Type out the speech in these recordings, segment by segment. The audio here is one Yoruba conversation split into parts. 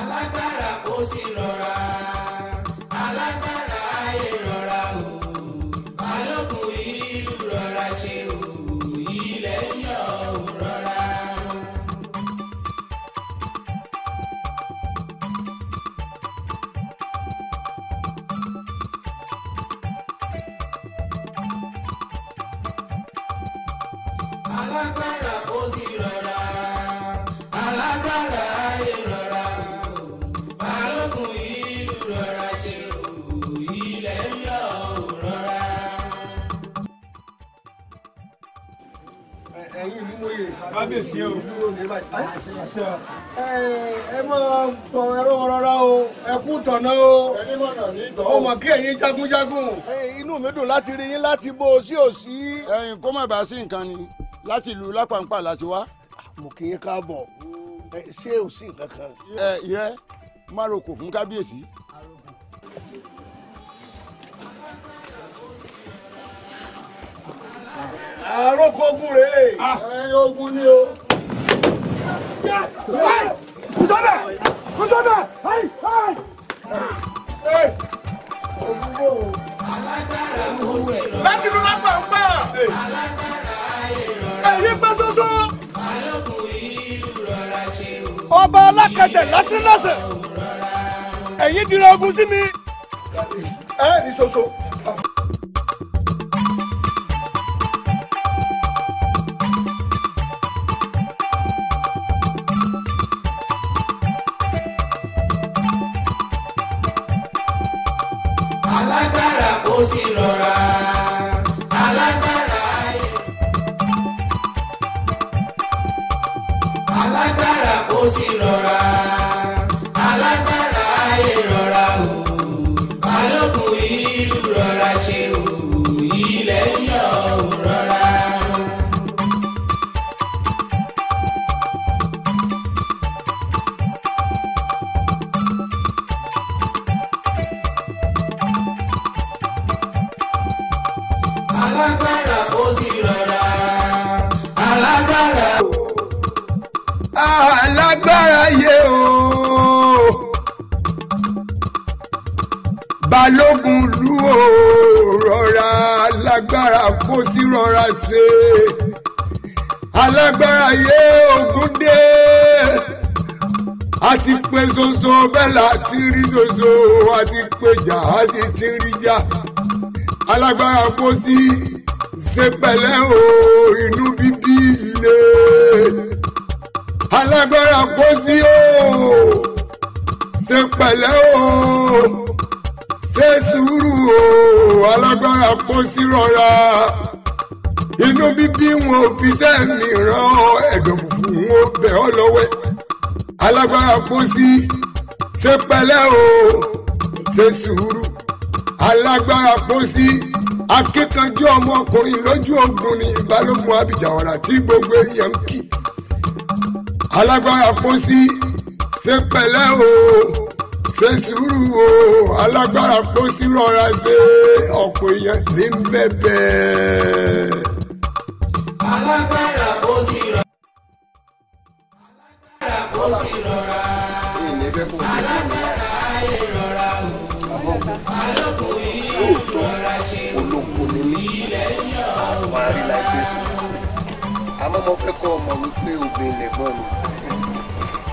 alágbára kò sí rọra. ẹ̀yin jagunjagun. inú mi dùn láti rí yín láti bó o sí òsì. ẹ̀yin kó má bàa sí nǹkan ni láti ìlú lápàǹpà láti wá. mo kì í káàbọ̀ ṣé ò sí nǹkan kan. ẹ ìrẹ má ro kò fún kábíyèsí. àròkọ rèé. ẹ̀yin ogun ni o. kùsọ́bẹ̀ kùsọ́bẹ̀ òwúrò. alágbára mo sì lọ. lákìlú lápá ń bá. alágbára ìrọ̀rá. ẹ̀yin pẹ́ soso. balógun ìlú rọra ṣe o. ọba alákẹ̀dẹ̀ lásìlọ́sẹ̀. ẹ̀yin dira ogun sí mi. ẹ̀ẹ́dì soso. see wá ti péjà á sì ti rí já alágbára kó sí ṣe o inú bíbí ilé alágbára kó sí o ṣe pẹ̀lẹ́ o ṣe sùúrù o alágbára kó sí rọra inú bíbí wọn o fi sẹ́ẹ̀mì ràn ẹ̀dọ̀ fùfù wọn ò bẹ̀ ọ́ lọ́wẹ́ alágbára kó sí ṣe o ṣe sùúrù alágbára pósí akíkanjú ọmọkùnrin lójú ogun ni ìbálòpọ̀ abìjà ọ̀rà tí gbogbo èèyàn ń kì alágbára pósí ṣe pẹ̀lẹ́ o ṣe sùúrù o alágbára pósí rọra ṣe ọ̀pọ̀ èèyàn ní bẹ́ẹ̀ alágbára pósí rọra alágbára pósí rọra alágbára. marry like this àmọ́ mo fẹ́ kọ́ ọmọ wípé obìnrin lẹ́gbọ́n mi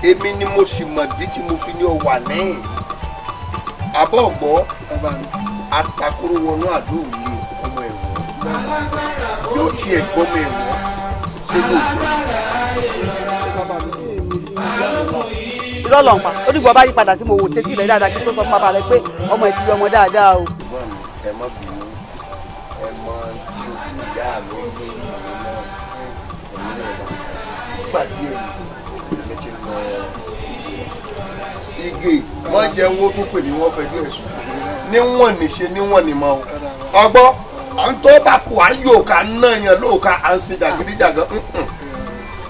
èmi ni mo sì mọ̀ dí tí mo fi ní ọ wà lẹ́yìn àbọ̀ ọ̀gbọ́ àtàkùrọ̀ wọnú àdó òye ọmọ ẹ̀wọ̀ yóò tiẹ̀ gbọ́mọ ẹ̀wọ̀ ṣé lóòótọ́ lọ́lọ́n pa ó dìgbò bá yí padà tí mo wò tẹ́tí rẹ̀ dáadáa kí tó sọ fún bàbá pé ọmọ ìtìjú ọmọ dáadáa o. ẹ má bínú ẹ mọ tí ìyá mi ń gbé ìmọ̀ mi náà èmi náà bá pàdé èmi èmi ti mọ igè wọ́n jẹ́ owó tó pè ní wọ́n fẹ́jú ẹ̀sùn níwọ̀n níṣe níwọ̀n nímọ̀ ọgbọ́n à ń tọ́ bá kó à ń yóò ká náà yẹn lóò ká à ń ṣe jàgídíjàgan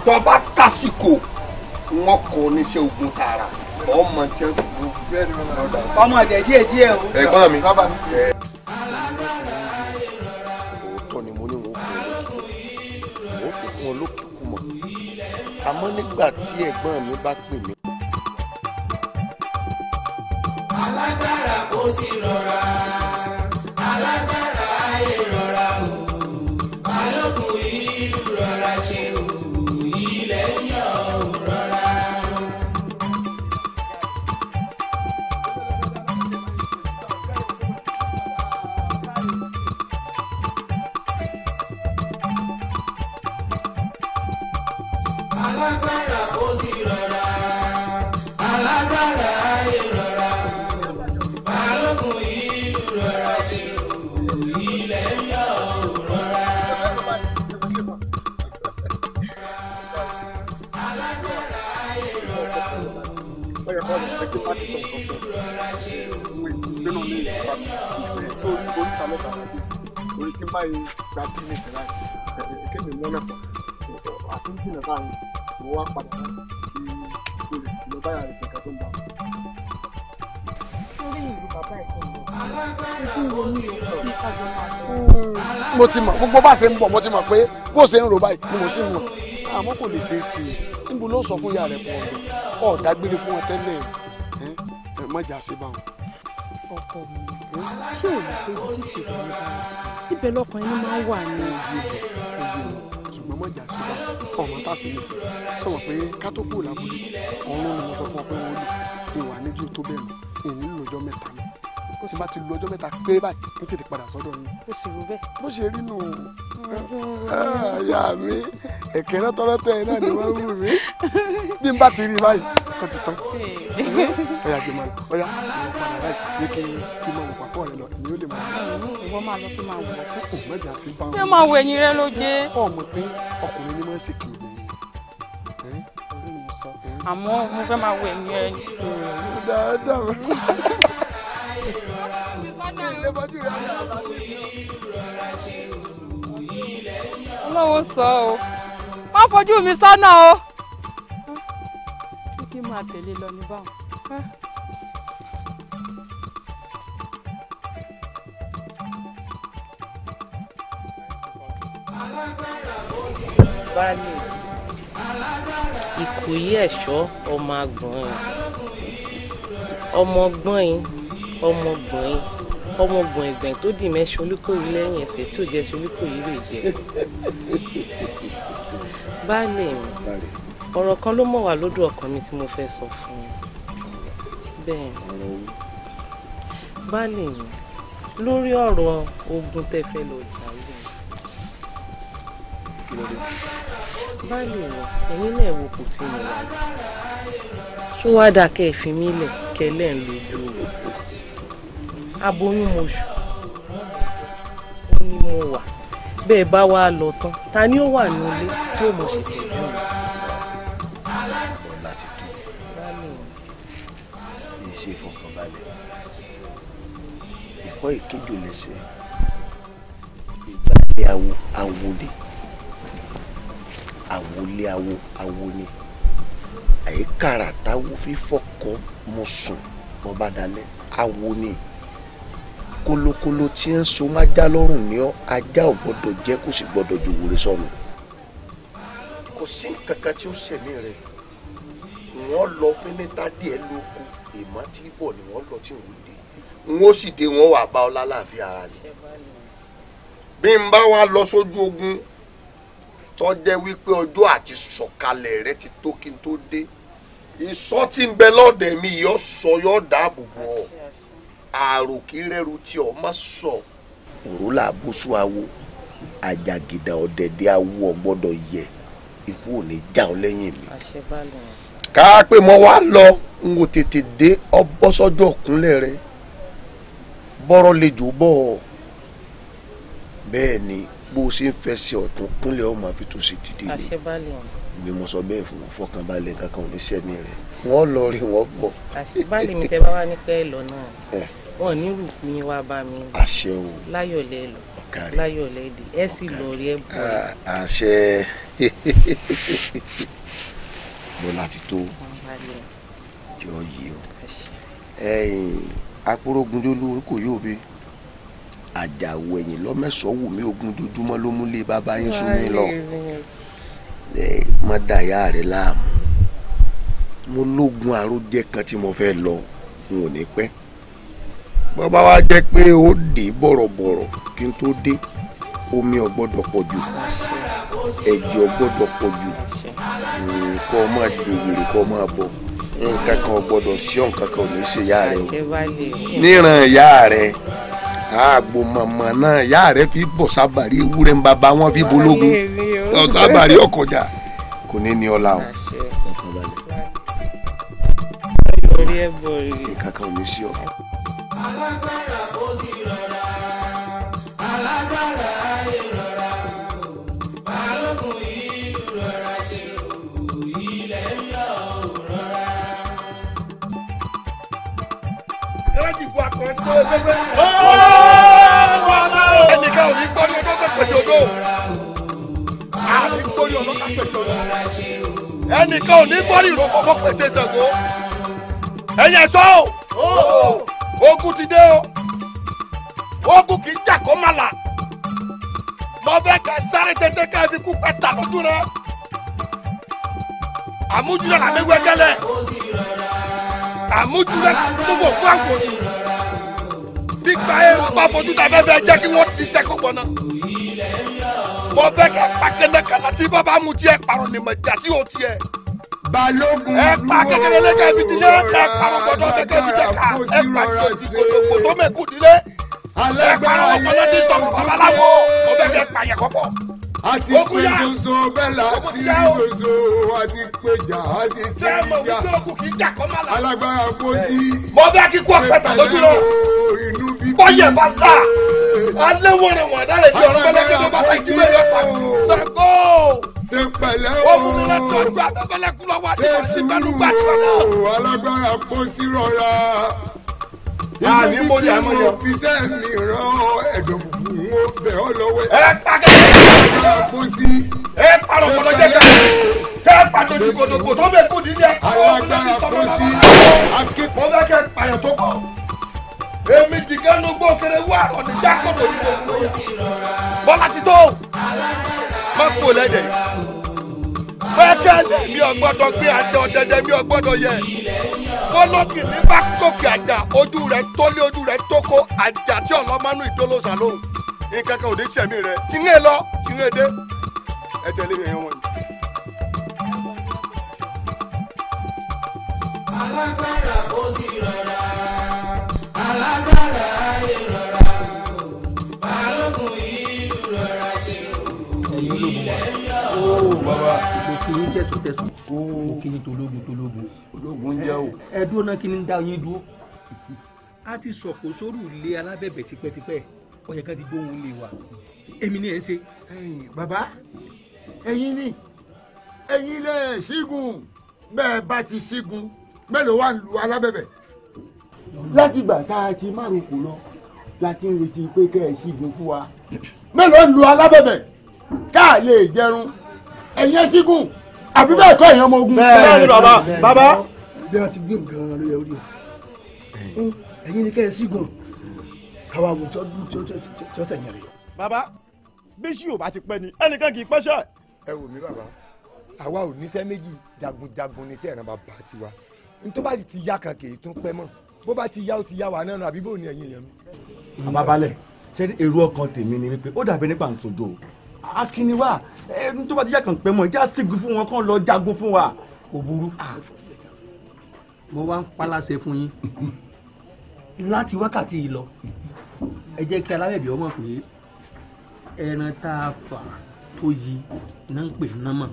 tọ́ bá tásìkò wọn kọ níṣẹ́ ogun tààrà ọmọ jẹ́ ọmọ jẹ́ díẹ̀ díẹ̀ o. ẹ̀gbọ́n mi. àmọ́ nígbà tí ẹ̀gbọ́n mi bá pè mí. alágbára kò sí rọra alágbára. so orí oríta mẹ́ta láti orí tí báyìí gba mo ti mọ̀ gbogbo bá ṣe ń bọ̀ mo ti mọ̀ pé bó ṣe ń rò báyìí mo sì ń mọ̀ kò lè ṣeé ṣe níbo ló sọ fún ìyá rẹ̀ pọ̀ ọ̀dà gbére fún wọn tẹ́lẹ̀ ẹ̀ ṣe báwọn. ọkọ mi ṣé òun pé kò sí ṣètò nípa síbẹ̀ lọ́kàn ẹni máa ń wà ní ìyè ìyè ṣùgbọ́n mọ̀jà sí wa ọmọ tá a sì lè fi sọ̀rọ̀ pé kátópù làbúrò ọ̀run ni mo sọ fún ọ pé wọ́n lè ìwà níjú tó bẹ́ẹ̀ lọ èyí mẹ́ta ni tí bá ti lu ọjọ́ mẹ́ta péré báyìí ní padà sọ́dọ̀ yín. ó sì rú bẹ́ẹ̀. bó ṣe rí nù. àyà ah, mi ẹ̀kẹ́ rẹ́tọ́rẹ́ tẹ̀ iná ni wọ́n ń wù mí. bí n bá ti rí báyìí kò ti tán. ọ̀yà jẹ́ mọ́ni ọ̀yà ìwọ padà báyìí ní kí kí máa wò pàpọ̀ rẹ lọ èmi ó lè máa wò. ìwọ máa lọ kí máa wò. kókò mẹ́jà sí bá ṣé máa wò àmọ́ mo fẹ́ máa wẹ̀ ní ẹni. dáadáa ọlọ́wọ́ sọ o má fojú mi sọ́nà o. kí n máa tẹ̀lé lọ ní báwọn. Báàlì Ìkòyí ẹ̀ṣọ́ ọmọ agbọ̀n yìí ọmọ ọgbọ́n yìí ọmọ ọgbọ̀n ọmọ ògùn ẹ̀gbẹ̀n tó dì mẹ́ṣọ olúkòyí lẹ́yìn ẹsẹ̀ tí ò jẹ́ ṣe olúkòyí rè jẹ́ baálé mi ọ̀rọ̀ kan ló mọ̀ wá lódò ọkàn mi tí mo fẹ́ sọ fún un bẹ́ẹ̀ baálé mi lórí ọ̀rọ̀ ogun tẹ́ fẹ́ lọ jà lóyún baálé mi ẹ̀yin náà wò kò tí mo wà ṣó wá dáa kẹ́ fi mí lẹ̀ kẹ́ ẹ lẹ́ẹ̀ lójú o aboyún oṣù ó ní mo wà bẹ́ẹ̀ bá wa lọ tán ta ni ó wà nílé tí ó mọ̀ ṣe tẹ̀lé mi. ṣe ìfọkànbalẹ̀ ìgbàlẹ awo awo ni àwòlé awo awo ni àyíkàrà táwo fífọkọ mọ sùn bọba dalẹ awo ni. Awo, kolokolo tí ń so májá lọ́rùn ni ọ́ ajá ò gbọ́dọ̀ jẹ́ kó sì gbọ́dọ̀ ju wúre sọnù. kò sí nǹkan kan tí ó ṣẹ̀mí rẹ̀ wọ́n lọ fínítà díẹ̀ lóko èèmọ́ tí bọ̀ ni wọ́n lọ tí ò ń dé wọ́n sì dé wọ́n wà bá ọ lálàáfíà ara rẹ̀. bí n bá wa lọ sójú ogun tó wípé ọjọ́ àti sọ̀kalẹ̀ rẹ ti tó kí n tó dé ìsọ́ tí ń bẹ lọ́dẹ̀ mi yọ sọ yọ dáàbò bò ọ́. àròkérẹ́rù tí ọ má sọ. òrùlà bóṣù awo àjàgìdà ọ̀dẹ̀dẹ̀ awo ọ̀gbọ́dọ̀ yẹ ikú ò ní já ọ lọ n tètè dé kúnlẹ̀ rẹ bọ́rọ̀ lè ọ bẹ́ẹ̀ ni bó o ṣe ń fẹsẹ̀ ọ̀tún kúnlẹ̀ ọmọ àfi tó ṣe ni mi mo sọ bẹ́ẹ̀ fún kankan ò ní sẹ́mi wọ́n lọ rí wọ́n bọ̀. àṣebálẹ̀ mi tẹ́ bá wá ní náà wọn ò ní rù kú yín wá bá mi. àṣẹ o láyọ̀ lẹ lọ láyọ̀ lẹ dé ẹ sì lọ rí ẹ bọ̀. àṣẹ bọ́lá ti tó jọ yìí o akúrógundólú kò yóò bí àjàwò ẹ̀yìn lọ́mẹ́sọ̀ọ́wù mi ogun dojúmọ́ ló múlé bàbá yín sún mi lọ má dàyà rẹ láàmú mo lógun àròjẹ kan tí mo fẹ́ lọ n ò ní pẹ́ bàbá wa jẹ́ pé ó dé bọ̀rọ̀bọ̀rọ̀ kí n tó dé omi ò gbọ́dọ̀ pọ̀ jù ẹ̀jẹ̀ ò gbọ́dọ̀ pọ̀ jù hmm, kọ́ ọ máa dòwèrè kọ́ ọ máa bọ̀ nǹkan kan ò sí ọ̀ kan ò ní ṣe ìyá rẹ o níran ìyá rẹ àgbò màmá náà ìyá rẹ fi bọ̀ sábàrí ewúrẹ́ ń bàbá wọn fi bológun sábàrí ọkọjà kò ní ní ọlá o. nǹkan ò ní ṣe ọ alágbára ó sì rọra alágbára ayé rọra balógun ìlú rọra ṣe rò ilẹ̀ ń yọ rọra. yóò dìbò àkànṣe ọgbẹgbẹ. ẹnìkan ò ní gbọ́ ní ọjọ́ tó pẹ̀jọ́ lọ. àbí gbórí ọlọ́kà pẹ̀jọ́ lọ. ẹnìkan ò ní gbọ́ ní ìrókò kó pèsè ṣàgó. ẹ̀yẹ sọ́ọ̀ ogun ti dé o ogun kì í jà kó má là lọ́bẹ̀ ká sáré tètè ká fi kú pẹ́ta lójú rẹ àmújúlẹ̀ làmẹ́gbẹ́gẹ́lẹ̀ àmújúlẹ̀ gbogbo fún àgbòdì gbígba ẹrù bá fojú ta fẹ́fẹ́ jẹ́ kí wọ́n ti sẹ́kọ̀ gbọ́ná lọ́bẹ̀ ká pàkẹ́nẹ́kẹ́nẹ́ tí bàbá mu tiẹ̀ pàrọ̀ nìmọ̀ jà sí òtí ẹ̀ balógun lúwo. ẹ pa kékeré lẹ́kẹ̀ẹ́ fi dilé ẹ pa ọ̀gbọ́dọ̀ lẹ́kẹ̀ẹ́ fi jẹ́ ká ẹ pa kòtò tó mẹ́kù dilé ẹ pa ọ̀gbọ́dọ̀ tó tọ̀ babaláwo ọbẹ̀ fẹ́ pààyàn kọ́kọ́ a ti pé soso bẹ́ẹ̀ la ti rí soso a ti pé jà a sì ti rí jà alágbára pósí sẹpẹlẹ o inú bíbí bọ́yẹ̀ bá sá aléwòrán wọn dáre tí ọ̀rọ̀ pẹlẹkẹ tó bá fẹ́ kí wẹ́rẹ́ fà sago sẹpẹlẹ o òmùnira tó alágbára pósí rọra èmi ní bí mo fi sẹ́ẹ̀mì rán ẹ̀dọ̀ fùfú ń wó bẹ̀ ọ́ lọ́wọ́ ẹ̀. ẹ pàkẹ́ ẹ kó sí. ẹ parọ́ kọ́lọ́ jẹ́ ká kẹ́ pàtó ju kòtòkò tó bẹ kó nílé àkọ́kọ́ ọ̀gbẹ́ni sọ́kọ́ náà mo fẹ́ kẹ́ pààyàn tó kọ́ èmi dìgẹ́ nu gbó kéré wá ọ̀nì jákòdò yìí bọ́lá ti tó má kó lẹ́dẹ̀ẹ́ bẹ́ẹ̀kẹ́lẹ̀ mi ò gbọ́dọ̀ gbé àtẹ ọ̀dẹ̀dẹ̀ mi ò gbọ́dọ̀ yẹ. kọ́lọ́kì ní bá gòkè àjà ojú rẹ̀ tólé ojú rẹ̀ tókó àjà tí ọlọ́mánú ìdólóṣà lóhùn. nǹkan kan ò dé sẹ̀mí rẹ̀ tí lọ tí dé ẹ̀dẹ̀ lè yẹn wọ̀nyí. alágbára ó sì rọra alágbára ayé rọra. ológun wa ó bàbá ìgbòkiri tẹ̀sùn tẹ̀sùn ó kiri tológun tológun. ológun ń jẹ́ o. ẹ dúró náà kí ni ń dá yín dúró. a ti sọ̀kò sórí ilé alábẹ̀bẹ̀ tipẹ́tipẹ́ ọ̀yẹ kan ti gbóhùn lè wà èmi ni ẹ̀ ń ṣe. bàbá ẹ̀yin ni ẹ̀yin lẹ ṣígun bẹ́ẹ̀ bá ti ṣígun mélòó wà lù alábẹ̀bẹ̀. látìgbà tá a ti márùn lọ la ti ń retí pé kẹ́ ẹ ṣígun fún wa mélòó lù alábẹ̀bẹ̀ káà lè jẹrun ẹ̀yẹ sígùn àbí bẹ́ẹ̀ kọ́ ẹ̀yẹ ọmọ ogun. bẹ́ẹ̀ ni bàbá bàbá. bí wọ́n ti gbé nǹkan ọ̀rọ̀ ló yẹ orí o ẹ̀yin ni kẹ́hìn sígùn káwa wò tí ó tẹ̀yìn rẹ̀. bàbá bẹ́sí ò bá ti pẹ́ ni ẹnìkan kì í pẹ́ṣẹ̀. ẹ wò mí bàbá àwa ò níṣẹ́ méjì jagunjagun níṣẹ́ ìran bàbá tiwa n tó bá sì ti yá kan kì í tún pẹ́ mọ́ bó bá ti yá ó ti yá wa náà àbí bó ni ẹ̀yin èèyàn mi. àmàbalẹ̀ ṣé èrò ọkàn tèmi ni wípé ó dàbí nípa nsọdọ̀ o akínníwá ẹni tó bá ti yá kàn pẹ́ mọ́ ìjà sígun fún wọn kàn lọ jagun fún wa kò burú. Ah. mo wá ń paláṣẹ fún yín láti wákàtí yìí lọ ẹ jẹ́ kí alábẹ̀bí ọmọ pé ẹran tá a fà tó yí náà ń pè náà mọ̀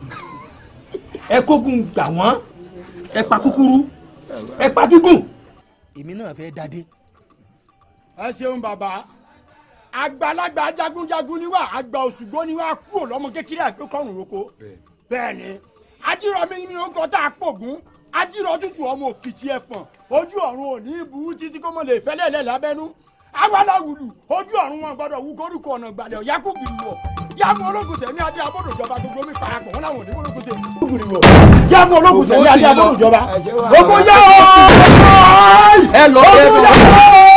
ẹ kógun gbà wọ́n ẹ pa kúkúrú ẹ pa gígùn. èmi náà fẹ́ dádé. ẹ ṣeun bàbá àgbàlagbà jagunjagun ni wá àgbà òṣùgbó ni wá kúrò lọ́mọ kékeré àgbékọ̀rùn roko bẹ́ẹ̀ ni ni ó kọ́ tá a pògún ọmọ òkìtì ẹ̀fọ̀n ojú ọ̀run ò ní títí kó mọ̀ lè fẹ́lẹ̀ lẹ̀ lábẹ́nú awalawulu ojú ọ̀run wọn gbọ́dọ̀ wú kórìkò ọ̀nà ìgbàlẹ̀ ọ̀yá kò bìrì wọ̀ ológun tẹ̀mí adé abọ́dọ̀ ìjọba gbogbo mi parapọ̀ wọn làwọn òní ológun tẹ̀mí bìrì wọ̀ yàmú ológun tẹ̀mí adé abọ́dọ̀ ìjọba ogun yá ọ̀ ẹ̀ lọ́ọ́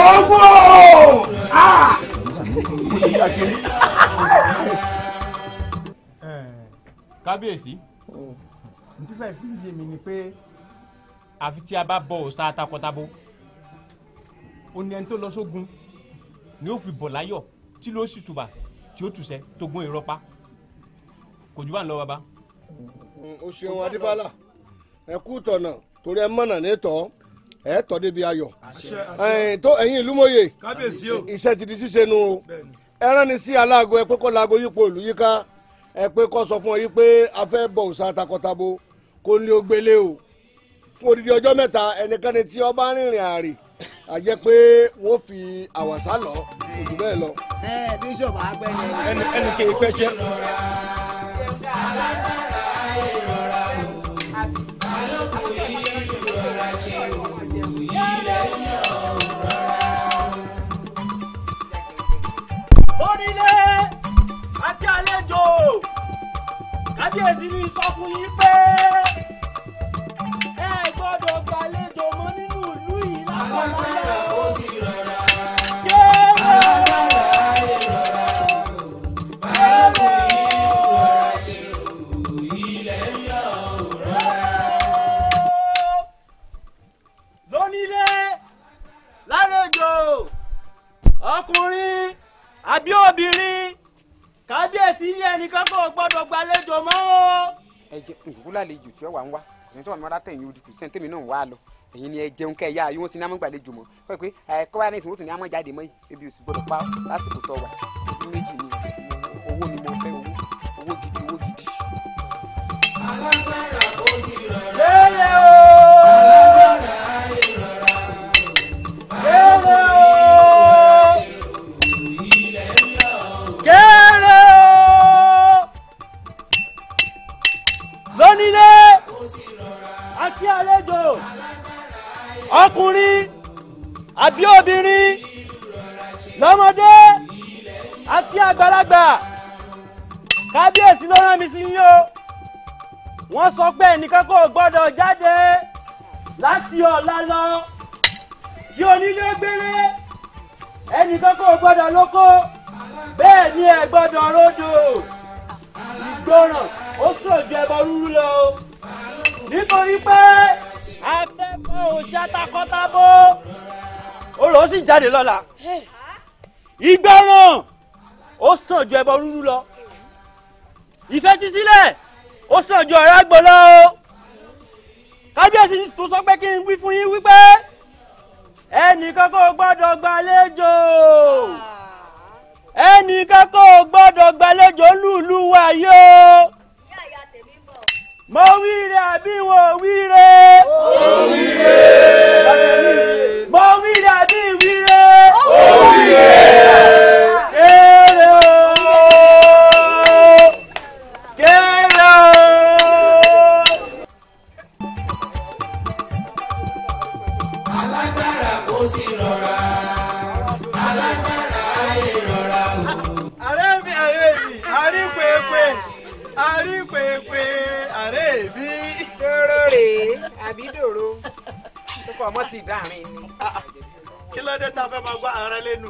owó ah! kábíyèsí nítorí àìsí ìyè mi ni pé àfi tí a bá bọ òòṣà takọtabo ó ní ẹni tó lọ sógun ni ó fi bọ̀ láyọ̀ tí ló sì tùbà tí ó tùsẹ̀ tó gún irọ́ pa kò jù bá ń lọ bàbá. Mm, o ṣeun adébálà ẹ kú tọ̀nà torí ẹ mọ̀nà nítọ́ ẹ tọ́ débi ayọ̀ tó ẹ̀yin ìlú mòye iṣẹ́ ti di ṣíṣe nu o ẹran ni sí aláàgọ ẹ pé kó laago yípo ìlú yíká ẹ pé kó sọ fún ọ yìí pé a fẹ́ bọ̀ òòṣà takọtabo kó ní o gbélé o fún odidi ọjọ́ mẹ́ta ẹnikẹ́ni tí ó bá rìnrìn àrè a jẹ́ pé wọ́n fi àwàsá lọ òjò bẹ́ẹ̀ lọ. ẹ bíṣọ̀bù àgbẹ̀ ni ẹni ṣe ìpẹ́ṣẹ́. onílé àti àlejò kábíyèsí ni sọ fún yín pé ẹ gbọ́dọ̀ gbàlejò mọ́ nínú ìlú yìí lápapọ̀. E lónílé lálejò ọkùnrin àbí obìnrin kábíyèsí ní ẹnìkan kò gbọ́dọ̀ gbàlejò mọ́ o. ẹ jẹ ìdúró lálejò tí ó wà ń wá ẹni tí wọn máa tẹ̀yìn odi kù sẹ́ńtẹ́mì náà ń wá lọ ẹ̀yin ni ẹ jẹun kẹ́ ẹ yóò sì ní amúgbàlejò mọ́ fẹ́ pé ẹ̀kọ́ wa ní ìsìn wọ́n tún ní amújáde mọ́ yìí ebi ò sì pa lásìkò tó wà ojú méjì ni owó ni mo fẹ́ owó owó gidi owó gidi. alágbára ó sì rọra. sí àlejò ọkùnrin àbí obìnrin lọ́mọdé àti àgbàlagbà kábíyèsí ló rán mi sí yín o wọ́n sọ pé ẹnìkan kò gbọ́dọ̀ jáde láti ọ̀la lọ kí onílé gbélé ẹnìkan kò gbọ́dọ̀ lóko bẹ́ẹ̀ ni ẹ gbọ́dọ̀ ródò ìgbọràn ó sòjú ẹbọ rúrú lọ nítorí pé afẹ́fẹ́ ò ṣàtàkọ́tàbó olùwọ́ sì jáde lọ́la ìgbọràn ó sàn ju ẹbọ rúrú lọ ìfetísílẹ̀ ó sàn ju ọ̀rẹ́ àgbò lọ o kábíyèsí tó sọ pé kí n wí fún yín wípé ẹnìkan kò gbọ́dọ̀ gbàlejò ẹnìkan kò gbọ́dọ̀ gbàlejò lùlù wa yóò mo wíire àbí wọn ò wíire. ó wíire. mo wíire àbí wíire. ó wíire. àbí dòrò tó kọ ọmọ ti dáàrin ni. kí ló dé tá a fẹ́ máa gbọ́ ara lẹ́nu.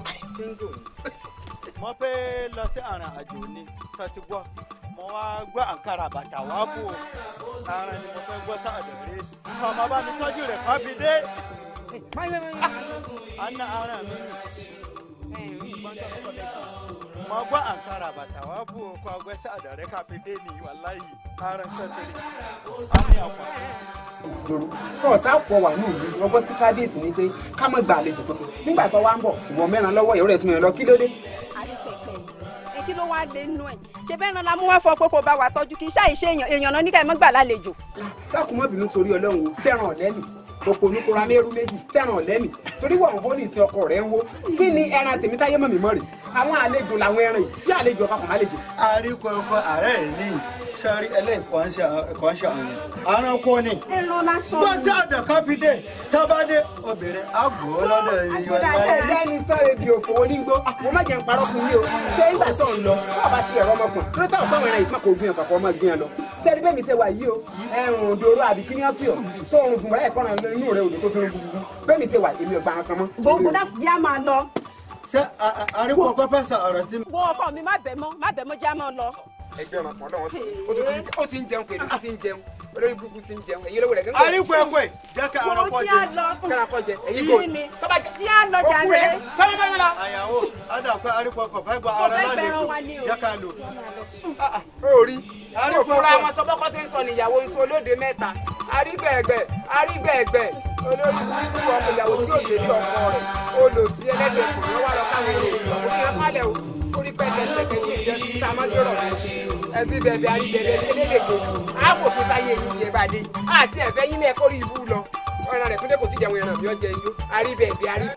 mo pé lọ sí àrùn àjò ni sọtúgbọ́ mo wá gbọ́ àǹkárá bàtà wá bò ara ni mo fẹ́ gbọ́ sáàdọ̀ rẹ ọmọ bá mi tọ́jú rẹ̀ fábídé. ana ara mi magwa an kara ba ta wa bu kwa gwa sa da re ka fide ni wallahi karan sa tare ani akwa ko sa ko wa ni ìlú ọgbọ́n tí kábíyèsí ni pé ká mọ̀ gba àlejò tuntun nígbà tó wá ń bọ̀ ìwọ mẹ́ran lọ́wọ́ ìyọ̀rọ̀ ẹ̀sìn mẹ́rin lọ kí ló dé. ẹ kí ló wá dé nú ẹ ṣe bẹ́ẹ̀ náà la mú wá fọ pé kò bá wa tọ́jú kí iṣẹ́ ìṣe èèyàn náà ní ká mọ́ gbà lálejò oko onukura mẹ́rù méjì sẹ́ràn lẹ́mì torí wà wọ́n ní ìsìn ọkọ rẹ̀ ń wó kí ni ẹran tèmi táyé mọ̀ mí mọ́ rè àwọn àlejò làwọn ẹran yìí sí àlejò ọkọ̀ àlejò. àríkọ ọkọ ààrẹ ní sari ẹlẹ́ẹ̀kọ́ńṣe àwọn aránkó ni gbọ́sẹ̀ àdàkápídé tábádé obìnrin àgbò lọ́dọ̀ ìyọ̀nà ayé. ṣe wà yìí o ẹ̀rùn inú rẹ òdò tó fi ń gbogbo bẹ́ẹ̀ni ṣe wà èmi ọ̀gbà kan mọ́. gbogbo dàkú bí a máa lọ. ṣé àríkò ọkọ fẹ́ sọ ọ̀rọ̀ sí mi. wọ ọkọ mi má bẹ̀ mọ́ má bẹ̀ mọ́ já máa lọ ẹgbẹ́ ọmọ pọ̀ lọ́wọ́ ó ti ń jẹun pẹ̀lú ó ti ń jẹun olórí burúkú ti ń jẹun èyí lówó rẹ̀ gẹ́gẹ́. àríkù ẹ̀kọ́ ẹ̀ jẹ́ ká àrọ́ kọ́ jẹ kára kọ́ jẹ èyí kò tọ́ba jẹ jí á lọ jà rẹ̀ sọ́mi bẹ́ẹ̀ lọ. àyàwó adàpẹ́ àríkù ẹ̀kọ́ fẹ́ gba ara lálẹ́ kò jẹ́ ká lò. ó rí àríkù ẹ̀kọ́. òkúra wọn sọ bọ́kọ́ sí ń sọ níyàwó ń sọ olóde mẹ́ta àrígbẹ̀ẹ̀gbẹ̀ àrígbẹ̀ẹ̀gbẹ̀ olórí tí wọn kò yàwó tí òde ní ọkọ rẹ̀ olùsí ẹlẹ́dẹ̀ kò àti ẹ̀fẹ́ yín náà kórìí ibú lọ ọ̀rọ̀ rẹ̀ fúnlẹ̀ kò ti jẹun ẹ̀ràn bí ọjà ìlú àríbẹ̀bẹ̀ àríbẹ̀rẹ̀.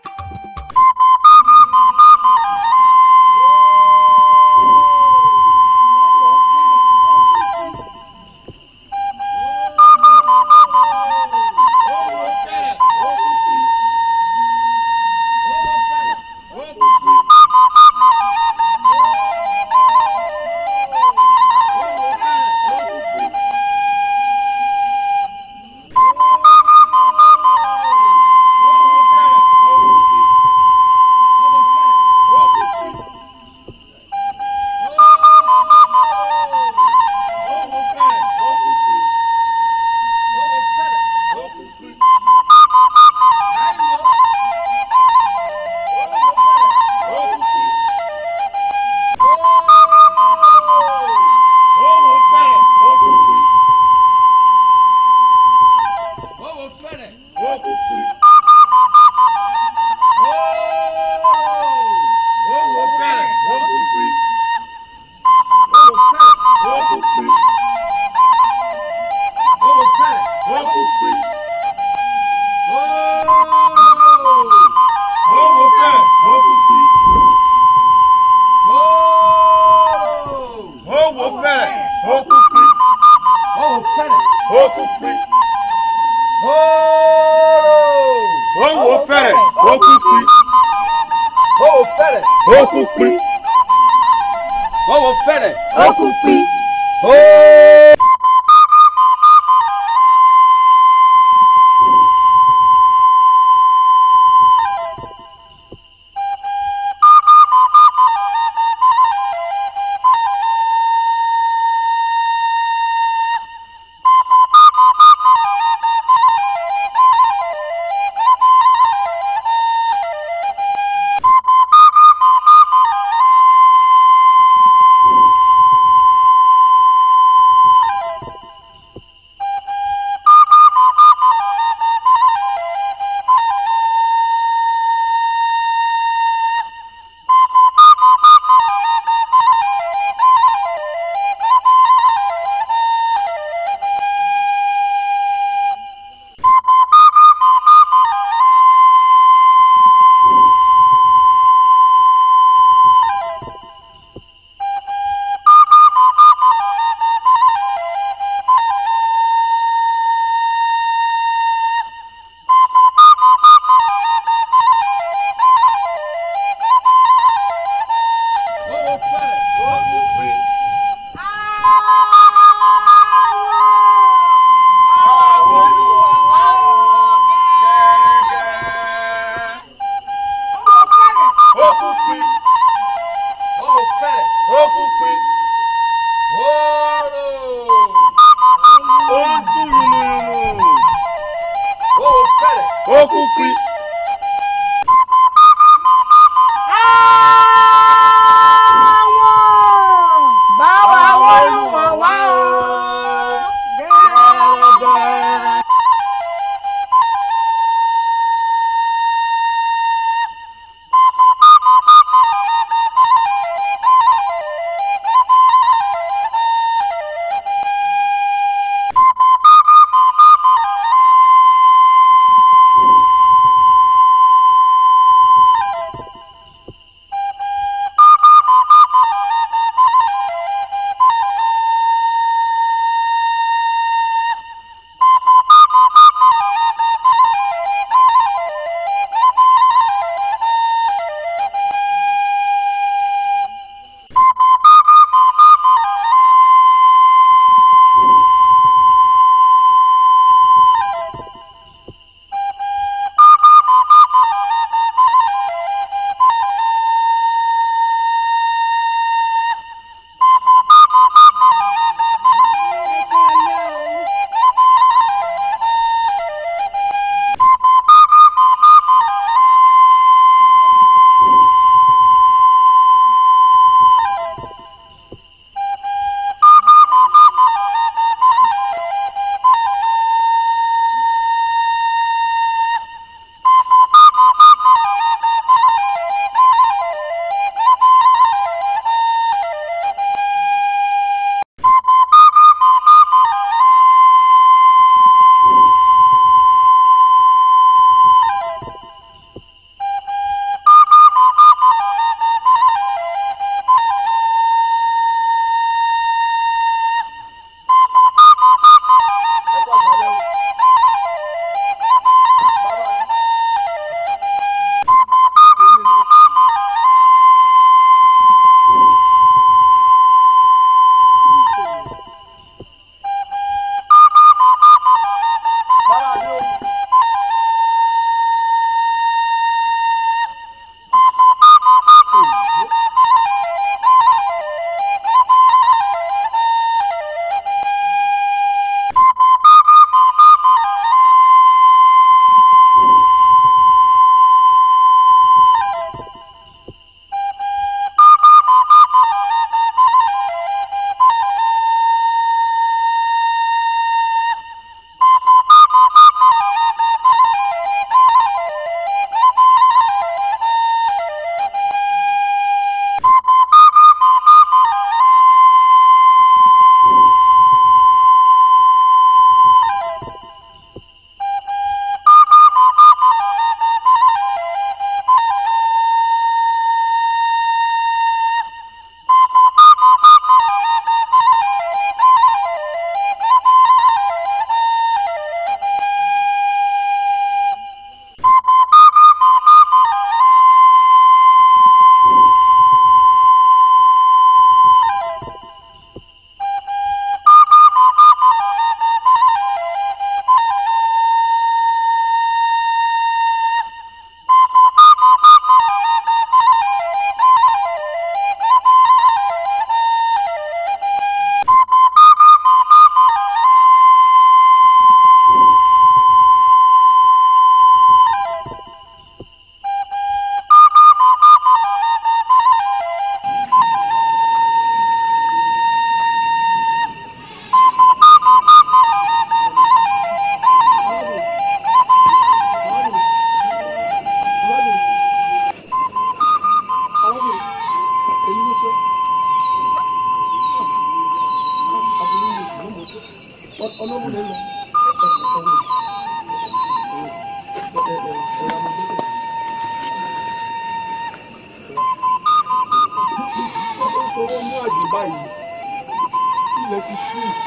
Thank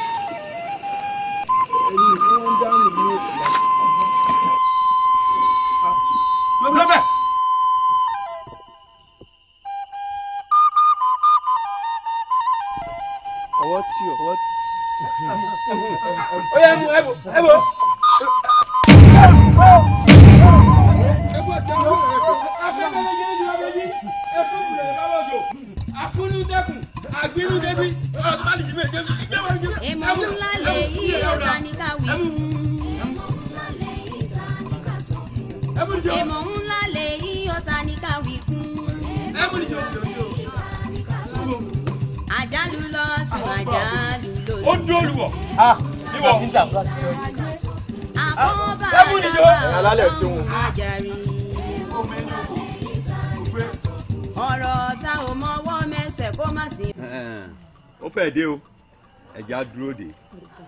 dúró dè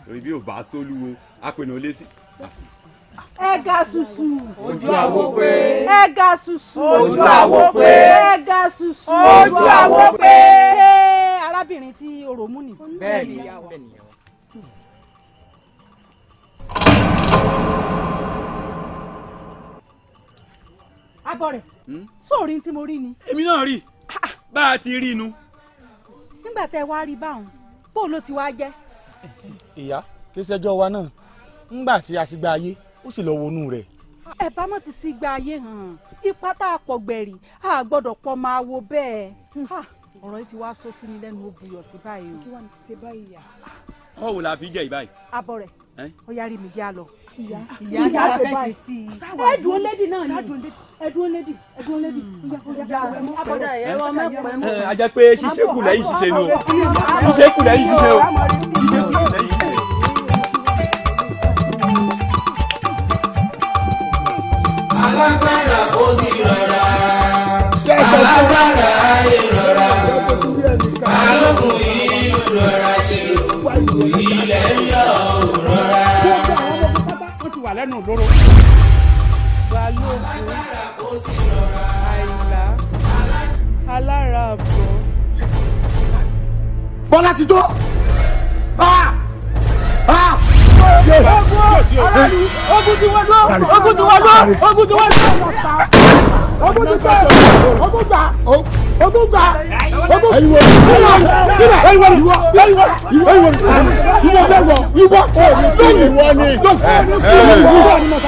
torí bí ò bá sólúwo apẹ̀nà ó lé sí. ẹ ga susu. ojú àwo pé. ẹ ga susu. ojú àwo pé. ẹ ga susu. ojú àwo pé. ṣé arábìnrin tí orò mú ni. bẹ́ẹ̀ ni bẹ́ẹ̀ ni. abọ́ rẹ̀ sóòrí hmm? tí mo rí ni. èmi náà rí ah, ah. bá a ti rí inú. nígbà tẹ́ wá rí báwọn bóun ló ti wá jẹ́ ìyá kí sẹ́jọ́ wa náà ńgbà tí a sì gba ayé ó sì lọ wọnú rẹ̀. ẹ bá mọ̀ ti sí gba ayé hàn ipa tá a pọ̀ gbẹ̀rì a gbọ́dọ̀ pọ̀ máa wo bẹ́ẹ̀ ọ̀rọ̀ yìí ti wá sọ sí ni lẹ́nu ó buyọ̀ sí báyìí o. kí wàá ti ṣe báyìí yá. báwo la fi jẹ ìbáyìí. abọ rẹ ọyá rí mi jẹ́ àlọ́ ìyá ìyá ṣe báyìí ẹdùn olédì náà ni ẹdùn olédì ẹdùn olédì abọ́dà ẹ̀ wọ́n mẹ́pọ̀ ẹ̀mú. a jẹ́ pé ṣíṣe kù lẹ́yìn ṣíṣe ni o ṣíṣe kù lẹ́yìn ṣíṣe o ṣíṣe kù lẹ́yìn ṣíṣe. alágbára ó sì rọra alágbára ayé rọra balógun yìí. lẹ́nu òlóró. balógun àìlá alára àbọ̀. bọ́lá ti tó. Ah! Ah! ogun ti wá lọ ogun ti wá lọ ogun ti wá lọ ogun ti gbà ogun gbà ogun gbà ogun ìwọ ìwọ ìwọ ìwọ ìwọ ìwọ ìwọ ìwọ ìwọ ìwọ ìwọ lónìí lónìí lónìí lónìí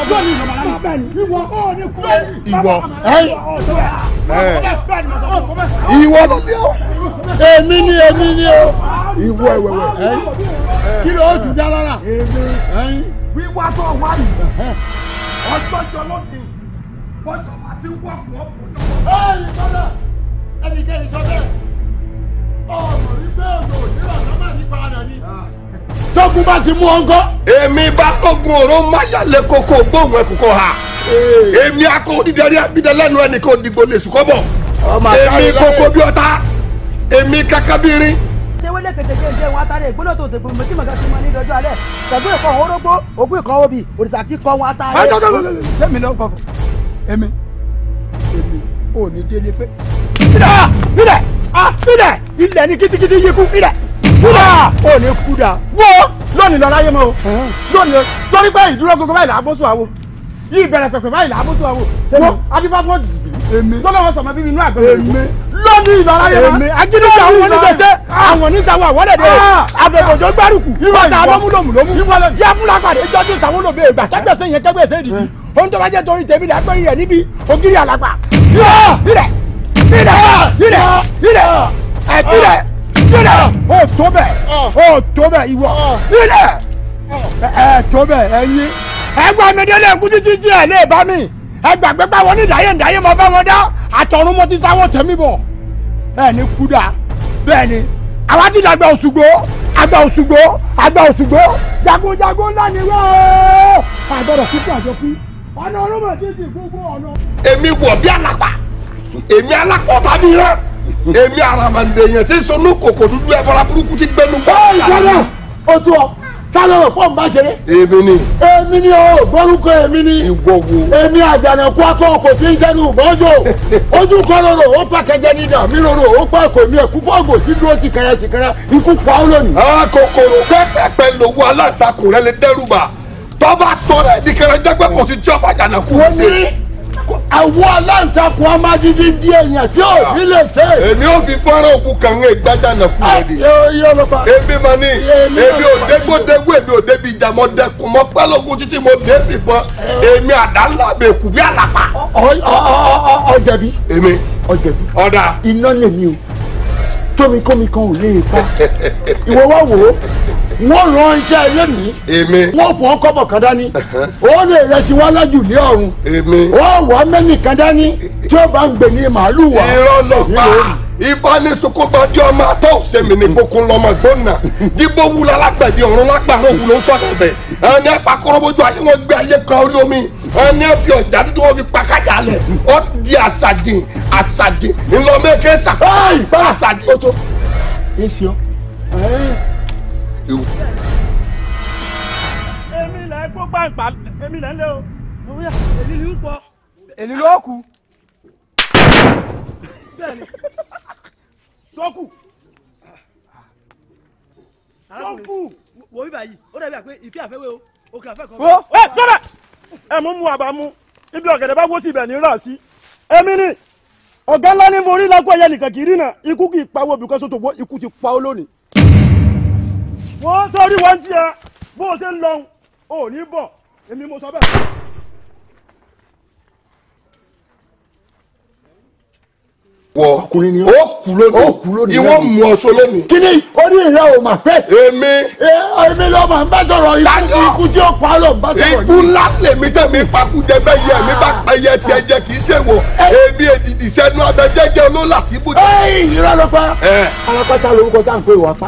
lónìí bẹ́ẹ̀ni ìwọ ó ní kú ẹ. ìwọ ìwọ ló bí ó èmi ni èmi ni ó ìwọ ìwẹ̀wẹ̀ kí ló ó jù dá lára. wíwá tó wá yìí ọjọ́jọ́ ló dé bọ́jọ́ àti wọ́pọ̀ ọ̀pọ̀ náà. ẹ̀yin bọ́lá ẹnikẹ́ni sọ bẹ́ẹ̀ ọ̀rọ̀ ìgbẹ́ òjò ìlànà máa ní para rẹ̀ ni. Ah tógun bá ti mú ọ ńkọ́. èmi bá tógun òró máyàlẹ koko gbóhùn ẹkùn kọ ha èmi akọ dídarí abidjan lẹnu ẹni kò dìgbò lè sùkọ bọ èmi koko bí ọ̀tá èmi kaka bí irin. tewele kẹtẹkẹ ń jẹ wọn atare ìgbóná tó tẹgbọn mọtí màgá sí wọn ní ìdọjọ alẹ tẹgbẹ ìkọ wọn orógbó ògùn ìkọ obì òrìṣà kí kọ wọn atare. èmi ló ń kọ fún èmi èmi ò ní délé kúdà. o ní kúdà. wo lónìí lọ láyé mọ́ o lónìí lọ torí pé ìdúró gbogbo báyìí làbóso àwo yìí bẹ̀rẹ̀ pẹ̀pẹ̀ báyìí làbóso àwo wo adífáfọ́ jìjìbìrì lọ́lọ́wọ́ sọ̀mọ́ bíbí inú àgbẹ̀ mi lónìí lọ láyé mọ́ ajínigbà àwọn onígbèsè ah. àwọn onígbàwọ̀ àwọ̀dẹ̀dẹ̀ ah. àbẹ̀bọ̀jọ́ gbárùkù ọ̀tà lọ́múlòmùlòmù yá fúlàpàdé jọ́jú ìtàwọn olóbe ìgbà eh. kẹgbẹ́sẹ̀ yẹn kẹgbẹ́sẹ̀ ìdìbì eh. ohun tó bá jẹ́ torí tèmi ni agbẹ́rin rẹ̀ níbi ògiri àlàpà. yíyẹ yíyẹ yíyẹ yíyẹ ẹ̀ yíyẹ ilẹ̀ o tó bẹ̀ o tó bẹ̀ ìwọ ilẹ̀ ẹ tó bẹ̀ ẹ yé ẹ gba mi délé ẹkú títí tí ẹ lè bá mi ẹ gbàgbé pa wọn ní ìdáyé ìdáyé mo bá wọn dá àtọ̀run mo ti sáwọ́ tẹ̀mí bọ̀ bẹ́ẹ̀ ni kúdà bẹ́ẹ̀ ni àwa ti dàgbà Òṣùgbó àgbà Òṣùgbó àgbà Òṣùgbó jagunjagun ńlá ni wọ́ọ́ àgbọ̀dọ̀ kíkú àjọkú ọ̀nà ọlọ́mọ títí gbogbo ọ̀nà. èmi wọ̀ bí alápá èmi alápá ọ̀tá mi rán èmi aramande yẹn tí sọnù kòkò dúdú ẹ fọlá burúkú ti gbẹnu. ó ìṣẹ́lẹ̀ o tó ọ tálọ̀ fọ́ọ̀mù bá ṣeré. èmi ni. èmi ni o gbórúkọ èmi ni. ìwọ wo. èmi àjànàkú akọ kò sí jẹnu bọ́jọ. ojú kan roro ó pàkẹ́jẹ́ nídà mi roro ó pa kò ní ẹ̀kú fọ́ọ̀gù sí dúró tìkẹ́rẹ́ tìkẹ́rẹ́ ikú pa ó lónìí. a kòkòrò pẹ́pẹ́pẹ́ lówó alátakùn rẹ lè dẹ́rù àwọ aláǹtakùn amadidi di èèyàn tí ò ní lè ṣe. èmi ò fi fọ́nrán òkú kan ń gbájà náà fún mi. ebi ma ni ebi ò dégbò dégbò èmi ò débi ìjà mọ dẹkùn mọ pẹ́lọ́gùn títí mo dé fìbọn èmi àdánlá bẹ̀ kù bí àlàpà. ọ̀jẹ̀bi. èmi ọ̀jẹ̀bi. iná lèmi o tómikómi kan ò lè fa ìwọ wá wò ó wọ́n rán iṣẹ́ ilé mi. èmi. wọ́n fún ọ kọ́bọ̀ kan dání. ó lè rẹsì wá lájú ní ọ̀run. èmi. wọ́n wọ́ mẹ́nìkan dání tí ó bá ń gbè ní màálù wa. irọ́ lọ pa ìbánisoko gbadé ọmọ atọ́ òsèmi ní gbókun lọ́mọ gbóná dígbò wù lálágbẹ̀dẹ ọ̀run lápàrọ̀ òwú ló ń sọ̀rọ̀ bẹ̀ ẹni ẹ̀pà kọ́rọ́bójú ayé wọn gbé ayé kan orí omi ẹni ẹ̀fì ọ̀jà dúdú wọn fi pa kájà ó di àṣàdì àṣàdì ńlọmẹ́kẹ́ sà àṣàdì. èmi lẹ́ kó pàǹpà èmi lẹ́ lé o èlìlú pọ̀ èlìlú ó kú. bẹ́ẹ̀ sọ́kù sọ́kù wo bíbá yìí ó dàbí àpé ìfẹ́ àfẹ́wé o òkè àfẹ́ kan. wo ẹ tọ́lá ẹ mú mu àbá mu ibi ọ̀gẹ̀dẹ̀ bá wó sí ibẹ̀ ní rà sí èmi ni ọ̀gá ńlá ní forí lágbó ẹyẹ nìkan kì í rìnà ikú kì í pawó bí kọ́sọ́tò wọ́n ikú ti pa ó lónìí. wọ́n sọ orí wọn ń tiẹ̀ bó o ṣe ń lọ ò bọ̀ èmi mo sọ bẹ́ẹ̀. wọ ó kú lónìí ìwọ mú ọṣọ lónìí. kí ni ó ní ìyá o mà fẹ́. èmi. èmi ló máa ń bá sọ̀rọ̀ ikú ikú tí ó pa ló ń bá sọ̀rọ̀ yìí. ikú ńlá lèmi tẹ̀mí pakújẹ bẹ́ẹ̀ yẹ mi bá pa ẹyẹ tiẹ̀ jẹ kì í ṣe wò èmi èdìdì sẹ́nu abẹ jẹ́jẹ́ tí bù. ìrọ̀lọ́pàá alápàtà lórúkọ tá à apá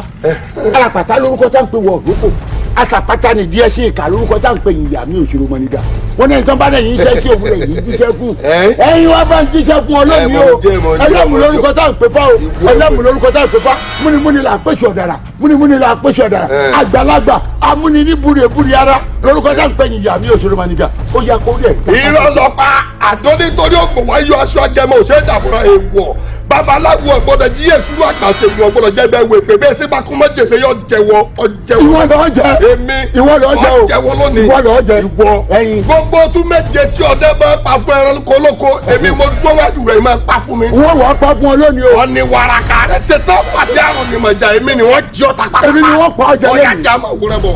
alápàtà lórúkọ tá à òrókò àtàpátá ni díẹ̀ sí ìka lórúkọ tá à ń pè yín ìyá mi ò ṣòro mọ́nìgà wọn ní ìtàn bá dẹ̀ yín iṣẹ́ sí òun rẹ̀ yín jíṣẹ́ kù ẹ̀yin wá bá ń jíṣẹ́ kù ọlọ́mi o ẹlẹ́mu lórúkọ tá à ń pè fá o ẹlẹ́mu lórúkọ tá à ń pè fá múnimúni là pèsè ọ̀dàrà múnimúni là pèsè ọ̀dàrà àgbàlagbà amúni ní búre búre ara lórúkọ tá à ń pè yín ìyá mi ò ṣòro mọ́nìgà ó yà kó rẹ̀. ìrọ̀lọ́pàá àtọ́nítorí ògbò wáyé aṣọ àjẹmọ́ òṣèlú àfúrà èèwọ̀ babaláwo ọgbọ́dọ̀ jí èsú àgbàṣe wọn gbọ́dọ̀ jẹ bẹ́ẹ̀ wẹ pé bẹ́ẹ̀ sẹba kún mọjèsè yọ jẹ́wọ́ ọjẹ́wọ́ ìwọ lọ jẹ èmi ìwọ lọ jẹ o ọjẹ́wọ́ lónìí ìwọ lọ jẹ ìwọ ẹyin gbogbo tún méje tí ọdẹ bá pa fún ẹran koloko èmi mo dúró wájú rẹ máa pa fún mi. wọ́n wọ́n pa fún ọ lónìí o. ọ̀ni waraka ṣètò pàdé àrùn nìmọ̀jà èmi ni wọ́n jí ọ̀tá pàtàkì. èmi ni wọ́n pa ọjà lónìí. ọ̀yájà máa wúrẹ́ bọ̀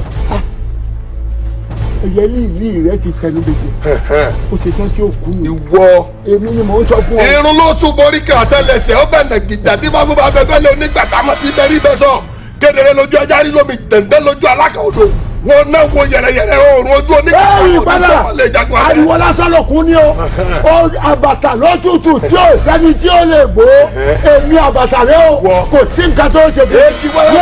ẹyẹ líìlí rẹ ti tẹnu gbogbo o ṣe tán tí o kú mi. ìwọ èmi ni mò ń sọ fún ọ. irun ló tún borí kí àtẹlẹsẹ ọbẹ nàgìjà dífá fún bàbá ẹgbẹ lé onígbàdámọ tí bẹrí bẹ sọ kedere lójú ajá rí lómi dẹ̀ndẹ́ lójú alákà odò wọn náà wo yẹrẹyẹrẹ oòrùn ojú onígbàdámọ tí sọmọ lè jagun abẹ. ariwo lásán lọkùn ni o àbàtà lótútù tí o sẹni tí o lè gbó èmi àbàtà rẹ o kò sí nǹkan tó ṣe bí. èyí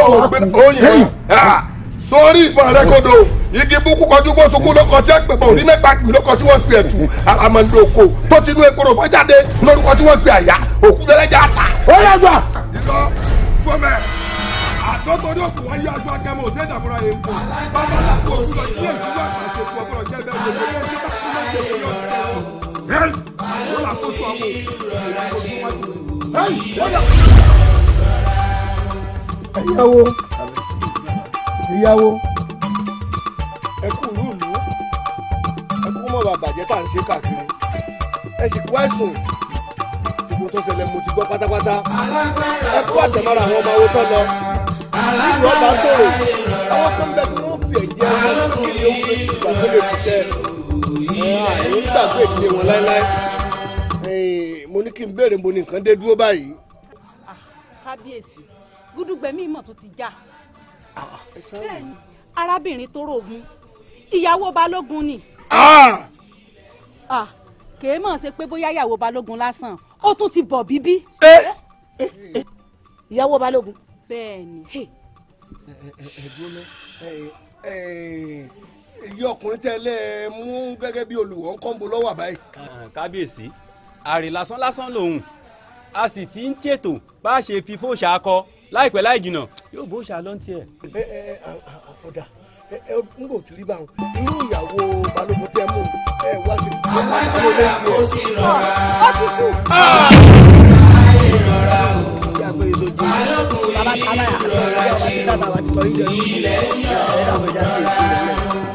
wọ́n sórí ìbọn rẹ kodo igi búkú kọjú bó sunkún lóko tí wọn pè bọ òní mẹgbà gbì lóko tí wọn pè ẹtù alamọdé oko tó ti inú ekoro bọ jáde lórúkọ tí wọn pè àyà òkú dẹrẹjà àtà. ó yà gbà. ìlọ gómẹ àtọkọdé òkú wáyé aṣọ akẹmọ òsè ìdàmúra yẹn kú bàbá àpò òkú lọ sí èsì wà àṣẹ kú ọgbọrọ jẹ bẹ́ẹ̀ wò lórí ẹjọ́ bá kú lọsẹ ìyọ rẹ ó là kó sọ àwọn òkú ẹ̀yìn wo ìyàwó ẹ kú ìlú ẹ kú mọ̀ bàbà tá à ń ṣe káàkiri ẹ sì kú àìsùn ìbò tó ṣẹlẹ̀ mo ti gbọ́ pátápátá ẹ kú àtẹ̀mára àwọn ọmọ owó tó lọ ìlú ọba tòrò àwọn kan bẹ tí wọ́n fi ẹ̀jẹ̀ kí ni ó fi ìgbà tó lè fi ṣẹ́ ẹ̀ àìní gbàgbé ìdílé wọn láéláé mo ní kí n béèrè mo ní nǹkan dé dúró báyìí. Ah, kábíyèsí gúdúgbẹ̀mí ìmọ̀ tó ti já. Ja arábìnrin tó rògùn ìyàwó balógun ni ah! kèé mọ̀ ṣe pé bóyá ìyàwó balógun lásán ó tún ti bọ̀ bíbí. Eh! Eh, eh, ìyàwó balógun. bẹ́ẹ̀ni. ẹgbọnọ èyí ọkùnrin tẹ́lẹ̀ mú gẹ́gẹ́ bí olùwọ ń kọ́ńbó lọ́wọ́ àbáyé. Ah, kábíyèsí àrè lásán lásán lòun a sì ti ń tètò bá a ṣe fi fòṣà kọ láìpẹ́ láì jìnnà yóò bó ṣà lọ́ntì ẹ̀. ẹ ẹ ọ̀dà ẹ ẹ ń bò tìrí bá wọn inú ìyàwó balógun tẹ mú ẹ wá sí. àwọn kò sí rọra. ó ti kú. ayé rọra o. ìyàgbé yìí rọra ṣe ilẹ̀ yàn.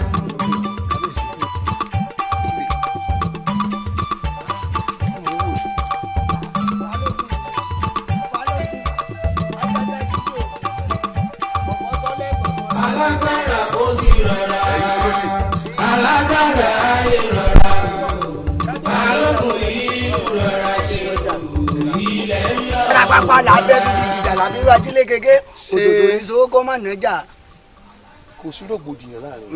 pápá làbẹ́ tó bí ìjà làbí wá tílé kéke òdòdó ní sọ kó má nẹ́jà. kò sí rògbòdìyàn láàrin.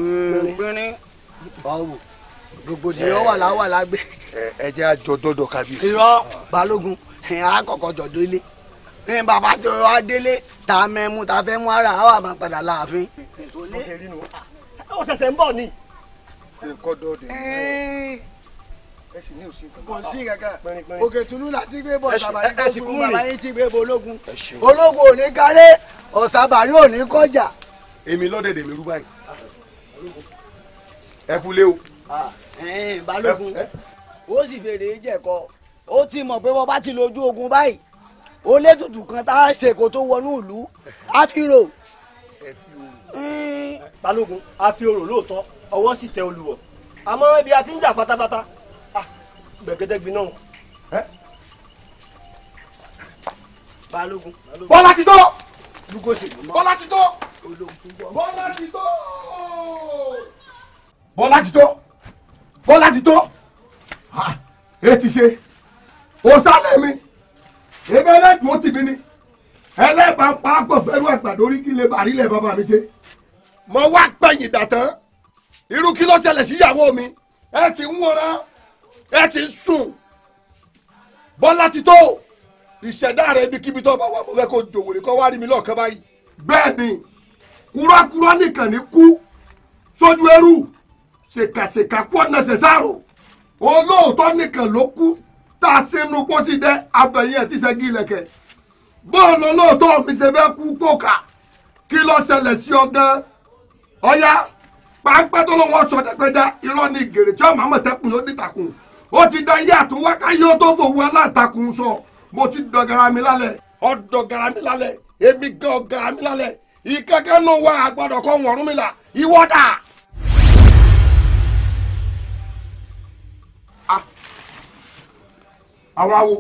pínrín mm, báwo rògbòdìyàn wà láwà lágbé. ẹ jẹ́ àjọ dọ́dọ̀ kábíyèsí. irọ́ balógun àkọ́kọ́ jọ délé ní bàbá tó wá délé ta mẹ́mú ta fẹ́ mú ara àwọn àmà padà láàfin. ó ṣẹ̀ṣẹ̀ ń bọ̀ ni. kọ́dọ̀ dé ẹ sì ní òsín kankan. kò sí kankan òkè tunu láti gbé bọ̀ sàbàrí gbogbo bàbá yín ti gbé bo ológun ológun ò ní ọ̀sàbàrí ò ní kọjá. èmi lọ́dẹ̀dẹ̀ mi rú báyìí ẹ kú lé o. balógun ó sì fèrè jẹ̀kọ ó ti mọ̀ pé wọ́n bá ti lójú ogun báyìí ó lé tutù kan tá a ṣe kó tó wọnú ìlú á fi rò. balógun a fi orò lóòótọ́ ọwọ́ sì tẹ olùwọ̀ àmọ́ ibi a ti ń jà pátápátá gbẹ̀gẹ́dẹ́ gbiná o. balógun. bọ́lá ti tó. lugosi. bọ́lá ti tó. bọ́lá ti tó. bọ́lá ti tó. bọ́lá ti tó. e ti ṣe o sálẹ̀ mi ebi ẹlẹ́dùn ó ti mi ni ẹlẹ́bàá ń pa agbọ̀fẹ́rú àgbàdo orí kí lè bàrí lẹ̀ bàbá mi ṣe. mo wá gbẹ̀yìn dàtán irú kí ló ṣẹlẹ̀ síyàwó mi ẹ ti ń wọra ẹ ti ń sùn bọ́lá ti tó ìṣẹ̀dá rẹ̀ ibikíbi tó bá wà mo fẹ́ kó jòwèrè kó wá rí mi lọ́ọ̀kan báyìí. bẹ́ẹ̀ni kúrọ́kúrọ́ nìkan ní kú sójú ẹrú ṣèkàṣèkà kú ọ̀nà ṣẹ̀ṣàrò olóòótọ́ nìkan ló kú tá a sínú pósí dẹ abẹ̀yìn ẹ̀ tí ṣẹ́gi ilẹ̀kẹ̀ bọ́ọ̀lù olóòótọ́ mi ṣe fẹ́ kú kóka kí ló ṣẹlẹ̀ sí ọ gan ọ̀ya tó ló wọ́n irọ́ ni gèrè tí ọmọ ó ti da iye àtúnwá káyé tó fòwú aláǹtakùn sọ mo ti dọ̀gara mi lálẹ́ ọ̀dọ̀gara mi lálẹ́ èmi gan ọ̀gara mi lálẹ́ ìkẹ́kẹ́ ló wà àgbàdo kọ́ wọ̀rún mi là ìwọ́ dà. àwọn awo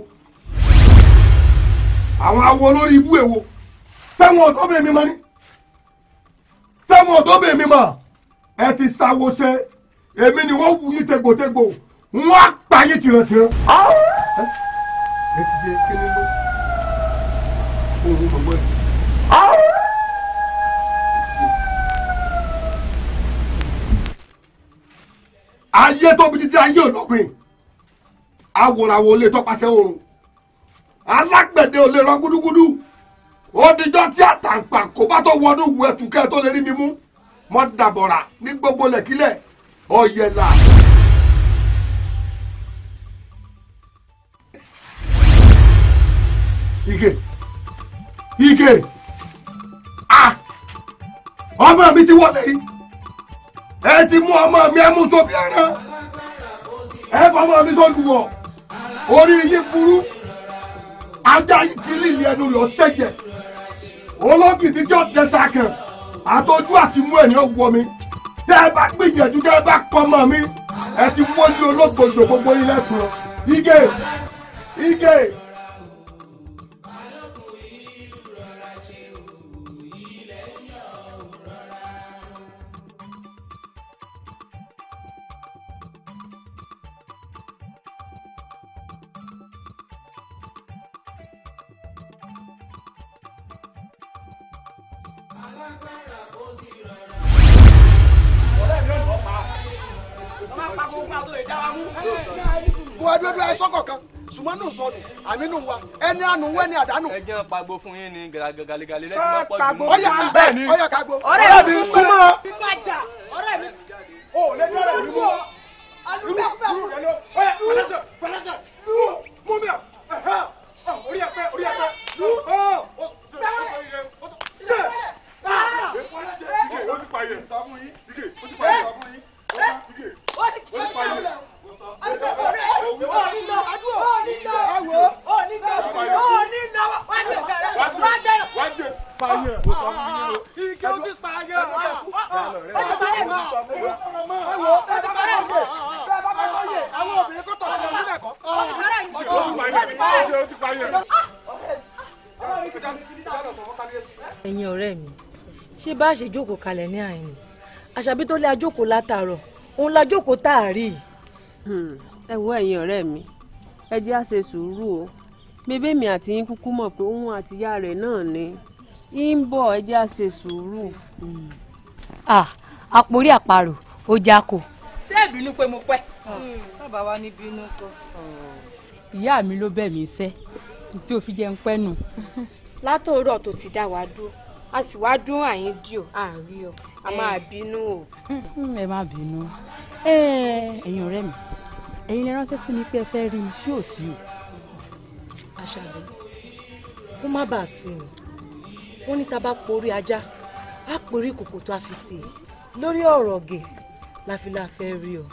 àwọn awo lórí ibú èwo sẹ́wọ̀n ọ̀tọ́ bèèmí mọ́ ni sẹ́wọ̀n ọ̀tọ́ bèèmí mọ́ ẹ ti sáwo ṣe èmi ni wọ́n wú ní tegbòtegbò wọ́n á pa yín tìrantìran. ẹ ṣe kíni ló ohun gbogbo ẹ. ayé tó bi títí ayé ológun awòràwò olè tọpasẹ̀ oòrùn alágbẹ̀dẹ olè rọ gúdúgúdú odijọ́ tí àtàǹpàkò bá tó wọnú ìwé ẹ̀tùkẹ́ tó lè rí mi mú dàbọ̀rà ní gbogbo lẹ̀kílẹ̀ ọ̀yẹ̀là. Ike, Ike, ah ọmọ mi ti wọlé yìí ẹ ti mú ọmọ mi ẹ mú sóbi ẹran ẹ fọmọ mi sọdùwọ orí yín burú ajá yìí kiri ìlú ẹnu rẹ ọsẹjẹ olókìkí tí ó tẹsà kàn àtọjú àti mú ẹni ọwọ mi tẹ ẹ bá gbìyànjú tẹ ẹ bá pọmọ mi ẹ ti wọlé olóògbòdò gbogbo ilé ẹkùn Ike, Ike. wọ́n dúró dúró ẹ̀sọ́ kọ̀ọ̀kan ṣùgbọ́n nù sọ̀nù àmínú wa ẹni àánú wẹ́ ni àdánù. ẹ jẹ́ pagbo fún yín ní gàlẹ́gàlẹ́ lẹ́yìn bá pọ̀ jù. ọyà kagbo ọyà kagbo ọ̀rẹ́ mi bá ṣe jókòó kalẹ̀ ní àyìn àṣàbí tó lé ajókòó látàárọ̀ òun la jókòó táàrí. Hmm, ẹ wo ẹ̀yin ọ̀rẹ́ mi ẹ jẹ́ àṣẹ sùúrù o bébé mi àti yín kúkú mọ̀ pé òun àti ìyá rẹ̀ náà ni yín bọ̀ ẹ jẹ́ àṣẹ sùúrù. àpòrí àparò ó já kò. ṣé ìbínú pé mo pẹ́. bàbá wa ní bínú kọ. ìyá mi ló bẹ̀ mí sẹ́ tí ò fi jẹun pẹ́ nù. látòórọ̀ tó ti dá wa dúró a sì wá dún àyín dì àárí o a eh. máa bínú o. Hmm, hmm, ẹ má bínú eh, ẹ̀yin ọ̀rẹ́ mi ẹ̀yin lè ránṣẹ́ sí mi pé ẹ fẹ́ rí mi sí òsì o. àṣàbí kó má bàa sí mi wọ́n ní tá a bá porí ajá á porí kòkò tó a fi sè é lórí ọ̀rọ̀ ọ̀gẹ̀ la fi la fẹ́ rí ọ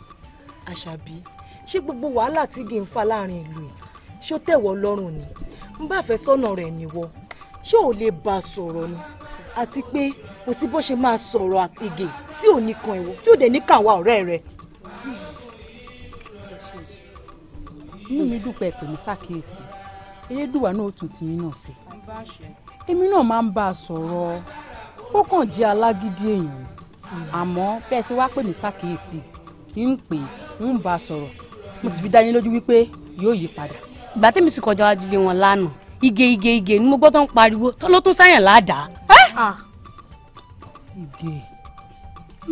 àṣàbí ṣé gbogbo wàhálà tí gè ń fa láàrin ìlú yìí ṣó tẹ̀wọ́ lọ́rùn ni n bá fẹ́ sọ́nà rẹ̀ níwọ ṣé ò lè bá a sọ̀rọ̀ ni àti pé kò sí bó ṣe máa sọ̀rọ̀ àpègè tí ò ní kan ìwọ tí ò dẹ̀ ní kan àwa ọ̀rẹ́ rẹ. inú mi dùn pé ẹ pè mí ṣàkíyèsí elédùwà náà ó tún ti mí náà ṣe èmi náà máa ń bá a sọ̀rọ̀ ó kàn jẹ́ alágídí èèyàn àmọ́ bẹ́ẹ̀ ṣe wá pè mí ṣàkíyèsí ń pè ń bá a sọ̀rọ̀ mo sì fi dá yín lójú wípé yóò yí padà. ìgbà tí mi sì kọjá wájú lé wọn lánàá ìgè ìgè ìgè ni mo gbọ́ tó ń pariwo tó ló tún sáyàn ládàá. ìgè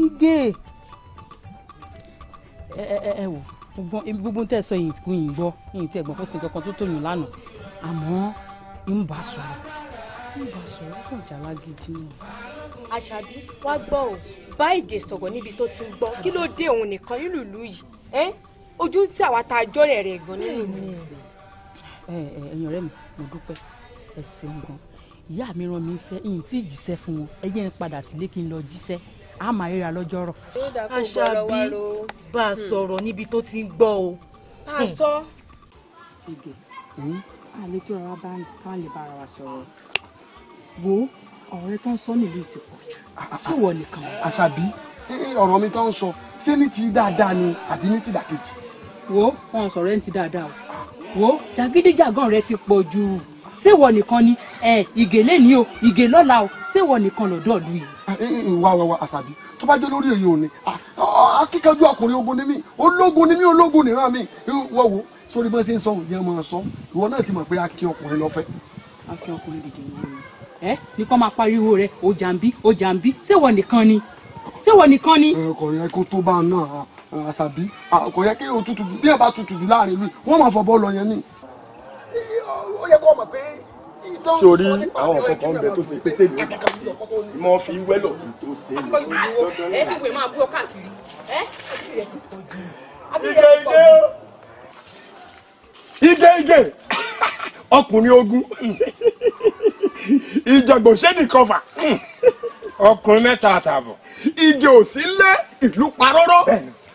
ìgè ẹ ẹ ẹ wò gbogbo tẹ sọ yìí kú yìí gbọ́ yìí tẹ gbọ́n kó sin kankan tó tòyìn lánàá àmọ́ ń bá sọ̀rọ̀ ń bá sọ̀rọ̀ kò jà lágídí nù. àṣàbí wá gbọ́ ò bá ìgè sọ̀rọ̀ níbi tó ti ń gbọ́ kí ló dé òun nìkan nínú yìí ojú tí àwa tá a jọ́ rẹ̀ rẹ̀ gan nínú ìlú ẹ̀yin ọ̀rẹ́ mi mo dúpẹ́ ẹ ṣeun gan ìyá mi rán mi iṣẹ́ ìyìn tí ìjíṣẹ́ fún wọn ẹ ń padà sílé kí n lọ jíṣẹ́ a máa ríra lọ́jọ́ rọ̀. Àṣàbí bá a sọ̀rọ̀ níbi tó ti ń gbọ́ o. bá a sọ. ìgè àlejò ara bá ká lè bára wa sọ̀rọ̀ wo ọ̀rẹ́ tó ń sọ nílùú ti pọ̀ jù ṣé wọ́n nìkan. Àṣàbí ọ̀rọ̀ mi tó ń sọ ṣé ní ti dáadáa ni àbí ní ti dàkejì. wo wọn sọ̀rọ̀ ẹ̀ ń ti dáadáa o wo jàgídíjàgan rẹ ti pọ̀ jù ṣéwọ nìkan ni ìgè lẹ́ni o ìgè lọ́la o ṣéwọ nìkan lọ́dọ̀ lu yìí. wá wá wá àṣàbí tó bá jẹ́ lórí èyí ò ní akíkanjú ọkùnrin ogun ni mí ológun ni mí ológun nìran mi wọ́n wo sórí bá ṣe ń sọ ìyẹn máa sọ ìwọ náà ti mọ̀ pé akí ọkùnrin lọ́fẹ́. akí ọkùnrin gidi ni wọn ẹ ní kó máa pariwo rẹ o jàǹbí o jàǹbí ṣéwọ nìkan ni ṣéwọ nìkan ni. ẹ kọrin ẹ kó tó bá a náà Eh, àṣàbí kò yẹ kí o bí ẹ tutù jù láàrin ìlú wọn máa fọ bọ́ọ̀lù yẹn ni. ó yẹ kó mọ̀ pé sórí àwọn nǹkan kan bẹ tó ṣe pété mi fi wẹ́lọ̀ kí tó ṣe é. ẹ ti wẹ̀ máa bú ọ káàkiri ẹ àbí rẹ ti pọ̀ jù. ige ọkùnrin ogun ìjọgbọ̀n sẹ́nìkan fà hmm. ọkùnrin mẹ́ta àtààbọ̀. ìjọ òsínlẹ̀ ìlú parọ́rọ́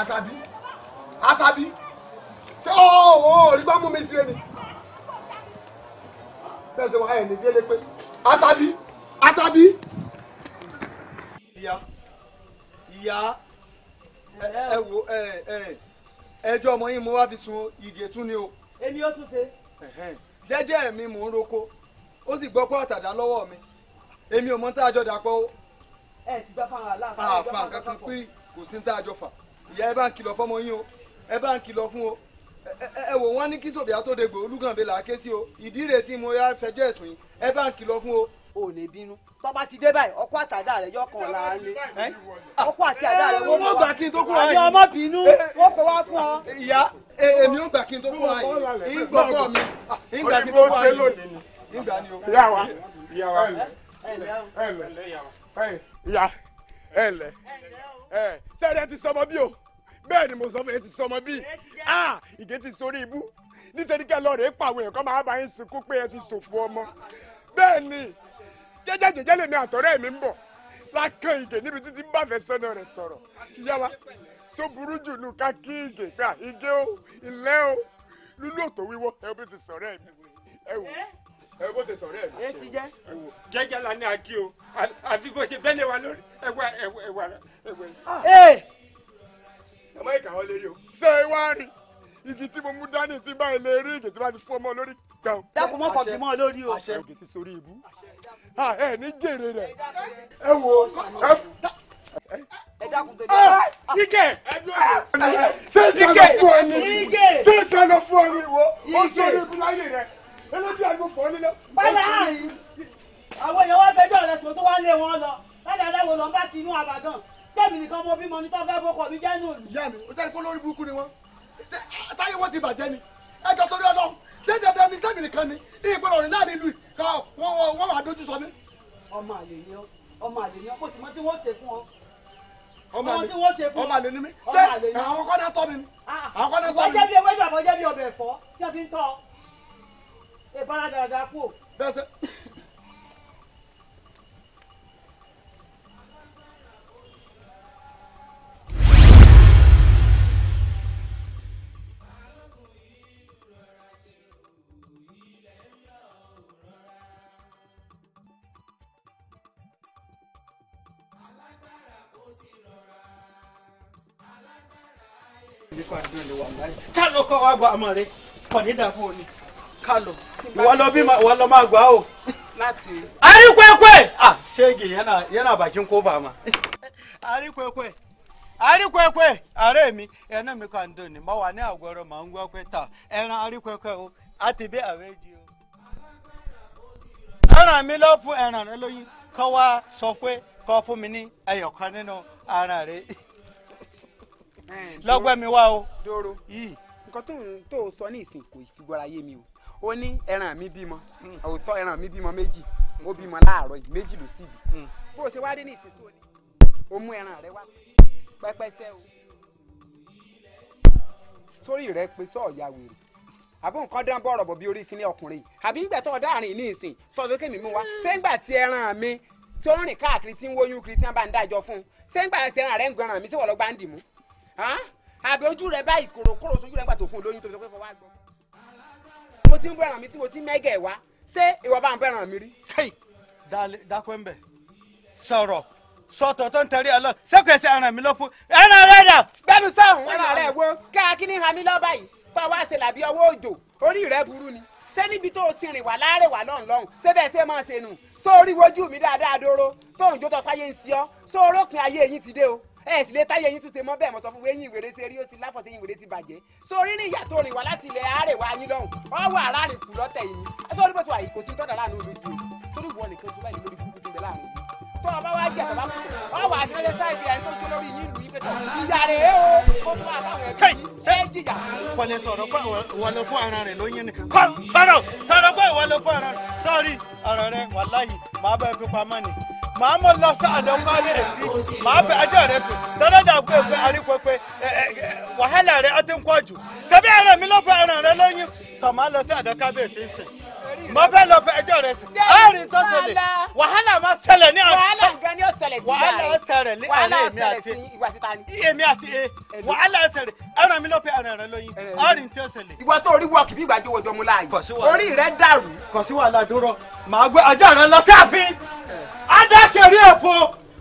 Asabi, Asabi, ṣé ó ó rí bá mú mi sí ẹni bẹ́ẹ̀ sọ wọn ẹ̀ ní délé pé Àṣàbí Àṣàbí. ìyá ìyá ẹ wo ẹ ẹ ẹjọ́ ọmọ yín mo wá fi sun ìgè tún ni o. èmi ó tún ṣe. jẹ́jẹ́ mi mò ń roko ó sì gbọ́ pé ọ̀tàdá lọ́wọ́ mi èmi ò mọ tá a jọ dà pọ̀ o. ẹ ti gbá fáwọn aláàfáà. àfàǹkankan pé kò sí tá a jọ fà ìyá ẹ bá ń kìlọ̀ fọmọ yín o ẹ bá ń kìlọ̀ fún o ẹ wò wọ́n ní kí sòbíà tó degbò olúgànbẹ là á ké sí o ìdí rètí mo yá fẹjọ́ ẹ̀sùn yìí ẹ bá ń kìlọ̀ fún o. o ò lè bínú tọ́ba ti dé báyìí ọkọ àtàdá rẹ̀ yọ kan là á lé ọkọ àti àdá rẹ̀ wọ́n mọ̀ gbà kí n tó kúrò ayé ọmọ bínú wọ́n kò wá fún ọ. ìyá èmi ò gbà kí n tó kúrò ayé ìgbọ́kọ̀ mi ìgbà kí n tó kúrò ayé ìgbà ni o. ìyá wa ìyá wa ẹ ẹ ẹ ẹ ìyá ẹ ẹ sẹ́rẹ́ ẹ ti sọmọ bí o bẹ́ẹ̀ ni mo sọ fún ẹ ti sọmọ bí ah, ìgé ti sórí ibú nítorí kẹ́ lọ́ọ́ rèé pàwọn èèyàn kọ́ máa bá yín sunkún pé ẹ ti ṣòfò ọmọ bẹ́ẹ̀ ni jẹ́jẹ́ jẹ́jẹ́ lèmi àtọ̀rẹ́ mi ń bọ̀ lákàn ìgè níbi títí bá fẹ́ sọ́nà rẹ̀ sọ̀rọ̀ yálà tó burú jù nù ká kí ìgè pé ìgè o ilẹ̀ o lúlú òtò wíwọ́ ẹ bí sì sọ̀rẹ́ mi ẹ wò ẹ bó ṣe sọ̀rẹ́ mi. ẹ ti jẹ́ jẹ́jẹ́ la ní akí o àfi bó ṣe bẹ́ẹ̀ lé wa lórí ẹ̀wà ẹ̀wà ẹ̀wà ẹ má ìkàwọ́ lérí o ṣé ẹ wá rí igi tí mo mú dání tí báyìí lè rí igi tí bá ti fún ọmọ lórí gbàù. dákun mọ́ fọ̀gì mọ́ lórí o. igi ti sórí ibú ẹ ní jèrè rẹ ẹ wo ẹ dákun tó dé. Ah! ike ike sẹ́sẹ̀ lọ fún ọ ní ìwọ ó sórí ibú láyé rẹ elébi àgbo fọ́ nílẹ̀. bálá àwọn èèyàn wá fẹjọ́ rẹ̀ sọ tó wá lé wọn lọ lálẹ́ aláwo lọ bá ti inú àbàdàn tẹ́mi nìkan mo bímọ ní tọ́fẹ́ bókọ mi jẹ́ nù. ìyá mi o sẹ́ni pé olórí burúkú ni wọ́n sáyé wọ́n ti bàjẹ́ ni ẹjọ́ torí ọlọ́run ṣé dandan ni sẹ́mi nìkan ni ìgbọ́dọ̀ rìn láàrin ìlú ká wọ́n wọ́n wà dojú sọ mí. ọmọ àlè ni ọ ọmọ àlè ni ọ kò sì mọ tí wọ́n ṣe fún ọ. ọmọ àlè ọmọ àlè ni mí ṣé àwọn kọ́dá tọ́ mi ni. Ah, ah. àwọn kọ́dá tọ́ mi. wọ́n jẹ́ bí ewédú àbọ̀jẹ́ bí ọbẹ̀ ẹ̀fọ́ tí wọ́n fi ń tọ́ ìbára dáadáa kú. bẹ́ẹ̀ sẹ́ gbọ́ àmọ́ rẹ kọ̀dé dà fún òní lọ bí lọ máa gbà o. bakin ma. mi ẹnu mi kan dùn ní wà ní àgọ́rọ̀ ń gbọ́ pé ta ẹran o ti bí jí o. ẹran mi lọ fún ẹran rẹ lóyún kọ́ sọ pé kọ́ nǹkan tó ń tó sọ ní ìsìn kò fi gbọ́ra yé mi o ó ní ẹran mi bímọ hmm. òótọ́ ẹran mi bímọ méjì ó bímọ láàárọ̀ yìí méjì ló sì bí hmm. bó o ṣe wá dé ní o mú ẹran rẹ wá pẹpẹsẹ o sórí rẹ pé sọ̀ọ̀yà wèrè àbí nǹkan dán bọ̀rọ̀ bọ̀ bí orí kíní ọkùnrin àbí nígbà tó ọ̀dá ní ìsìn mú wa ẹran mi tó ń rìn káàkiri tí ń wóyún kiri tí wọ́n bá ń dájọ́ fún àbẹ ojú rẹ báyìí kòròkòrò sójú rẹ nígbà tó fún olóyún tó fi sọ pé fọwọ́ àgbọn. mo ti ń bẹ̀ràn mi tí mo ti mẹ́gẹ̀ wá ṣé ìwọ bá ń bẹ̀ràn mi rí. dákun ń bẹ̀ sọ̀rọ̀ sọ̀tọ̀ tó ń tẹ̀rí ẹ lọ sẹ́kẹ̀sẹ̀ ẹran mi ló fún ẹran rẹ dà. bẹ́ẹ̀ni sọ̀hún ẹran rẹ wo káàkiri hami lọ́ba yìí tọ́wọ́ àṣẹ làbí ọwọ́ òjò orí rẹ burú ni ṣé níbi tó o ti rìn wá láàrẹ̀ wá lọ́hùn lọ́hùn ṣé bẹ́ẹ̀ ṣe máa ṣe nù sórí wojú mi dáadáa dóró tóun jó tọ́ ń ṣe ọ́ sórókùn ayé yín ti dé o ẹ sì lè táyé yín tún ṣe mọ́ bẹ́ẹ̀ mọ́ sọ fún wẹ́yìn ìwéré ṣe rí ó ti láfọ̀ṣe yín ìwéré ti bàjẹ́ sórí ní ìyá tó rìn wá láti ilẹ̀ àárẹ̀wá yín lọ́hùn ọwọ́ àràrìn kù lọ́tẹ̀ yìí sórí bó ṣe wà yìí kò sí tọ́da láàánú olójú yìí torí ìwọ nìkan tó báyìí lórí kúkú tó bẹ láàánú tó ọba wá jẹ bàbá kù ọwọ́ àtẹlẹ sáìdì ẹ̀ tó tó lórí yín lù yí pẹ̀tọ̀ ìyá rẹ̀ é o kó fún àtàwọn ẹbí ẹ jìyà. wọlé sọ̀rọ̀ pé ìwọ ló fún ara rẹ̀ lóyún ni kọ́ sọ̀rọ̀ sọ̀rọ̀ pé ìwọ ló fún ara rẹ̀ sọ́ọ̀rì ọ̀rọ̀ rẹ̀ wàláhì màá bẹ́ẹ̀ fi pamọ́ ni màá mọ̀ lọ sáàdọ̀ ń bá rí rẹ̀ sí màá bẹ ẹjọ́ rẹ̀ tó dọ́dọ́dà pé pé arípẹ́pẹ́ wàhálà rẹ̀ ọtí ń pọ̀ jù ṣẹ́bí ẹran mi ló fẹ́ ẹran rẹ̀ lóyún tọ̀ màá lọ sáàdọ̀ kábíyèsí ń sìn mo fẹ́ lọ fẹ́ ẹjọ́ rẹ sí. ọ̀rìn tó ṣẹlẹ̀ wàhálà máa ṣẹlẹ̀ ní àwọn. wàhálà gan ni ó ṣẹlẹ̀ sí wàhálà ó ṣẹlẹ̀ ní àlẹ́ èmi àti èmi àti e wàhálà ó ṣẹlẹ̀ ẹran mi ló fẹ́ ẹran rẹ lóyún ọ̀rìn tó ṣẹlẹ̀. ìwọ tó orí wọọkì bí ìgbà jọ̀wọ́ jọmú láàyè orí rẹ dàrú. kò wàhálà dúró màá gbé ọjọ́ rẹ lọ sí àfin adáṣẹ́rí èpo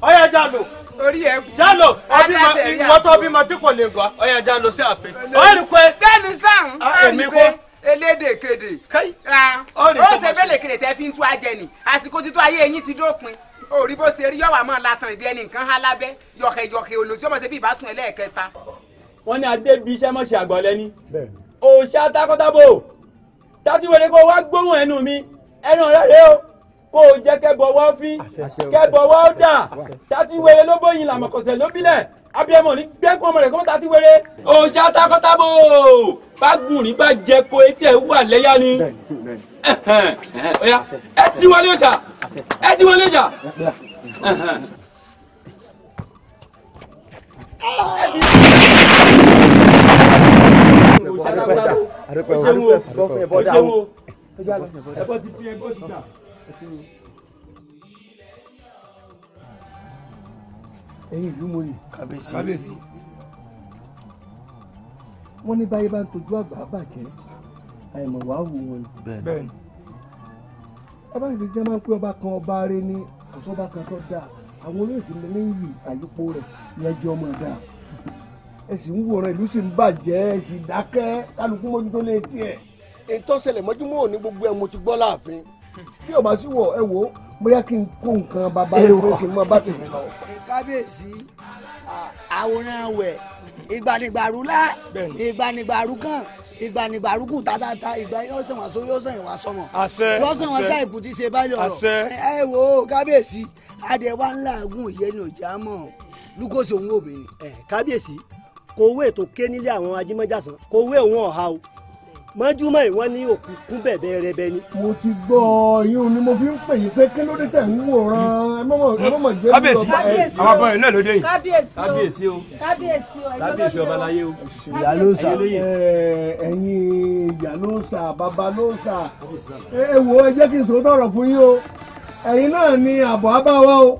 ọ̀yẹ́ jà lò orí ẹ jalo ọbí ma ìwọ tó ọbí ma tí kò lè gbà ọ̀yẹ́ jà lọ sí àfin. ọ̀rìn pé. bẹ́ẹ̀ ni sáà ń. èmi kò elédèkedè. ó ṣe bẹ́lẹ̀ kèrè tẹ́ fi ń tú ajẹ nì àsìkò títún ayé eyín ti dópin òrí bó ṣe rí yọ̀wá mọ́ latan ìbí ẹni nǹkan há lábẹ́ yọ̀kẹ̀yọ̀kẹ̀ olùsí ọmọ ṣe bí ìbásùn ẹlẹ́ẹ̀kẹta. wọ́n ní adé bíi iṣẹ́ mọ̀ṣẹ́ àgbọ̀ lẹ́ni òòṣà takọ́tàbò tátìwọlé kó wá gbóhùn ẹnu mi ẹnu rẹ̀ rẹ̀ o kó o jẹ́ kẹ́bọ̀wọ́ fín kẹ́bọ̀wọ́ dà tátìwọlé lóbóyin làmọ̀kọ̀sẹ̀ lóbílẹ̀ abiyamọ ní gbẹ́kun ọmọ rẹ̀ kọ́mọ́ta ti wéré. òòṣà takọ́tabo bágùn ní bá jẹ ko etí ẹ̀ wà lẹ́yà ni. ẹ ti wọlé òòṣà ẹ ti wọlé òòṣà. Àrùpẹ̀ ti fi ẹ̀bọ̀ ti ta. ẹ̀yin ìlú mòye kábíyèsí wọ́n ní báyé bá ń tọ́jú àgbà bàjẹ́ àìmọ̀ wàá wù wọn ni. bẹ́ẹ̀ni. ọba ìdílé jẹ́ máa ń pé ọba kan ọba rẹ ní àtọ́ba kan tó dáa àwọn olóòtú ní lẹ́yìn àyípo rẹ̀ yẹjọ́ ọmọ dáa ẹ sì ń wòran ìlú sì ń bàjẹ́ ẹ sì dákẹ́ sálùkù mójútó lé tiẹ̀. ètò ọ̀sẹ̀lẹ̀ mọ́júmọ́ òní gbogbo ẹ̀ mo ti gbọ́ láàfin bí ọba sì wọ̀ ẹ wò bóyá kí n kó nǹkan bàbá rẹ pé kí n mọ bá tèmi lọ. kábíyèsí àwòrán àwẹ̀ ìgbanigbaru lá ìgbanigbaru kan ìgbanigbaru kù tátátá ìgbà yóò sàn wá sórí yóò sàn wá sọmọ yóò sàn wá sáà ìkú tí ṣe báyọ̀ ọ̀rọ̀ ẹ wò ó kábíyèsí adẹ̀wá ńlá àgùn ìyẹn òjá mọ̀ lukosi òun obìnrin. kábíyèsí kò wé ètò ké nílé àwọn ajímọ́jàsán kò wé òun ọ̀ha o mọ́júmọ́ ìwọ́n ní òkùnkùn bẹ̀bẹ̀ rẹbẹ ni. mo ti gbọ́ yín ni mo fi ń pè yín pé kí ló dé tẹ̀ ń wòran ẹ mọ̀mọ̀ jẹ́ mi lọ bá ẹ. àwọn abọ́ yẹn náà ló dé yìí. kábíyèsí o kábíyèsí ọba láyé o. ìyálóòsà ẹ̀yin ìyálóòsà babalóòsà ẹ wo ẹ jẹ́ kí n sọ tọrọ fún yín o ẹ̀yin náà ni àbọ̀ abáwá o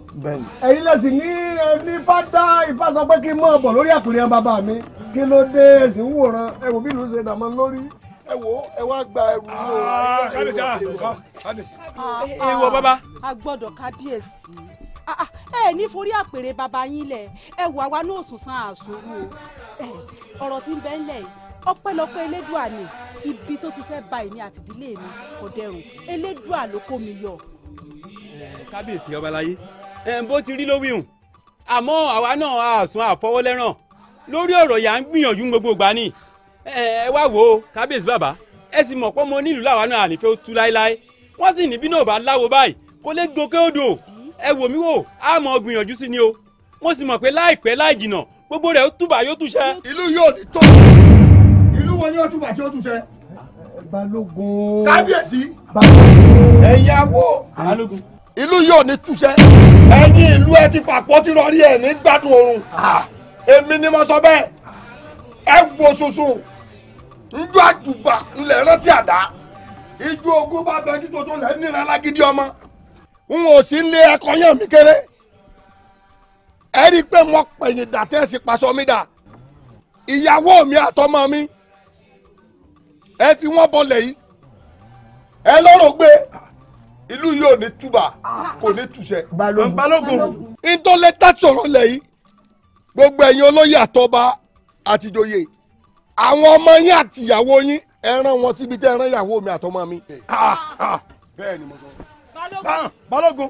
ẹ̀yin lẹ́sìn ní ẹni fádá ifá sọ pé kí n mọ̀ ọ̀bọ̀ lórí àkùnrin bàbá mi kí ló dé ẹ̀sìn wòran ẹ̀wò bí ìlú ṣe dàmọ́ lórí ẹ wo ẹ wá gba ẹrù yìí o. Ah, kábíyèsí ah, kábíyèsí. èèwọ̀ ah, bàbá. a gbọ́dọ̀ kábíyèsí ẹ ní forí àpèrè bàbá yín lẹ ẹ wò àwa náà sùn san àsòrò ọ̀rọ̀ tí ń bẹ ńlẹ̀ yìí ọpẹ́lọpẹ́ elédùà ni ibi tó ti fẹ́ ba èmi àti ìdílé mi ọ̀dẹ̀rùn elédùà ló kó mi yọ. Eh, kábíyèsí ọbaláyé eh, bó ti rí lówí hùn àmọ́ àwa náà a sùn lórí ọ̀rọ̀ yà ń gbìyànjú gbogbo ìgbà ni ẹ wá wo kábíyèsí bàbá ẹ sì mọ̀ pé mo nílùú làwọn náà ànífẹ́ ó tú láéláé wọ́n sì níbí náà bá láwo báyìí kó lè gòkè odò ẹ wò mí wò á mọ̀ gbìyànjú sí ni o mo sì mọ̀ pé láìpẹ́ láì jìnà gbogbo rẹ̀ ó túbà yóò túṣẹ́. ìlú yóò ti tó ìlú wọn ni ó túbà tí ó túṣẹ́. balógun kábíyèsí ẹ̀yàwó balógun ìlú yóò ní túṣẹ́ ẹ̀yin ìlú ẹ ti fàpọ́ tí lọ rí ẹ̀ ní gbádùn oorun ah. èmi ni mo sọ bẹ́ẹ̀ ẹ wo sunsun njó àjùgbà ńlẹ̀ rántí àdá ijó ogún bá fẹ́ kí tòótọ́ lẹ́ nira lágídí ọmọ n ò sí lé ẹkọ yàn mí kéré ẹ rí i pé mo pẹ̀yìn dàtẹ́sì paṣọ mi dà ìyàwó mi àtọmọ mi ẹ fi wọ́n bọlẹ̀ yìí ẹ lọ́rọ̀ gbé ìlú yìí ní túbà kò ní túṣẹ. balógun ntọ́lẹ́tà sọ̀rọ̀ lẹ̀ yìí gbogbo ẹ̀yin olóyè àtọba àtijọ́yè àwọn ọmọ yín àti ìyàwó yín ẹ rán wọn síbi tẹ́ ẹ rán ìyàwó mi àtọmọ mi. bẹ́ẹ̀ ni mo sọ. balógun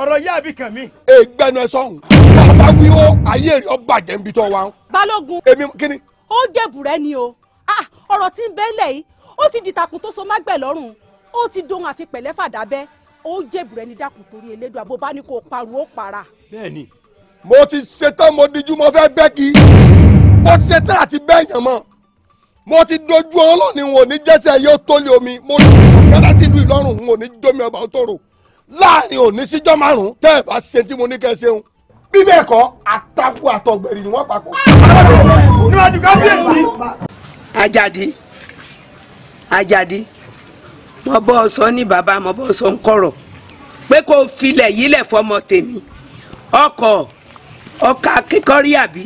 ọ̀rọ̀ yá àbí kàn mí. ègbẹ́nu ẹ sọ̀hún bàbá wí ó ayé rẹ̀ ó bàjẹ́ níbi tó wà. balógun èmi kí ni. ó jẹ̀bù rẹ ni o ah, ọ̀rọ̀ tí ń bẹ́lẹ̀ yìí ó ti di takùn tó so mágbẹ̀ lọ́rùn ó ti dohun àfi pẹ̀lẹ́ fàdábẹ́ ó jẹ̀bù rẹ ni dákun torí elédùn àbó bá ní kó parun ó para. bẹ́ẹ̀ni. mo ti ṣetán mo dijú mo fẹ́ bẹ́ẹ̀ kí mo ṣetán àti bẹ́ẹ̀ yàn mọ́. mo ti dojú ọ lónìí ò ní jẹ́sẹ̀ yóò omi mo ní kẹ́dá sílùú ìlọ́run n ò ní jómi ọba òtòrò láàrin òní síjọ́ márùn-ún tẹ́ ẹ̀ bá ṣe tí mo ní kẹ́ ẹ ṣeun. bí bẹ́ẹ̀ kọ́ àtakú àtọ̀gbẹ̀rì ni wọ́n papọ̀. níwájú kábíyèsí. mo sọ ní baba mo bọ́ pé kó o filẹ̀ yílẹ̀ fọmọ tèmi ọkọ̀ ọkà kíkọ́rí àbí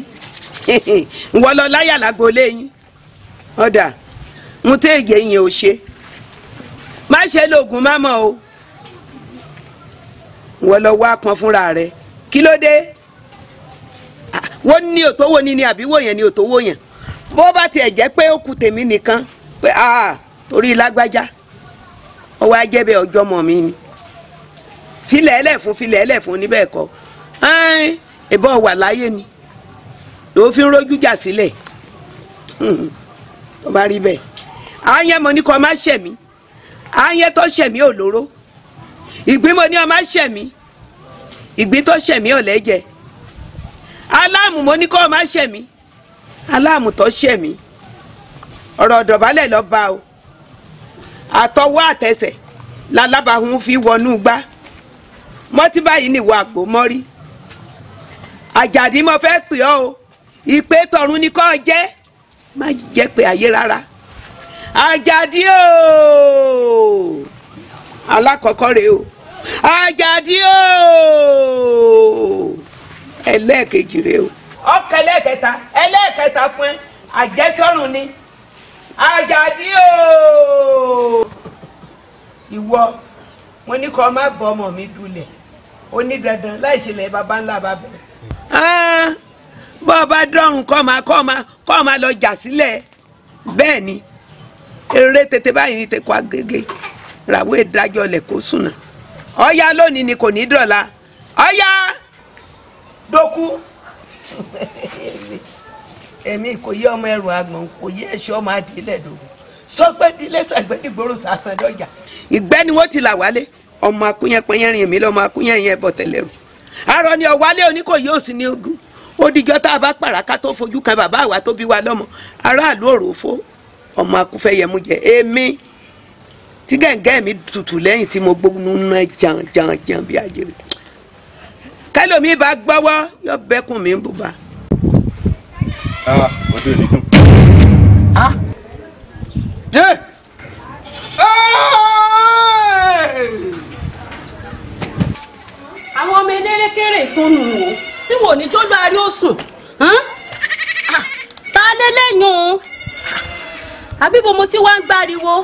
ọ̀dà ń tẹ́ èjè yẹn ò ṣe má ṣe lóògùn má mọ̀ o wọ́n lọ wá pọn fúnra rẹ̀ kí ló dé wọ́n ní òtówó ni ni àbí wò yẹn ni òtówó yẹn bó bá tiẹ̀ jẹ́ pé ó kù tèmi nìkan pé ah torí lágbájá ọwọ́ ajẹ́bẹ̀ ọjọ́ mọ̀ mi ni filẹ̀ ẹlẹ́fun filẹ̀ ẹlẹ́fun níbẹ̀ kọ́ ẹ̀ẹ́n ìbọn wà láyé ni lòó fi ń rojú jà sílẹ̀. Hmm tó bá rí bẹ́ẹ̀ àwọn yẹn mo ní kó má ṣẹ̀mí àwọn yẹn tó ṣẹ̀mí ò lóró ìgbín mo ní ó má ṣẹ̀mí ìgbín tó ṣẹ̀mí ò lẹ́jẹ̀ aláàmù mo ní kó má ṣẹ̀mí aláàmù tó ṣẹ̀mí ọ̀rọ̀ ọ̀dọ̀bálẹ̀ lọ bá o àtọwọ́ àtẹsẹ̀ lalábàáhùn fi wọnú gbá mọ́tí báyìí nìwọ àgbò mọ́rí àjàdí mo fẹ́ pè ọ́ o ìpè tọ̀run ni kò jẹ́ má jẹ́ pé ayé rárá àjàdí ooo alákọ̀ọ́kọ́ re o àjàdí ooo ẹlẹ́ẹ̀kejì rèé o. ọkọ ẹlẹ́ẹ̀kẹta ẹlẹ́ẹ̀kẹta fún ẹ àjẹsọ́rùn ni àjàdí ooo ìwọ mo ní kó má bọ ọmọ mi dulẹ̀ ó ní dandan láì ṣẹlẹ̀ baba ńlá ah! bó o bá dọ́rùn kọ́ máa kọ́ máa kọ́ máa lọ jà sílẹ̀ bẹ́ẹ̀ ni eré tètè báyìí ní tẹ̀kọ́ agége ràwé ìdájọ́ lẹ̀ kó sùnà ọ̀ya lónìí ni kò ní dọ̀la ọ̀ya doku. èmi kò yé ọmọ ẹrù àgbọ̀n kò yé ẹ̀ṣọ́ ọmọ adìlẹ̀ doku sọ pé dílé sàgbẹ́ nígboro sàtàn lọ́jà. ìgbẹ́ ni wọ́n ti là wálé ọmọ akúnyẹpẹ́yẹrin mi lọ́mọ akúnyẹyẹ bọ̀tẹ̀lẹ̀rù arọ ni ọ̀wálé oníkòyí òsì ní ogun ó dijọ́ tá a bá pàràkà tó fojú kan bàbá àwa tó bí wa lọ́mọ aráàlú òròfó ọmọ akúfẹ́yẹmú jẹ èmi tí gẹ̀ǹgẹ̀ mi tutù lẹ́yìn tí mo gbógun ná jan jan jan bí ajere kẹlòmíì bá gbọ́wọ́ yọ bẹ́kùn mi ń bùbá. ọdún ah, ah! àwọn ọmọ eléré kéré tó nù ú tí wò ní tó lórí ó sùn ta lé lẹ́yìn o àbíbo mo ti wá ń gbáriwo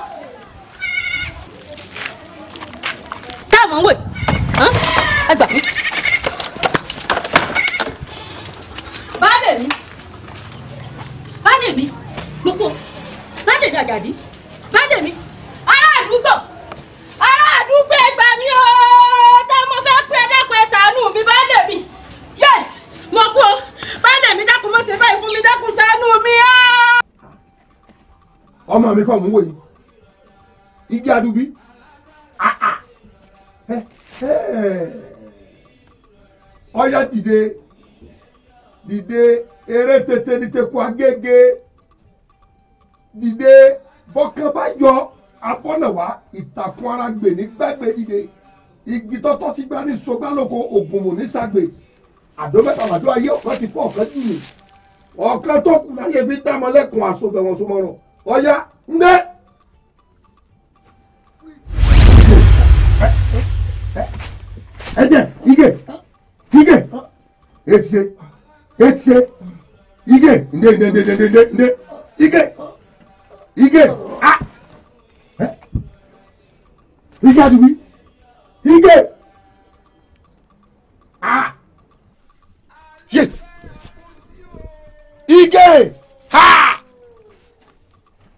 táwọn wè ẹ gbà mí. baálé mi baálé mi gbogbo baálé mi àjàdí baálé mi. mi kàn mú wò yìí igi adubi ọyá ah, ah. eh, eh. dìde dìde eré tètè ní teku agége dìde bọ́kàn bá yọ abọ́nàwá ìtàkùn ara gbè ní gbàgbé dìde igi tọ́tọ́ sí gbá ní sogbá lóko ògùnmù ní sàgbè àdó mẹ́ta làdó ayé ọ̀kan ti pọ̀ ọ̀kan jù ní ọ̀kan tó kù láyé fi dá mọ́lẹ́kùn àsobẹ̀wọ̀n sọmọ́rọ̀ ọ̀yá Nde. Ede, ige. Ige. Etse. Etse. Ige. Nde, nde, nde, nde, nde, nde. Ige. Ige. Ah. Ige adubi. Ige. Ah. Ye. Ige. Ha.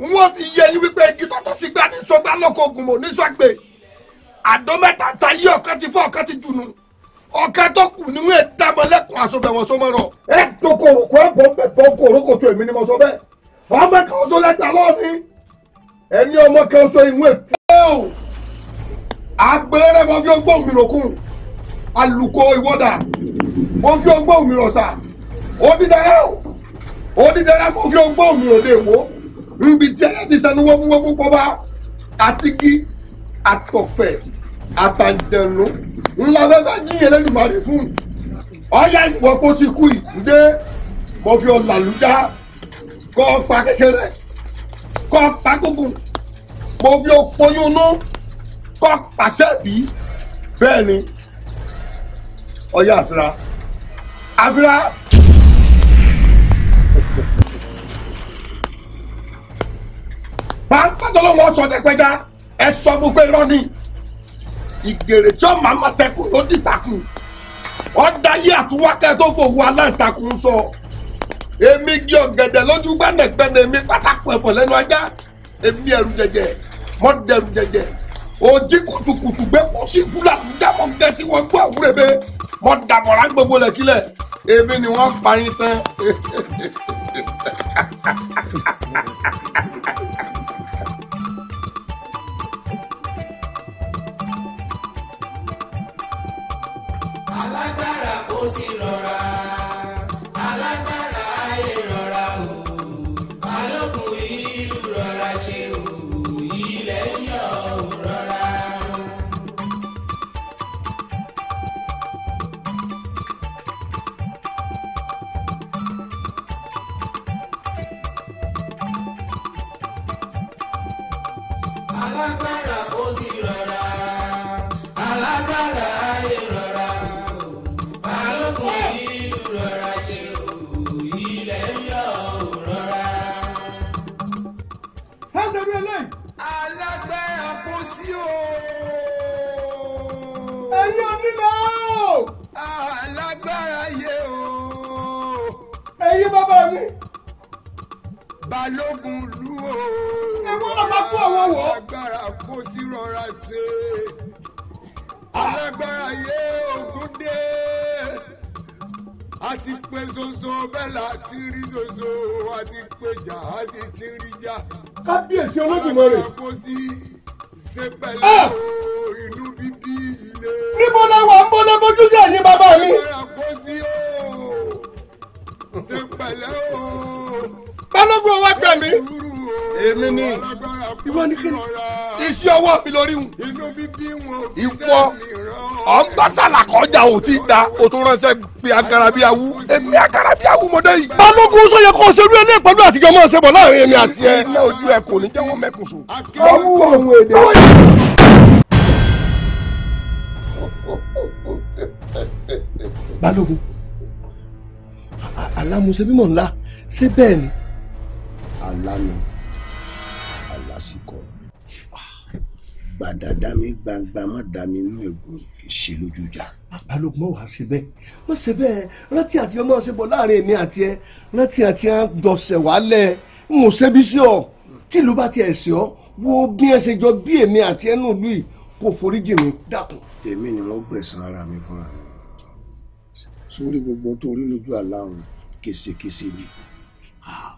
wọ́n fi yẹ yín wípé igi tọ́tọ́ sí gbá ní sọgbà lọ́kọ̀ mọ̀ ní sọ́gbè àdó mẹ́ta ta yí ọ̀kan ti fọ́ ọ̀kan ti jùnú ọ̀kan tó kù ní wọ́n dábọ̀ lẹ́kùn àsọ̀bẹ̀ wọn sọmọ rọ. ẹ tó kòròkò ẹ bọ̀ bẹ̀ tó kòròkò tó èmi ni mo sọ bẹ́ẹ̀ ọmọ kan sọ lẹ́gbà lọ́ọ̀ni ẹni ọmọ kan sọ ìwé. ẹ o àgbẹ̀rẹ̀ fi ọgbọ́n mi lòkun alùkò ìwọ́dà mo fi ọgbọ́n mi rọ̀ sà ó dídára ó dídára mo fi ọgbọ́n mi rò wò níbi tí ayé ti sanu wọ́múwọ́mú pọ́bá àtìkí àtọ̀fẹ́ àtàjẹ̀nu ńlá fẹ́fẹ́ jíyẹn lẹ́dùnmáre fún ọ̀yá ìwọ kó ti kú yìí ǹdé mo fi ọ̀là lùdá kọ́ pa kékeré kọ́ pa gógùn mo fi ọ̀pọ̀yún nú kọ́ pàṣẹ bí bẹ́ẹ̀ ni ọ̀yá àfira àfira. pàápàá tó ló wọ́n sọ dẹ́gbẹ́já ẹ sọ fún pé rọ́ọ̀nì ìgèrè tí ọmọ àmọ̀tẹ́kùn ló dì takùn ọ̀dàyé àtúwákẹ́ tó fòwú aláǹtakùn sọ èmi gé ọ̀gẹ̀dẹ̀ lójú gbẹ́nẹ̀gbẹ́nẹ̀ mi pátákùn ẹ̀fọ́ lẹ́nu ajá èmi ẹ̀rù jẹjẹ mọ́ dẹ̀rù jẹjẹ òjì kùtùkùtù gbé pọ̀ sí ìkúlà dábọ̀ gẹ̀ẹ́sì wọn gbọ́ àwúrẹ́bẹ mọ́ dàbọ̀rá gbogbo lẹ̀kílẹ̀ èmi ni wọ́n pa yín tán. ó sì rọra. kábíyèsí olódùmarè. Ah! níbo la wà ń bọ́ bójú sí ẹ̀yìn bàbá mi. balógun ọwọ́ gbà mí. èmi ni ìwọ ni kíni iṣẹ́ ọwọ́ mi lórí wù. ìwọ ọ̀ ń bá sàlàkọ́ ọjà ò da o ránṣẹ́ gbé agara awú èmi àgà ọmọdé yìí. balógun sọ yẹ kó o ṣerú ẹlẹ́ pẹ̀lú àtijọ́ máa ṣe bọ̀ láàrin èmi àti ẹ. iná ojú ẹ kò ní jẹ́ wọn mẹ́kùnṣù. ọwọ́ ohun èdè. balógun alámúṣe bímọ ńlá ṣé bẹ́ẹ̀ ni. alámi alásìkò gbàdàdàmí gbangba má dàmí nínú ègbò ìṣèlójú jà balógun máa wá sí bẹ́ẹ̀ má ṣe bẹ́ẹ̀ rántí àti ọmọ ṣe bọ̀ láàrin èmi àti ẹ rántí àti ẹ dọ̀sẹ̀ wálẹ̀ mò ṣẹ́bí sí ọ tìlú bá tiẹ̀ sí ọ wo bí ẹ ṣe jọ bí èmi àti ẹ nù lùi kò foríjì mi dákun. èmi ni wọn gbẹ̀san ara mi fúnra mi sórí gbogbo tó rí lójú àláhùn késekése ni ah.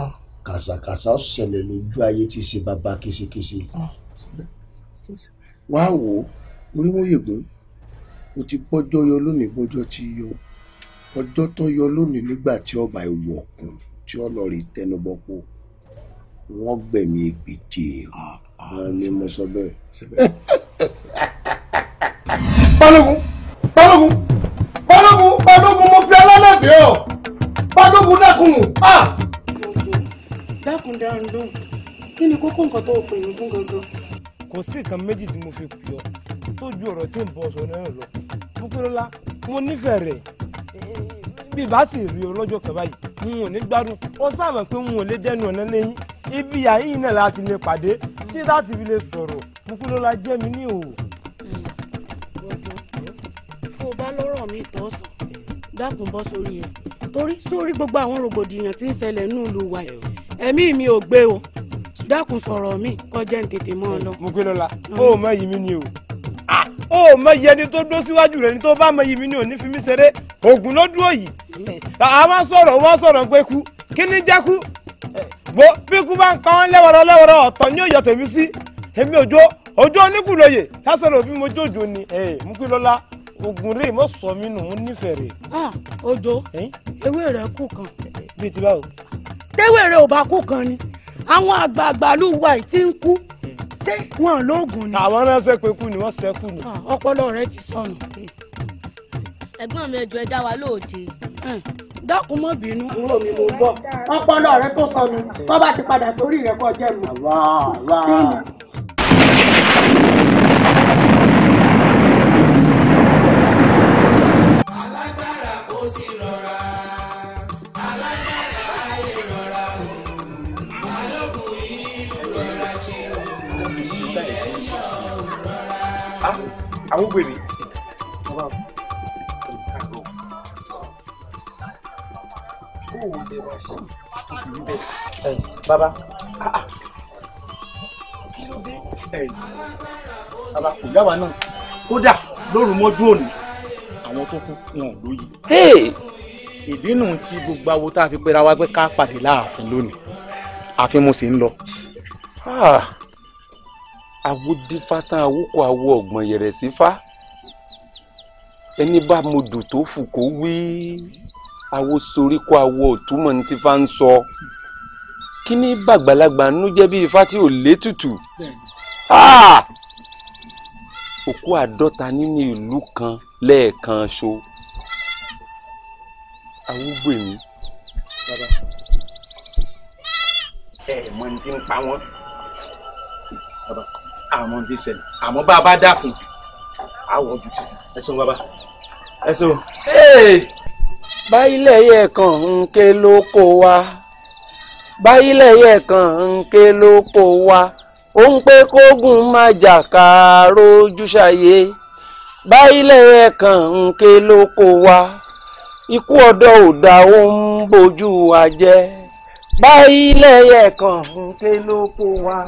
ah. kàṣàkàṣà ṣẹlẹ̀ lójú ayé tí ṣe bàbá késekése ah. wàá wò oríwóyegun ó ti bọ́jọ́ yọ lónìí bọ́jọ́ ti yọ ọjọ́ tó yọ lónìí nígbà tí ọba ìwọ ọ̀kùn tí ọlọ́ọ̀rì tẹnubọ́pọ̀ wọ́n gbẹ̀mí ìgbèjì ni mo sọ bẹ́ẹ̀. balógun balógun balógun balógun mo fi alálẹ̀ dé ọ balógun dákun a. dákun dáhùn lóhùn kí ni kókó nǹkan tó o pè mí fún gangan kò sí nǹkan méjì tí mo fi pè ọ́ tó ju ọ̀rọ̀ tí ń bọ̀ sọ náà lọ mo pé lọ́la mo nífẹ̀ẹ́ rẹ̀ bí bá sì rí ọ lọ́jọ́ kan báyìí n ò ní gbádùn ó sáàmù pé n ò lè dẹnu ọ̀nà lẹ́yìn ibi àyìn náà láti lè pàdé tí láti fi lè sọ̀rọ̀ mo pé lọ́la jẹ́ mi ní òwò. tó o bá lọ́rọ̀ mi tọ́ sọ dákun bọ́ sórí rẹ̀ torí sórí gbogbo àwọn rògbòdìyàn tí ń ṣẹlẹ̀ nínú wa ẹ̀mí mi ò gbé o dákun sọ̀rọ̀ mi kọjá ń tètè mọ́ ọ lọ. mo gbé lọ́la mm. ó mọ èyí mi ni o ó mọ iye ẹni tó dó síwájú rẹ ni tó bá mọ iye mi ni ò ní fi mí ṣeré oògùn ló dúró yìí a máa sọ̀rọ̀ wọ́n sọ̀rọ̀ pé kú kí ni jẹ́ kú bó bí kú bá ń kọ́ ọ́n lẹ́wọ̀rọ̀ lẹ́wọ̀rọ̀ ọ̀tọ̀ ni yóò tèmi sí èmi òjò òjò oníkùlóye lásán òbí mo jòjò ni mú kí lọ́la oògùn rè mọ̀ sọ mí nù ń nífẹ̀ẹ́ rè. òjò ewé rẹ kù kan. bíi ti báwo. tẹ́wé rẹ ò bá kù kan ni àwọn àgbààgbà ló wà tí ń kú ṣé wọn lóògùn ni. àwọn ránṣẹ́ pé kú ni wọ́n ṣẹ́kù ni. Ah, ọpọlọ rẹ ti sọnù. ẹ̀gbọ́n mi ẹjọ́ ẹ dá wa lóòjé. Eh, dákun mọ́ bínú. kúrò mi mo bọ̀ ọpọlọ rẹ tó sọnù tó bá ti padà sórí rẹ kọjá mi. àwọn gbèrè. bàbá kí ló dé bàbá kò yá wa náà kódà lóru mọ́jú òní àwọn tó kú wọn ò lóye. ìdí nù tí gbogbo awo tá a fi pera wa pé ká pàdé láàfin lónìí àfin mo sì ń Ah awo difa tán awo kọ awo ọ̀gbọ̀n yẹ̀rẹ̀ sí fá ẹni bá mo dùn tó fù kó wí awo sorí kọ awo ọ̀túnmọ̀ ní ti fa ń sọ kí ni bàgbàlagbà ń jẹ́ bí ifá tí ò létùtù ah! òkú àádọ́ta nínú ìlú kan lẹ́ẹ̀kan ṣo awúgbò mi. ẹ ẹ mọ ní ti ń pa wọn àmọ́ ti ṣẹlẹ̀ àmọ́ bá a bá dákun àwọ̀ ojú ti sìn ẹ ṣeun bàbá ẹ ṣeun. báyìílẹ̀ yẹ kàn ń ké ló kó wa báyìílẹ̀ yẹ kàn ń ké ló kó wa ó ń pé kógun má jà kàáró ojúṣàyé báyìílẹ̀ yẹ kàn ń ké ló kó wa ikú ọ̀dọ́ ò ó ń bójú wa jẹ́ báyìílẹ̀ yẹ kàn ń ké ló kó wa.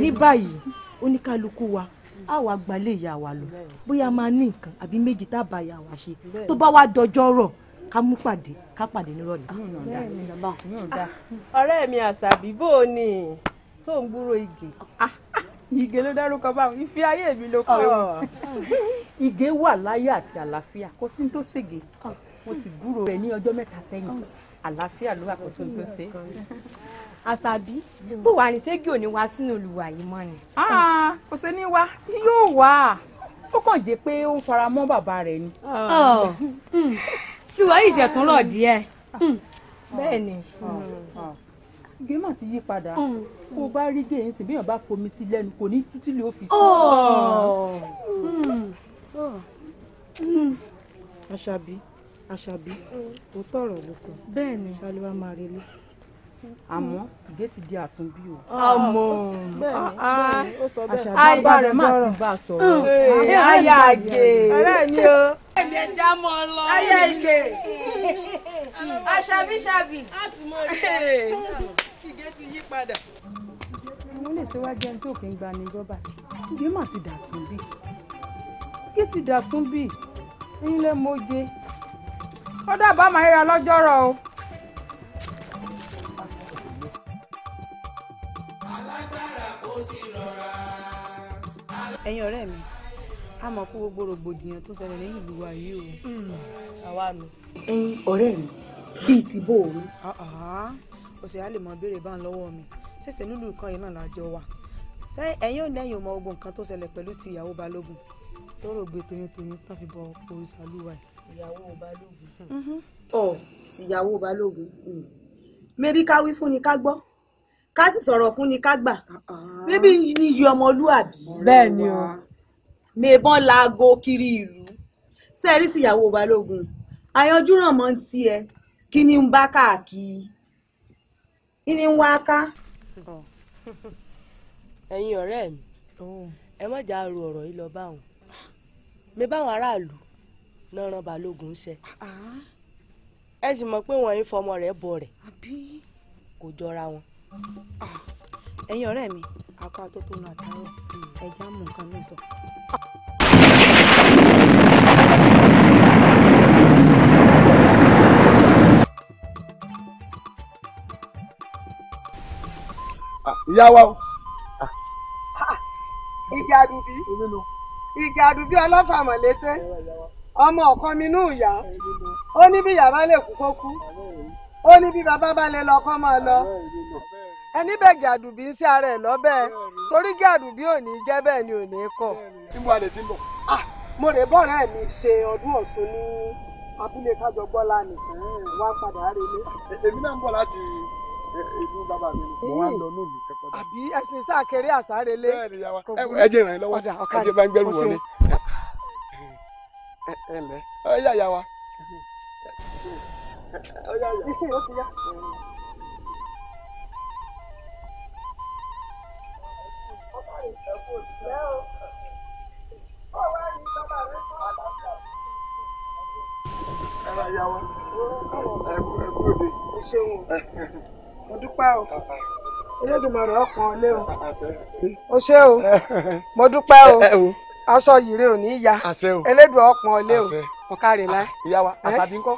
ní báyìí oníkálukú wa a wà gbalẹ̀ ìyá wa lọ bóyá máa ní nǹkan àbí méjì tá a bá ìyá wa ṣe tó bá wá dọjọ́ rọ̀ ká mú pàdé ká pàdé nírọ̀lẹ́. Ah, ọ̀rẹ́ mi àṣàbí bò ó ní tó ń gbúrò igè. Ah, ah, igè ló dárúkọ báwọn ìfi ayé mi ló pé wọn. Oh. igè wà láyé àti àlàáfíà kò sí tó ṣègè oh. mo sì gbúrò rẹ ní ọjọ́ mẹ́ta sẹ́yìn àlàáfíà ló wà kò sí tó ṣe. Oh àṣàbí hmm. bó wà ní ségi ò ní wá sínú olùwà yìí mọ́ ni. Ah, kò sí ní wá yóò wá ó kàn jẹ́ pé ó ń fara mọ́ bàbá rẹ̀ ni. Oh. Hmm. olùwà yìí ṣẹ̀tún lọ díẹ̀. Hmm. bẹ́ẹ̀ ni gé ti yí padà kó o bá rí géyìn sí bíyàn bá fomi sí lẹ́nu kò ní tútí lè ó fi sí. àṣàbí àṣàbí òótọ́ ọ̀rọ̀ ló fún bẹ́ẹ̀ ni ṣáà ló wá máa relé. Hmm. àmọ́ ìgéètì di àtúnbí o. Ah, ah, àmọ́ ah, àṣàbá rẹ̀ má ti bá a sọ̀rọ̀. Hmm. àyà àgè. ọ̀rẹ́ mi o. ẹ̀mí ẹja mọ́ ọ lọ. àyà àgè. àṣàbíṣàbí. a tún mọ rí ẹ kígé ti yí padà. mo lè ṣèwádìí ẹni tí òkè ń gba ni rọ́bà kígé má ti dà tún bí. kígé ti dà tún bí. ń lẹ́ mọ́jẹ. ó dábàá máa ríra lọ́jọ́rọ̀ o. sì rọra. ẹ̀yin ọ̀rẹ́ mi a mọ̀ pé gbogbo rògbòdìyàn tó ṣẹlẹ̀ nínú ìlú wa yìí o. Hmm. àwa nù. ẹ̀yin ọ̀rẹ́ mi bíi ti bò ó. Ah, ah, ah. ọ̀sẹ̀ á lè mọ béèrè bá ń lọ́wọ́ mi ṣẹ̀ṣẹ̀ nílùú kan yìí náà lájọ wa ṣé ẹ̀yin ò lẹ́yìn ọmọ ogun nǹkan tó ṣẹlẹ̀ pẹ̀lú ti ìyàwó balógun tó rògbè toyintoyin tán fi bọ òrìṣà lúwa yìí. ìyàwó balógun. Mhm. ọ tìyàwó balógun mẹbí hmm. ká wí fún ni ká gbọ́ ká sì sọ̀rọ̀ fún ni ká gbà bébí ni iye ọmọlúàbí. bẹ́ẹ̀ ni o. mèbọn laago kiri ìlú sẹ́ẹ̀rí síyàwó balógun àyànjú ràn mọ́ ti ẹ kí ni ń bá káàkiri kí ni ń wá ká. ẹ̀yin ọ̀rẹ́ mi oh. ẹ má jà ro ọ̀rọ̀ yìí lọ báwọn mi báwọn aráàlú náà ran balógun ṣe ẹ sì mọ̀ pé wọ́n ń fọmọ rẹ̀ bọ̀ rẹ̀ kò jọra wọn ẹ̀yin ọ̀rẹ́ mi apá tó tó nu àtàwọn ẹja mú nǹkan náà sọ. Ah, ìyá wa o. ìjà àdùbí ìjà àdùbí ọlọ́fà mọ̀lẹ́tẹ́ ọmọ ọ̀kan mi nù ìyá ó ní bí ìyá lè kú kó kú ó ní bí bàbá bá lè lọ máa lọ. ẹni bẹ́ẹ̀ gí àdùbí ń sí ara ẹ̀ lọ́bẹ̀ torí gí àdùbí ò ní jẹ́ ni ò kọ̀. mo lè bọ́ra mi ṣe ọdún ọ̀ṣun ní abúlé Kájọgbọ́lá nìkan. wá padà relé. èmi náà ń bọ̀ láti ìlú mi ni mo wá lọ lónìí kẹ́kọ̀ọ́ àbí ẹsìn sáà àsárelé. bá ń wọlé. mo dúpẹ́ o Olódùmarè ọkàn ọlé o o ṣé o mo dúpẹ́ o aṣọ yìrì ò ní ya Elédùà ọkàn ọlé o ọ̀kàrẹ̀ láì. ìyá wa àṣàbí ńkọ́.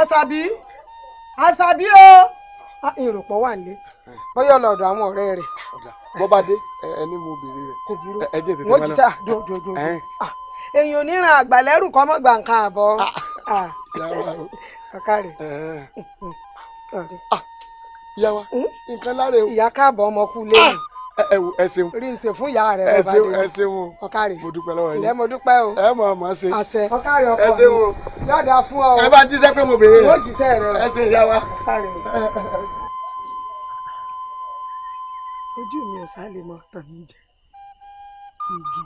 àṣàbí àṣàbí o ìròpọ̀ wà nílé bóyá ọlọ́dọ̀ àwọn ọ̀rẹ́ rẹ̀. bọ́ bá dé ẹni mo bèrè rẹ̀. kò burú wọ́n ti sá dòdòdò. èèyàn oníran àgbàlẹ́rù kọ́ mọ́ gbàǹkà àbọ̀. kàkà ah, rẹ̀. Ah. ìyá wa nǹkan láre o. ìyá káàbọ̀ ọmọ kú lẹ́yìn. Ah, ẹ wo ẹ ṣeun. rí n ṣe fún ìyá rẹ bàbá rẹ. ẹ ṣeun o. ọkà rẹ mo dúpẹ́ lọ́wọ́ yín. ǹlẹ́ mo dúpẹ́ o. ẹ mọ̀ ọmọ ṣe. àṣẹ ọkà rẹ ọkọ mi yọ̀dà fún ọ. ẹ bá jíṣẹ́ pé mo bèrè rẹ̀. mo jíṣẹ́ rẹ. ẹ ṣe ìyá wa. ọkà rẹ ojú mi ò sálè mọ́ tàn mí jẹ igi.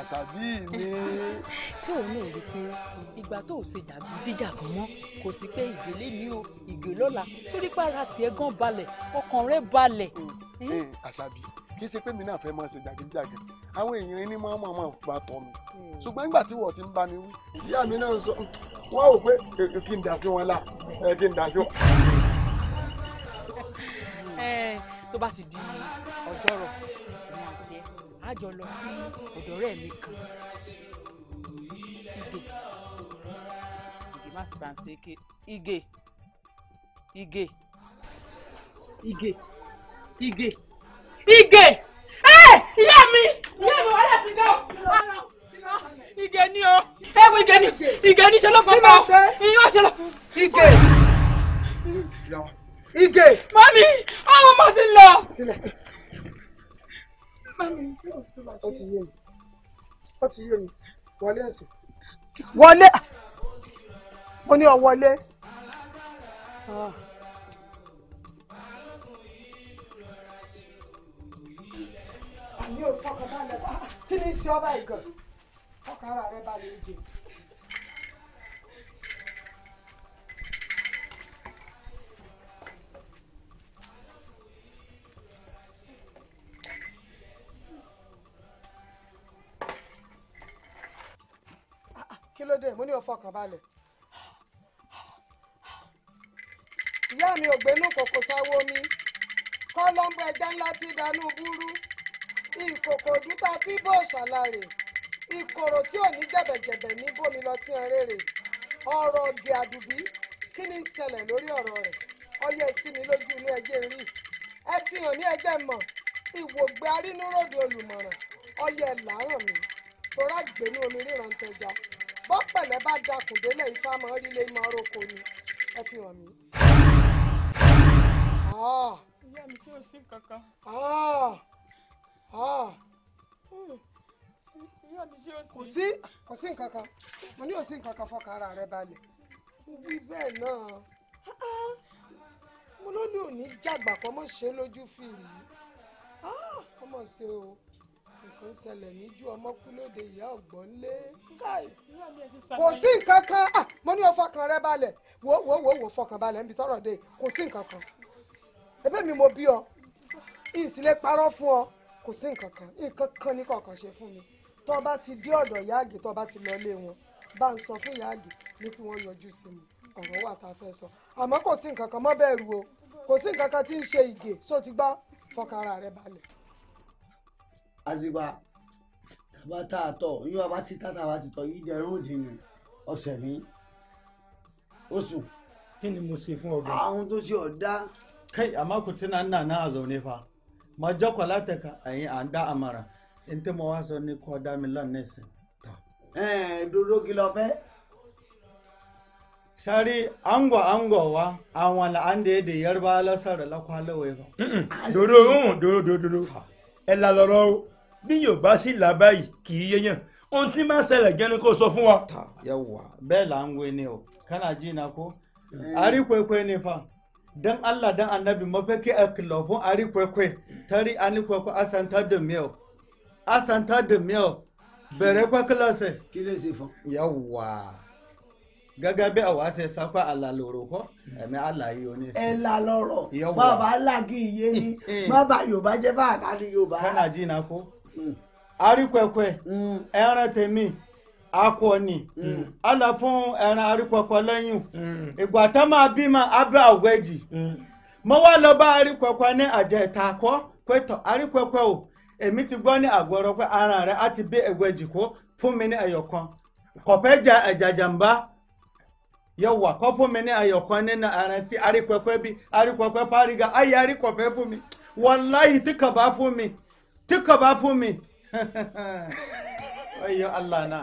àṣàbí mi. ṣé òun náà rí i pé ìgbà tó ò ṣe jàgídíjàgan mọ́ kò sí pé ìgbélé ni o ìgbélọ́la torí ara tiẹ̀ gan balẹ̀ ọkàn rẹ̀ balẹ̀. Eh, àṣàbí kì í ṣe pé mi náà fẹ́ máa ṣe jàgídíjàgan àwọn èèyàn ẹni máa máa máa gba tọ̀ mi hmm. ṣùgbọ́n nígbà tí wọ́n ti ń bá mi wí ìyá mi náà sọ wọ́n ò pé kí n dà sí wọn lá kí n dà sí wọn. Eh, tó bá ti di ọjọ́rọ̀ èmi àti ẹ á jọ lọ sí ọ̀dọ̀ ọ̀rẹ́ mi kan ìgè ìgè má sì bá ń ṣe ké ìgè ìgè ìgè ìgè. Ige, eh! ìyá mi ìyá mi wàhálà ti dá Ige, ni o ẹ Ige, igè ni Ige, ni ṣe ló Ige, pa ìyá ṣe ló fọ́. Ige, Ige, mami àwọn ọmọ ti lọ. mami ó ti yé mi ó ti yé mi wọlé ẹ̀sìn wọlé mo ní ọ wọlé. Ah. mi ò fọkàn balẹ̀ wá ah, kí ni ṣe ọba ìgàn ọkàn ara rẹ balẹ̀ jẹ. Ah, ah, kí ló dé mo ní o fọkàn balẹ̀ ìyá mi ò gbénú kòkò mi kọ́ ló ẹja ńlá tí danú búrú. ìkòkò ọdún tá fi bó ṣàlàyé ìkorò tí ò ní jẹ̀bẹ̀jẹ̀bẹ̀ ní bómi lọ tí ń Oro ọ̀rọ̀ ọ̀gẹ̀ àdùbí kí ni ṣẹlẹ̀ lórí ọ̀rọ̀ rẹ̀ ọyẹ sí mi lójú inú ẹjẹ́ rí ẹ fi hàn ní ẹjẹ́ mọ̀ ìwògbé arínúròdì olùmọ̀ràn ọyẹ làárọ̀ mi omi ríran tẹja bọ́ pẹ̀lẹ́ bá dakùn délẹ̀ ifá mọ́ rílé mọ́ roko ni ẹ fi hàn mi Ah. Hmm. kò sí kò sí nǹkan kan mo ní òsín nǹkan kan fọkàn ara rẹ balẹ̀ wí bẹ́ẹ̀ náà ah, mo ló ní òní jàgbà kan mọ̀ ṣe lójú fìrí ah, ọmọ ṣe o nǹkan ṣẹlẹ̀ níjú ọmọ kú lóde ìyá ọ̀gbọ́n lé kò sí nǹkan kan mo ní o fọkàn rẹ balẹ̀ wò wò wò wò fọkàn balẹ̀ níbi tọ́rọ̀ dé kò sí nǹkan kan ẹ̀bẹ̀ mi mo bí ọ ìsìlẹ̀ parọ́ fún ọ kò sí nǹkan kan nǹkan kan ní kọ̀ọ̀kan ṣe fún mi tó bá ti dé ọ̀dọ̀ yáàgì tó bá ti lọ lé wọn bá ń sọ fún yáàgì ní kí wọ́n yọjú sí mi ọ̀rọ̀ wà tá a fẹ́ sọ àmọ́ kò sí nǹkan kan mọ́ bẹ̀rù o kò sí nǹkan kan tí ń ṣe ìgè só ti gbọ́ fọkànra rẹ balẹ̀. àzìbá tàbá tá a tọ yíyọ bá ti tàtà bá ti tọ yìí jẹ irun òdì ni ọ̀sẹ̀ mi oṣù. kí ni mo ṣe fún ọgbẹ. àwọn tó ṣe ọ̀dá. kai amma ku tuna ina mo jókòó látẹ̀ka ẹ̀yin à ń dá àmàrà ní tí mo wá sọ ní kó dá mi lọ́nà ẹ̀sìn. ẹ dúró kí lọ fẹ́. sari ango ango wa àwọn là á ń de èdè Yorùbá lọ́sọ̀rọ̀ lọ́kọ́ alówó yìí. Ah, mm, dòdò dòdò dòdò ẹ la lọ́rọ́ o bí Yorùbá sì là báyìí kì í yéèyàn ohun tí máa ṣẹlẹ̀ gẹ́ni kó sọ fún wa. yẹ wà bẹ́ẹ̀ là ń wé ni o kánà jí na kó àríkò epo ẹni fa don Allah don annabi mafaki a kilofin ari kwekwe tari ani kwekwe asanta de mio asanta de mio bẹ̀rẹ̀ kwa kilase kilase fún yawa gẹ́gẹ́ bí àwa ṣe sápá àlàlòrò kọ́ ẹ̀mí àlàyé oníṣẹ́. ẹ la lọ́rọ̀ bàbá alági iye ni eh, eh. bàbá yorùbá jẹ́ bá àlàlù yorùbá. kánà jìnnà kó arí kwẹkwẹ ẹran tèmi. akọni àlà mm. fún ẹran arípọpọ lẹ́yìn ìgbà mm. tó máa bímọ abẹ́ àwẹ̀jì mm. mo wá lọ bá arípọpọ ní àjẹta kọ́ pẹ́tọ̀ arípọpọ o èmi ti gbọ́ ní àgọ́rọ̀ pé ara rẹ̀ á ti bí ẹ̀wẹ̀jì kó fún mi ní ẹ̀yọ̀kan kọ̀pẹ́ ja ẹ̀jàjàmbá yọwà kọ́ fún mi ní ẹ̀yọ̀kan nínú ara ti arípọpọ bí arípọpọ fárígà ayé arípọpọ fún mi wàláyì tí kò bá fún mi tí kò bá fún mi. ọyọ Allah náà.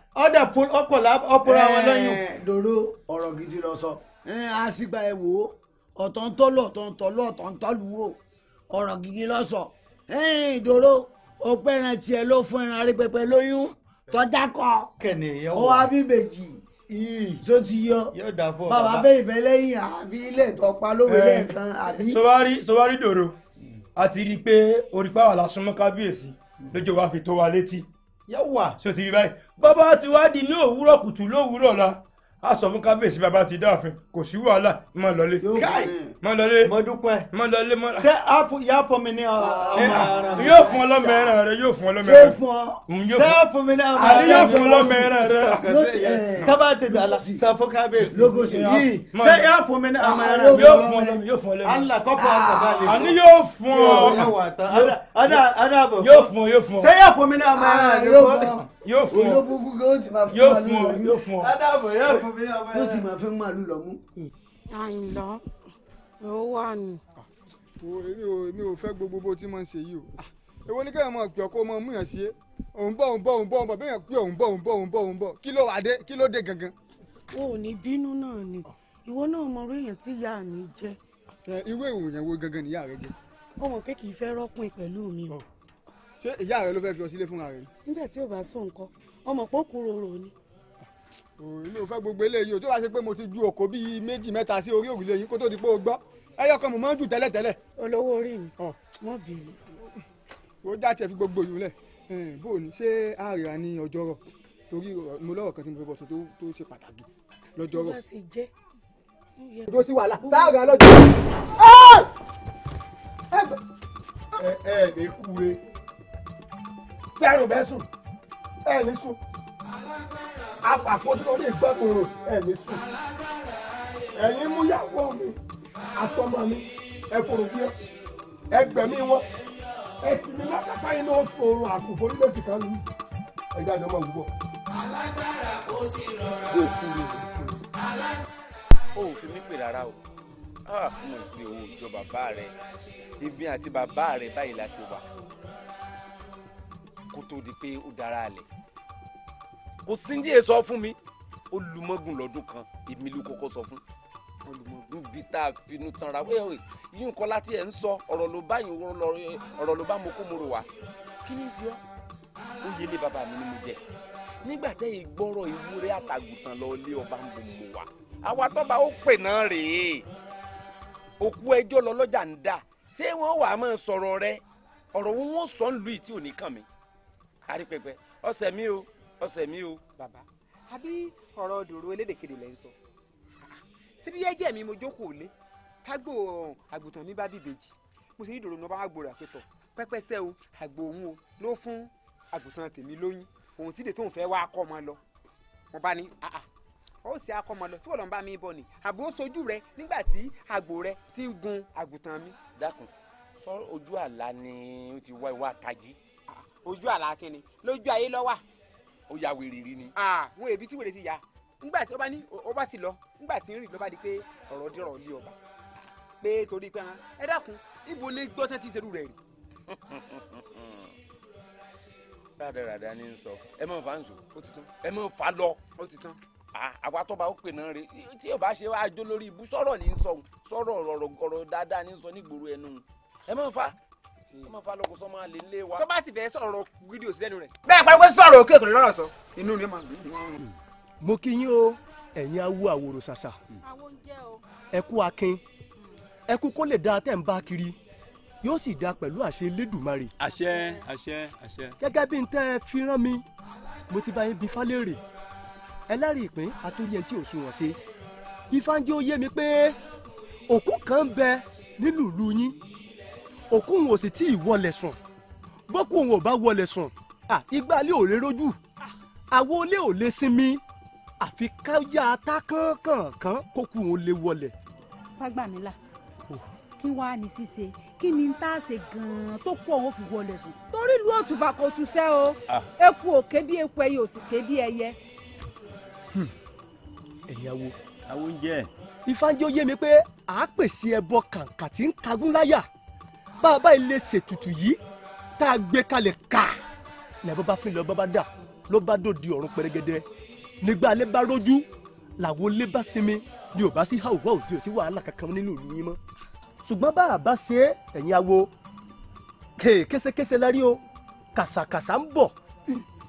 ọ̀dà ọ̀pọ̀lá wọn lọ́yún. Eh, dòró ọ̀rọ̀ gidi lọ sọ. àṣìgbà eh, ẹ̀ wò ó ọ̀tọ̀ntọ́lọ̀ ọ̀tọ̀ntọ́lọ̀ ọ̀tọ̀ntọ́lù wò ọ̀rọ̀ gidi lọ sọ. Eh, dòró òpẹ́ ẹran tiẹ̀ ló fún ẹran rí pẹpẹ lóyún tọ́jà kọ. kẹ̀nì ìyẹn wò. ó wá bí bèjì tó ti yọ bàbá fẹ́ ìfẹ́ lẹ́yìn àbí ilé ìtọ́pa lówe lẹ́ẹ̀kan àbí. sọ wá rí dòró àti rí i pé orí pàwọ́ lásán mọ́ kábíyèsí lójú wa fi tó wa létí yẹ́wà. ṣé o ti rí báyìí bàbá ti wá di ní òwúrọ̀ kùtù lówùúrọ̀ la a sọ fún kábíyèsí bàbá ti dáàfin kò sí wàhálà mọ lọlé mọ lọlé mọ dúpẹ́ mọ lọlé mọ. ṣé yàpọ̀ mi ní ọmọ. Ah, ah, ah, yóò fún ọ lọ́mọ ẹran rẹ yóò fún ọ lọ́mọ ẹran. yóò fún ọ ṣé yàpọ̀ mi ní ọmọ ẹran rẹ. àní yóò fún ọ lọ́mọ ẹran rẹ. tábà tètè àlà sọ fún kábíyèsí. yìí ṣé yàpọ̀ mi ní ọmọ ẹran rẹ. yóò fún ọ lọ́mọ yóò fún ọ lọ́mọ. àlà kọ́kọ́ àgbà lè. àní yóò fún ọ. yóò yóò fún ọ yóò fún ọ olóbùkú gan ó ti máa fún màlúù lọ mú yóò fún ọ ládàbọ̀ yóò fún mi ọmọ ẹ yóò sì máa fún màlúù lọ mú. àyìnlá ló wà nù. mi ò fẹ́ gbogbo bó ti máa ń ṣe yìí o ah, èwo ni káyọ̀ máa pè ọ́ kó máa mú yàn sí é òun bọ̀ òun bọ̀ òun bọ̀ òun bọ̀ bẹ́ẹ̀ pé òun bọ̀ òun bọ̀ òun bọ̀ òun bọ̀ kí ló adé kí ló dé gangan. o ò ní bínú náà ni ìwọ náà mọ orí èèyàn tí ìyá mi jẹ. ìwé ìròyìn wo gangan ni ìyá rẹ jẹ. ọmọ pé fẹ́ rọ́pin pẹ̀lú mi ṣé ìyá rẹ ló fẹ́ fi ọ sílé fúnra rẹ. nígbà tí ò bá sùn nǹkan ọmọ pọ̀ kúrò rò ni. èmi ò gbogbo eléyìí o tó bá ṣe pé mo ti ju òkò bíi méjì mẹ́ta sí orí òrùlé yìí kó tó di pé o gbọ́ ẹyọ kan mo máa ń jù tẹ́lẹ̀ tẹ́lẹ̀. olówó orí mi wọ́n bì í. o já tiẹ̀ fi gbogbo yìí lẹ̀ bó o ní ṣé àrà ni ọjọ́rọ̀ torí mo lọ́rọ̀ kan tí mo fẹ́ bọ̀ sọ tó ṣe pàtàkì lọ́jọ́rọ̀. ìjọ sí wàhálà sáà ẹ ẹ lè kú re tí ẹrù bẹ́ sùn ẹ ní sùn apàpọ̀ tí ìgbẹ́kùnrin ẹ ní sùn ẹ̀yin mú mi àtọmọ mi ẹ fòrò bí ẹ gbẹ̀mí wọn ẹ sì lákàtà yìí ló sòrò àkùkọ nílé sì kan lù ẹ jáde ọmọ òwúbọ. alágbára kò sí rọra o ò fi mí pè rárá o ah, mo ò sí owó ìjọba bàbá rẹ ibi àti bàbá rẹ báyìí láti wà kó tó di pé ó dára lẹ̀ kò sí ní èso fún mi olùmọ̀gùn lọ́dún kan èmi ló kọ́kọ́ sọ fún olùmọ̀gùn bíi tá a finú tanra wéèwé yìí nǹkan láti ẹ̀ ń sọ ọ̀rọ̀ ló bá yìí ọ̀rọ̀ ló bá mo kó mo rò wá kí ni sí ọ ó yé lé bàbá mi ni mo jẹ nígbà tẹ́ ìgbọ́rọ̀ ìwúrẹ́ àtàgùntàn lọ lé ọba ń bò mò wá àwa tọ́ba ó pè náà rèé òkú ẹjọ́ lọ lọ́jà ń dà ṣé wọ́n wàá máa sọ̀rọ̀ rẹ ọ̀rọ̀ wọn sọ ń lu ìtí òní kàn mí kárí pẹpẹ ọsẹ mi o ọsẹ mi o. bàbá àbí ọ̀rọ̀ dòrò elédèkéde lẹ́ ń sọ síbi ẹjẹ́ mi mo jókòó lé tágbò àgùntàn mi bá bíbejì mo sì rí dòrò náà bá gbòòrò àpẹtọ̀ pẹ́pẹ́sẹ́ o àgbò òun o ló fún àgùntàn tèmi lóyún òun sì dé tóun fẹ́ wá akọ́ ọmọ lọ mo bá ní àà ó sì akọ́ ọmọ lọ sí wọ́n bá mi bọ̀ ni àbò sojú rẹ nígbà tí àgbò rẹ ti ń gun àgùntàn mi. dákun sọ ojú àlá ni ó ti wá ìwà àtàjì ojú àlá kínni lójú ayé lọ́wà. ó ya wèrè rí ni. àwọn èbí tí wèrè ti yà nígbà tí ó bá ní o bá ti lọ nígbà tí ń rìn ló bá di pé ọ̀rọ̀ dìrọ̀ lé ọba pé torí pé ẹ dákun ibo ní gbọ́tẹ́ ti ṣerú rẹ̀ rí. rádaràda ni n sọ ẹ mọ fa n sọ ẹ mọ fa lọ àwa tó bá ó pè náà rè tí yóò bá ṣe àjò lórí ibú sọ̀rọ̀ ní sọ sọ̀rọ̀ ọ̀rọ̀ dáadáa ní sọ nígboro ẹnu ẹ mọ fa ọmọ falọkọ sọ máa lè lé wa. tó bá sì fẹ́ sọ̀rọ̀ fídíò sílẹ̀ nù rẹ̀. bẹ́ẹ̀ pariwo sọ̀rọ̀ òkè òkè lọ́rọ̀ sọ. inú mi máa ń gbé. mo kí yín o ẹ̀yin awo àwòrò ṣàṣà ẹ kú akin ẹ kú kó lè dáa tẹ̀ ń bá kiri yóò sì dáa pẹ̀lú àṣẹ Elédùmarè. àṣẹ àṣẹ àṣẹ. gẹ́gẹ́ bí n tẹ́ ẹ fi rán mi mo ti bá yín bí falẹ́rè ẹlẹ́rìí ìpín àtúnyẹ tí ò sunwọ̀n ṣe ìfanjẹ́ ó yé mi pé òkú kan ń bẹ nílùú ìlú yín òkú òun ò sì tí ì wọlẹ̀ sùn bókú òun ò bá wọlẹ̀ sùn igbá ilé ò lè rójú àwo ilé ò lè sinmi àfi káyà tá kánkànkán kókú òun lè wọlẹ̀. fagbamila kí wàá ní ṣíṣe kí ni tá a ṣe gan-an tó kú òun fi wọlẹ̀ sùn torí ìlú òtúbà kò túṣẹ́ o ah. eku ò ké bí eku ẹyẹ ò sì ké bí ẹyẹ. Hmm. ẹ̀yàwó. àwọn oúnjẹ. ifá ń jẹ́ ó yé mi pé àá pèsè ẹbọ kàǹkà tí ń kagún láyà bá a bá ilé ṣètùtù yìí tá a gbé kalẹ̀ ká lẹ́bọ̀ bá fìlẹ̀ ọba bá dà ló bá dòdì ọ̀run pẹ̀rẹ́gẹ́dẹ́ nígbà alẹ́ bá rójú làwọn olè bá sinmi ni ò bá sí hàwùwá òde ò sí wàhálà kankan nínú ìlú yín mọ́ ṣùgbọ́n bá a bá ṣe é ẹ̀yin awo késekése la rí o kàṣàkàṣà ń bọ̀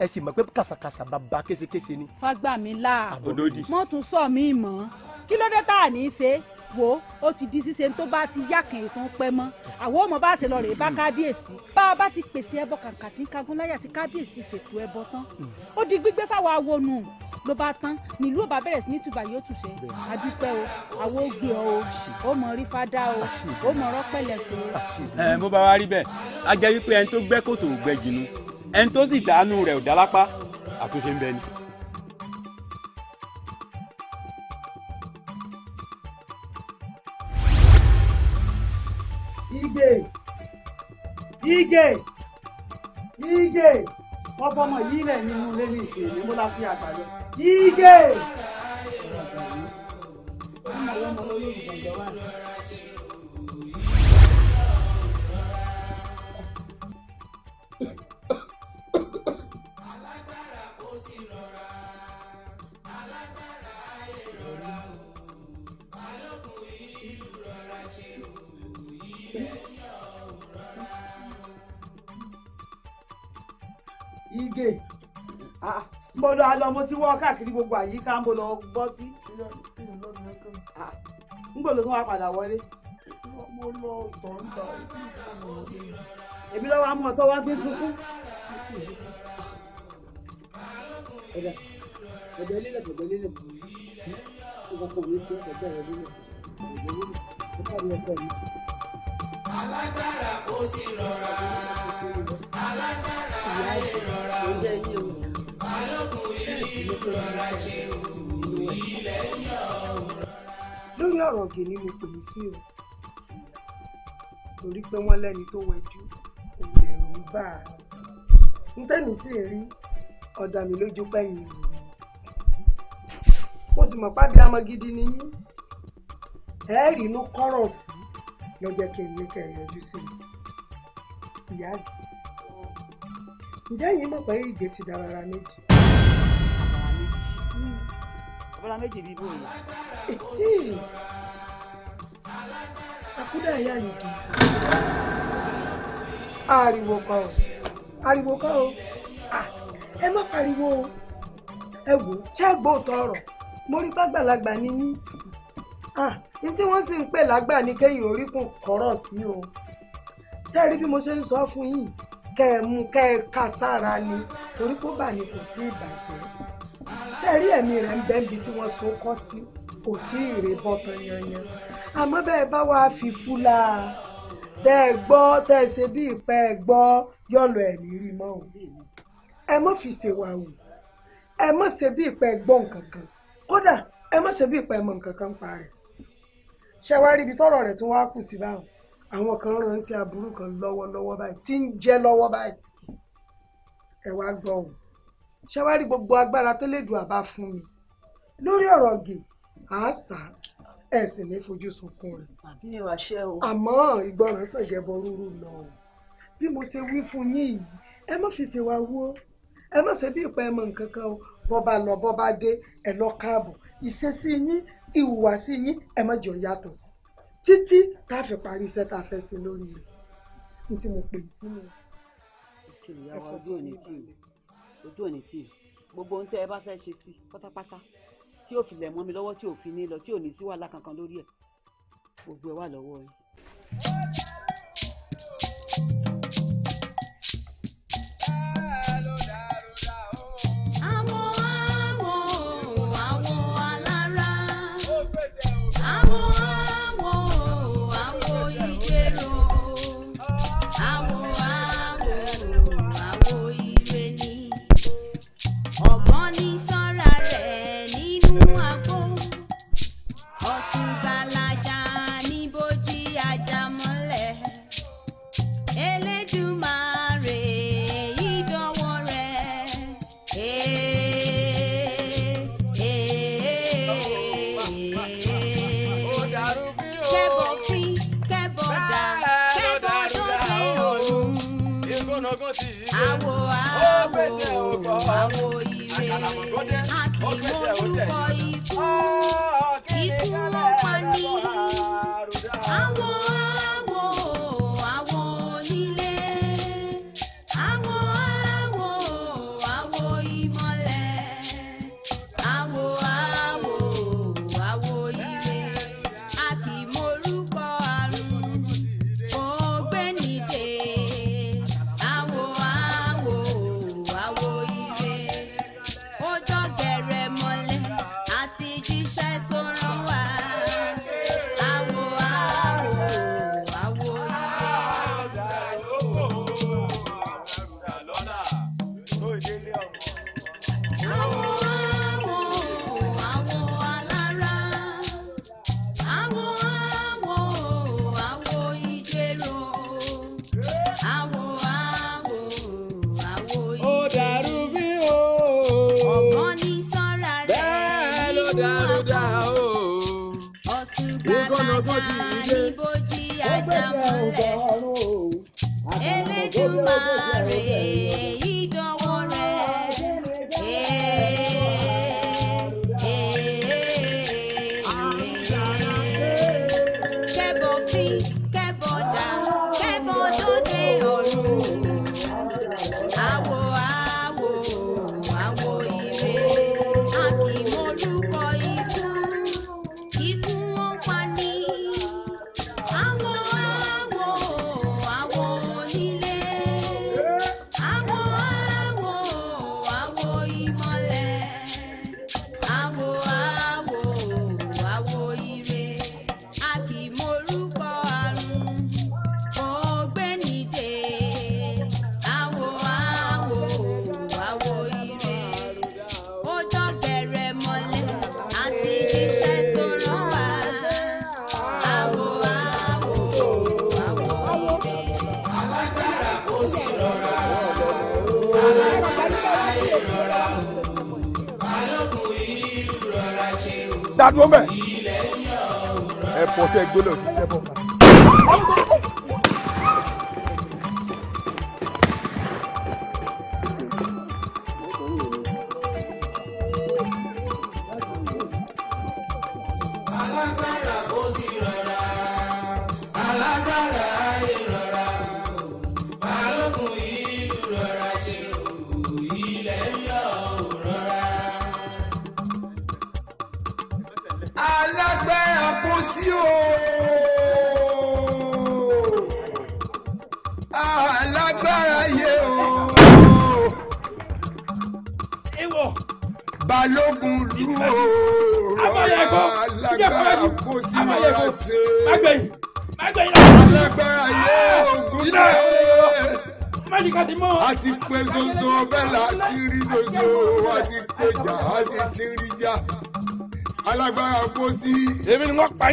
ẹ sì mọ̀ pé kàṣàkàṣà bàbá késekése ni. fagbamila mọ́tún sọ mí mọ́ kí ló dé tá à ní í ṣe wo ó ti di ṣíṣe tó bá ti yá kàn ètò pẹ́ mọ́ àwọn ọmọ bá ṣe lọ rèé bá kábíyèsí bá a bá ti pèsè ẹbọ kàǹkà tí ń kagún láyà tí kábíyèsí ti ṣètò ẹbọ tán ó di gbígbé fáwọn awonu ló bá tán nílùú ọba bẹ̀rẹ̀ sí ní tùbà yóò tù sẹ́ adúpẹ́ o àwọn ògbé ọ o ó mọ rí fada o ó mọ rọ́pẹ̀lẹ̀ pé. ẹ bó bá wá rí bẹ́ẹ̀ a jẹ́ wípé ẹni tó gbẹ́ kòtò ò gbẹ́ jìnnú ẹni tó sì dànù rẹ̀ ò dá lápá àtúnṣe ń bẹ ni. igè igè igè wọ́n fọmọ yìí lẹ̀ nínú ilé ní ìṣèlú mo la fi àgbà lọ igè. Igè gbọdọ̀ àlọ́ mo ti wọ́ káàkiri gbogbo àyíká mo lọ bọ́ sí. n gbọ́dọ̀ tó wá padà wọlé. mo lọ ìtọ̀ ń ta èmi lọ́wọ́ àmọ́ tó wá sí sunkún. ọ̀dọ̀ lílẹ̀ alágbára kò sí rọra alágbára ayé rọra o balógun ìlú rọra ṣe òkú ilẹ̀ yọ rọra. lórí ọ̀rọ̀ ògè ni mo pè mí sí o torí pé wọ́n lẹ́ni tó wẹjú òun ń bà á ń tẹ́mi rí ọ̀dà mi lójú pẹ́yìn mo sì mọ̀ pàdé amagidi ni yín ẹ̀ẹ́rì inú kọ́rọ̀ sí ló jẹ́ que n ní kẹ́ ẹ yọjú sí i ìyá àgbà ǹjẹ́ yìí mọ̀ pé ìgè ti dára ara méjì. abala méjì bíi bò ní. àkúdà ìyá yìí kì í. ariwo kan o ariwo kan o ẹ má pariwo o ẹ wò ṣé ẹ gbọ́ òótọ́ ọ̀rọ̀ mo rí bàgbàlagbà ní yín Ah, tí wọ́n sì ń pè lágbà ní kéyìn oríkùn kọ́rọ̀ sí o ṣé ẹ rí bí mo ṣe ń sọ fún yìí kẹ́ ẹ mú kẹ́ ẹ kà sára ni torí kó bà ní kò tí ì bàjẹ́ ṣé ẹ̀mí rẹ̀ ń bẹ́ ibi tí wọ́n so kọ́ sí kò tí ì rè bọ́tàn yanyan àmọ́ bẹ́ẹ̀ bá wàá fi fúlà tẹ́ ẹ gbọ́ tẹ́ ẹ ṣe bí ìpẹ́ ẹ gbọ́ yọ̀lọ̀ ẹ̀ ní rí mọ́ o ẹ mọ́ fi ṣèwà o ẹ mọ́ ṣe bí ìpẹ́ ẹ gbọ́ nǹkan kan kódà ẹ mọ́ ṣe bí ìpẹ́ ẹ mọ̀ nǹkan kan pa rẹ̀ ṣé wàá rí ibi tọ́rọ̀ rẹ̀ tún wá kù sí báwọn àwọn kan rán sí aburú kan lọ́wọ́lọ́wọ́ báyìí tí ń jẹ́ lọ́wọ́ báyìí ẹ wá gbọ́ ọ ṣé wàá rí gbogbo agbára tó lè dùn àbá fún mi lórí ọ̀rọ̀ gè á sà á ẹ sì ní fojú sunkún rẹ̀ àmọ́ ìgbọràn ṣàgẹbọ rúru lọ bí mo ṣe wí fún yín yìí ẹ má fi ṣe wá wú ẹ má ṣe bí ìpa ẹ mọ nǹkan kan o bọ́ bá lọ bọ́ bá dé ẹ lọ káàbọ̀ ìṣesí yín ìhùwàsí yín ẹ má jọ yàtọ̀ sí títí tá a fi parí iṣẹ́ tá a fẹ́ ṣe lórí rẹ̀ ní tí mo pè é sínú ẹ̀fọ́ ojú òní tì ojú òní tì gbogbo ohun tẹ ẹ bá fẹ́ ṣe sí pátápátá tí ò fi lẹ̀ mọ́ mi lọ́wọ́ tí ò fi ní lọ tí ò ní sí wàhálà kankan lórí ẹ̀ gbogbo ẹ wà lọ́wọ́ yìí. Oh. dádúró mẹ́. ẹ pọ̀ ti tẹ́ bọ̀ pàṣẹ.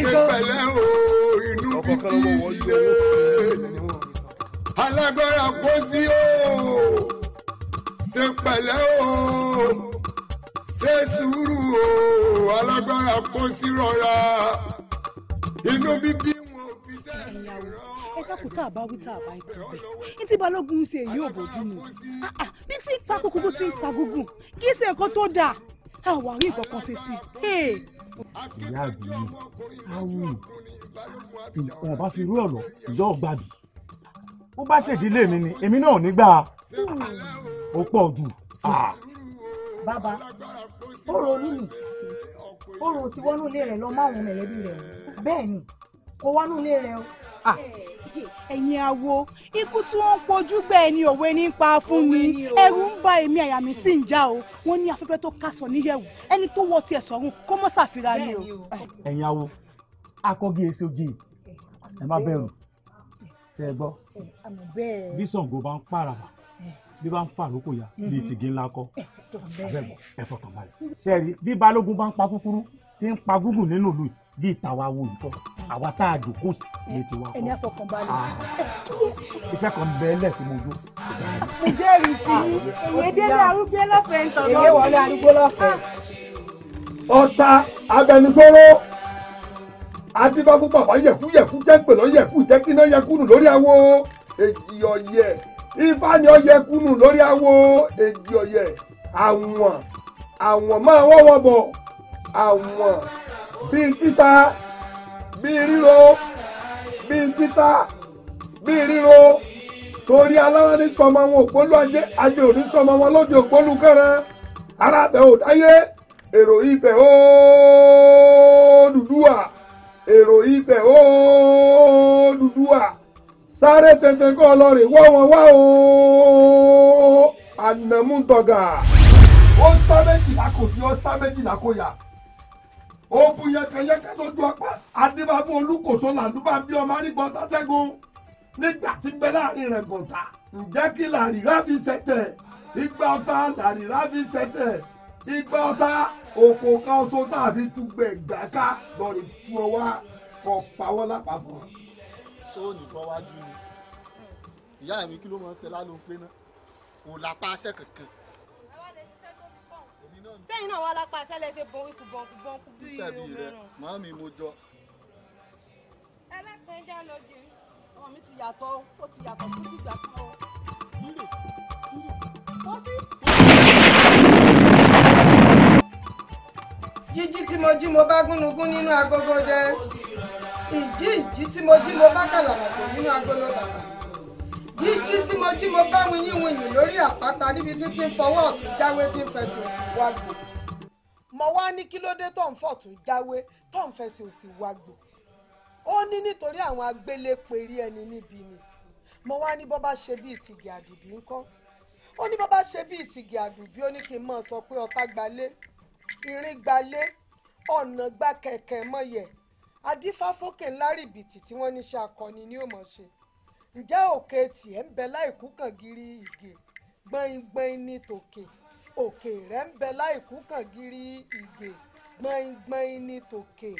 àìsàn. pẹ̀lẹ́ o inú bíbí ilé alágbára kò sí o ṣe pẹ̀lẹ́ o ṣe sùúrù o alágbára kò sí rọra inú bíbí wọn ò fi sẹ́yìn rọ ẹgbẹ́ tá a bá wí tá a bá yí tó ní tí balógun ṣe èyí ò bójú mu ah, ah, ní tí pa kúkúrú sí pa gúngùn kì ṣe nǹkan tó dáa àwa rí nǹkan kan ṣe sí i ìyá àgbèyí áwù wọn bá fi rú ọ̀rọ̀ ìyá ọ̀gbàdì bó bá ṣèdílé mi ni èmi náà nígbà ó pọ̀ jù. bàbá ó nínú ó rò wọnú ilé rẹ̀ lọ máwọn mẹ̀lẹ́bí rẹ̀ bẹ́ẹ̀ ni kò wọnú ilé rẹ̀ o ẹ̀yin awo ikú tí wọ́n ń pojú gbẹ́ ẹni òwe nípa fún mi ẹ̀rù ń ba èmi àyà mi sì ń já o wọ́n ní afẹ́fẹ́ tó kásọ̀ níyẹ̀wò ẹni tó wọ tiẹ̀ sọ̀rùn kó mọ́ ṣàfihàn ni o. ẹ̀yin awo akọ́gi èso jì ẹ má bẹ̀rù tẹ ẹ gbọ́ bí Ṣàngó bá ń pàràbà bí bá ń fà lóko ya bí tìgí ńlá kọ abẹ́bọ̀ fọkàn balẹ̀ ṣẹ́ẹ̀rí bí balógun bá ń pa kúkúrú tí ń pa gúgùn nínú ìlú bí ìtawà wo nǹkan àwa tá a jòkó ní tiwa kọ. ẹni afọkàn balẹ̀. Ah, iṣẹ́ kan bẹ́ẹ̀ lẹ̀ sí mo jó. ǹjẹ́ rí sí ah, èyí délé arúgbó lọ́fẹ̀ẹ́ ń tọ̀nà. wọlé arúgbó lọ́fẹ̀ẹ́. Ah. ọ̀tá abẹnusọ̀rọ̀ adibagun bàbá yẹkuyẹku jẹ́pẹ̀ lọ yẹku ìjẹ́kíná yẹkunu lórí awo èjì ọ̀yẹ ifá ni ọ̀yẹkunu lórí awo èjì ọ̀yẹ àwọn àwọn máa wọ́wọ́ bọ̀ àwọn. bí títa bíi ríro bíi títa bíi ríro torí ní sọmọ wọn òpólú ajé ajé òní sọmọ wọn lóde òpólú kẹrẹ ara ò dáyé èrò ibẹ̀ ó dùdúà èrò ibẹ̀ ó sáré tètè lọ rè wọn o ó sá méjìlá kò bí ó sá méjìlá ogun yẹkẹyẹkẹ tó ju ọpá adébábọ olùkóso làlúbàbí ọmọ arígbọn tàṣẹgun nígbà tí bẹ láàrin rẹ gọta ǹjẹ́ kí làrírá fi ṣẹ̀tẹ̀ ìgbà ọ̀tá làrírá fi ṣẹ̀tẹ̀ ìgbà ọ̀tá òkò kan ọ̀tún tá a fi túgbẹ̀ gbàká lọ́ọ̀rì fún ọ wá kọ pawọ́ lápapọ̀. sóòní bọ́ wájú ni ìyá mi kí ló máa ń ṣe lálóńpé náà kò lápá aṣẹ́ kankan sẹ́yìn náà wà lápá sẹ́lẹ̀ ṣe bọ̀n wíkú bọ̀n kú bọ̀n kú bí ìrìn òmìnira. mo jọ. ẹlẹ́pẹ̀ẹ́ jẹ́ lójú ọmọ mi ti yàtọ̀ ó ti yàtọ̀ kó ti gbà kan jíjí tí mo jí mo bá gúnugún nínú agogo jẹ ìjí ìjí tí mo jí mo bá kàlàmọ̀kò nínú agolo bàbà jíjí tí mo jí mo bá wọn yín wọn yìn lórí àpáta níbi títí ń fọwọ́ ọ̀tún jáwé tí ń fẹsẹ̀ òsì wágbò mo wá ní kí ló dé tó ń fọ̀tún jáwé tó ń fẹsẹ̀ òsì wágbò ó ní nítorí àwọn agbéléperí ẹni níbi ni mo wá ní bọ́ bá ṣe bíi tìgì àdùbí ńkọ́ ó ní bọ́ bá ṣe bíi tìgì àdùbí ó ní kí n mọ̀ sọ pé ọ̀tá gbalé irin gbalé ọ̀nà gba kẹ̀kẹ́ mọ̀yẹ̀ adífáfókè ńlá rìbìtì tí wọ́n ní ṣe akọni ni ó mọ̀ ṣe ǹjẹ́ òkè tiẹ̀ ń bẹ láìkú kàngiri ìgè gbọ̀ngbọ̀n ní tòkè òkè rẹ̀ ń bẹ láìkú kàngiri ìgè gbọ̀ngbọ̀n ní tòkè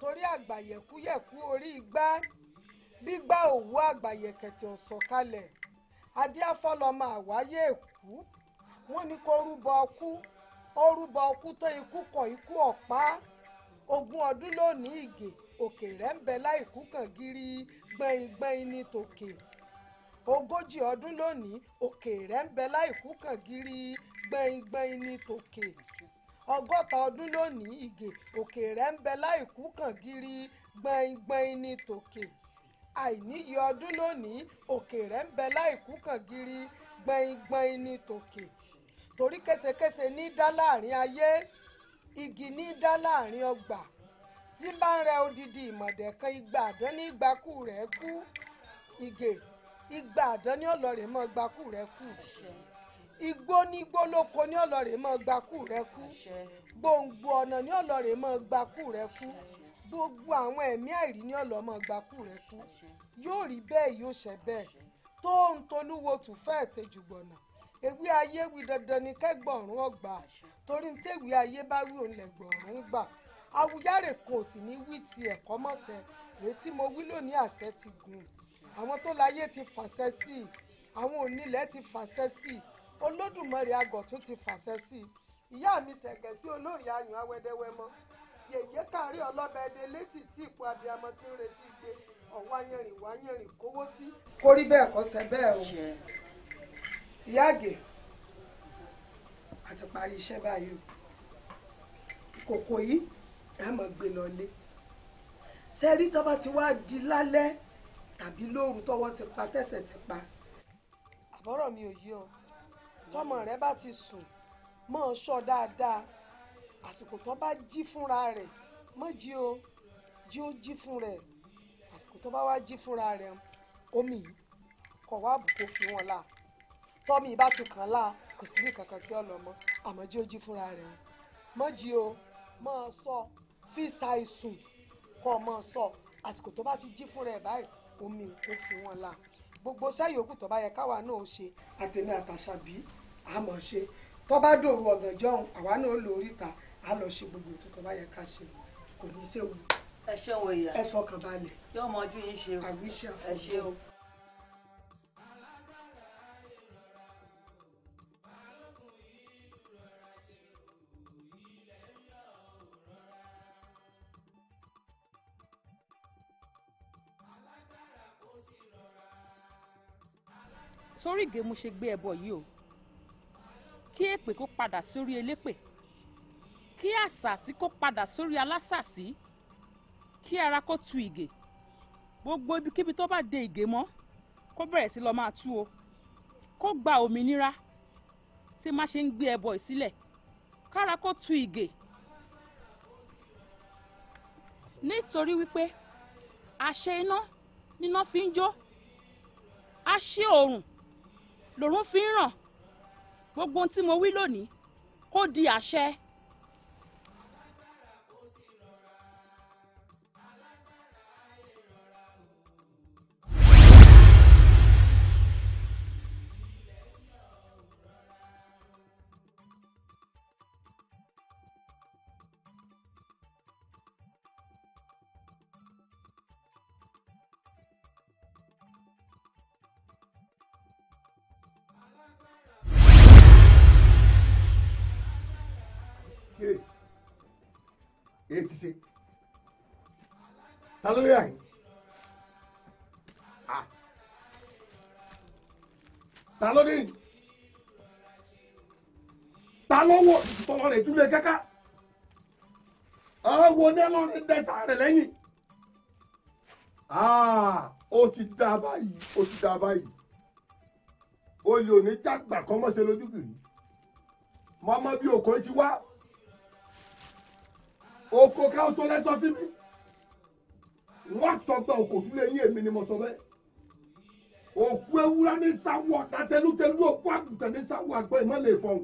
torí àgbàyẹ̀kúyẹ̀kú orí igbá gbígbá òwú àgbàyẹ̀kẹ̀tẹ̀ ọ̀sọ̀kalẹ̀ adíáfọ́lọ́mọ àwáyé èkú wọ́n ní kó rúbọ ọkú ó rúbọ ọkú tó ikú kọ̀ ikú ọ̀pá ogún ọdún lónìí ìgè òkè rẹ̀ ń bẹ láìkú kan gírí gbẹ̀yìngbẹ̀yìn ní tòkè ogójì ọdún lónìí òkè rẹ̀ ń bẹ láìkú kan gírí gbẹ̀yìngbẹ̀yìn ní tòkè ọgọ́ta ọdún lónìí ìgè òkè rẹ̀ ń bẹ láìkú kan gírí gbẹ̀yìngbẹ̀yìn ní tòkè àìníyì ọdún lónìí òkè rẹ̀ ń bẹ láìkú kan gírí gbẹ̀yìngbẹ̀yìn ní tòkè torí ní dá láàrin ayé igi ní dá láàrin ọgbà tí bá ń rẹ odidi ìmọ̀dẹ̀kan igba àdán ní ìgbàkú rẹ̀ kú ìgè igba àdán ní ọlọ́rẹ̀ mọ́ ìgbàkú rẹ̀ kú igbó ní igbó lóko ní ọlọ́rẹ̀ mọ́ ìgbàkú rẹ̀ kú gbòǹgbò ọ̀nà ní ọlọ́rẹ̀ mọ́ ìgbàkú rẹ̀ kú gbogbo àwọn ẹ̀mí àìrí ní ọlọ́mọ ìgbàkú rẹ̀ kú yóò rí bẹ́ẹ̀ yóò ṣẹ bẹ́ẹ̀ tóun tolúwo tù fẹ́ẹ̀ tẹjúgbọ̀nà ewé ayé wí dandan ni kẹ́gbọ̀rún ọgbà torí ní tẹ́wé ayé bá wí òun lẹ̀gbọ̀rún gbà Awùyárè kan ò sì ní wí ti ẹ̀kọ́ mọ̀sẹ̀ èyí tí mo wí lónìí àṣẹ ti gùn àwọn tó láyé ti fàṣẹ sí i àwọn onílẹ̀ ti fàṣẹ sí i Olódùmarè agọ̀tún ti fàṣẹ sí i ìyá mi ṣẹ̀gẹ̀ sí olóòyà ayùn awẹ́dẹ́wẹ́mọ́ yèyé kárí ọlọ́mọdé létí tí ipò abiyamọ ti ń retí gbé ọ̀wọ́ ayẹrìn wá ayẹrìn kówó sí. kó rí bẹ́ẹ̀ kó ṣe bẹ́ẹ̀ o ìyá àgè àti parí iṣẹ́ báyìí o ìkòkò yìí ẹ mọ̀ gbé lọ lé ṣe rí tọ́ bá ti wá di lálẹ́ tàbí lóru tọwọ́ ti pa tẹ̀sẹ̀ ti pa. àbọ̀rọ̀ mi ò yí ọ tọmọ rẹ bá ti sùn mọ́ ọ dáadáa àsìkò tó bá jí fúnra rẹ̀ mọ́ jí o jí ó jí fún rẹ̀ àsìkò tó bá wá jí fúnra rẹ̀ omi yìí kọ̀ wá àbùkù fi wọn la tọ́mi bá tún kàn la kò sí ní kankan tí ọ lọ mọ́ àmọ́ jí ó jí fúnra rẹ̀ mọ́ jí o mọ́ ọ sọ. So fi ṣàìsùn kọ́ ọmọ sọ àsìkò tó bá ti jí fúnra ẹ̀ báyìí omi ò fi wọn la gbogbo iṣẹ́ yòókù tó bá yẹ káwa náà ṣe àtẹ̀mí àtàṣàbí àmọ́ ṣe tó bá dòru ọ̀gànjọ́ àwa náà lò oríta a lọ ṣe gbogbo ètò tó bá yẹ ká ṣe kò ní í ṣe wù. ẹ ṣeun ìyá ẹ fọkàn balẹ̀. yóò mọ ojú yín ṣe o àgbíṣe àfọwọ́. ẹ ṣeun. torí ìgè mo ṣe gbé ẹbọ yìí o kí èpè kó padà sórí elépè kí àṣàsí kó padà sórí alásàsí kí ara kó tu ìgè gbogbo ibikíbi tó bá de ìgè mọ́ kó bẹ̀rẹ̀ sí lọ máa tú o kó gba òmìnira tí má ṣe ń gbé ẹbọ ìsílẹ̀ kára kó tu ìgè nítorí wípé àṣẹ iná níná fi ń jó àṣẹ oòrùn lòrùn fi ń ràn gbogbo ohun tí mo wí lónìí kó di àṣẹ Ah. ta ló yà yín ta ló dé yìí ta ló wọ tọrọ rẹ túlẹ kẹkẹ ọwọ nẹlọ rẹ dẹsà rẹ lẹ́yìn ah, ti dá báyìí ó ti dá báyìí olè òní dàgbà kọ́ mọ́ ṣe lójú kìrì mọ́mọ́ bí òkò ti wá oko káwọ́sọ lẹ́sọ mi wọ́n sọ pé òkò tún lè yín èmi ni mo sọ bẹ́ẹ̀ òkú ewúrẹ́ ní sáwọ́ tàtẹlútẹlú òkú àgùntàn ní sáwọ́ àgbọ̀ ìmọ̀ lè fọ̀hún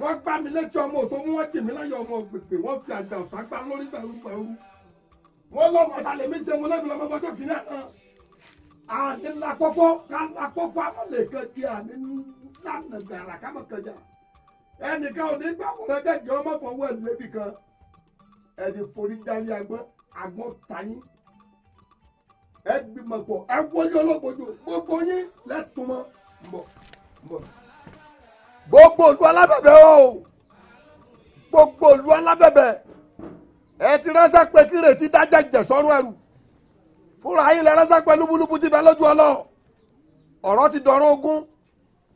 wọ́n gbá mi létí ọmọ tó mú wọ́n dì mí láyọ̀ ọmọ gbègbè wọ́n fi àjà ọ̀sán gbá lórí gbàrú gbàrú wọ́n lọ́mọ ọ̀tá lèmi ṣe wọn lẹ́bi lọ́mọ ọjọ́ kìíní àná àní lakọ́kọ́ ká lakọ́kọ́ àmọ́ lè kẹjẹ àní lànà gbàrà kámọ́ kẹjẹ ẹnìkan ò ní gbàwọ̀rẹ́ jẹ́jẹ́ ọmọ fọwọ́ ẹ̀ lébi kan ẹni forí dálé agbọ́n àgbọn tàyín ẹ gbìmọ̀ pọ̀ ẹ wọlé olóbojò gbogbo yín lẹ́sùn mọ́ mbọ̀ mbọ̀. gbogbo olú alábẹ̀bẹ̀ o gbogbo olú alábẹ̀bẹ̀ ẹ ti ránṣẹ́ pé kíre ti dájà jẹ̀ sọ́rùn ẹrù fúnra yín lẹ ránṣẹ́ pé lúbúlúbú ti bẹ lójú ọlọ́ ọ̀rọ̀ ti dọ̀rọ̀ ogun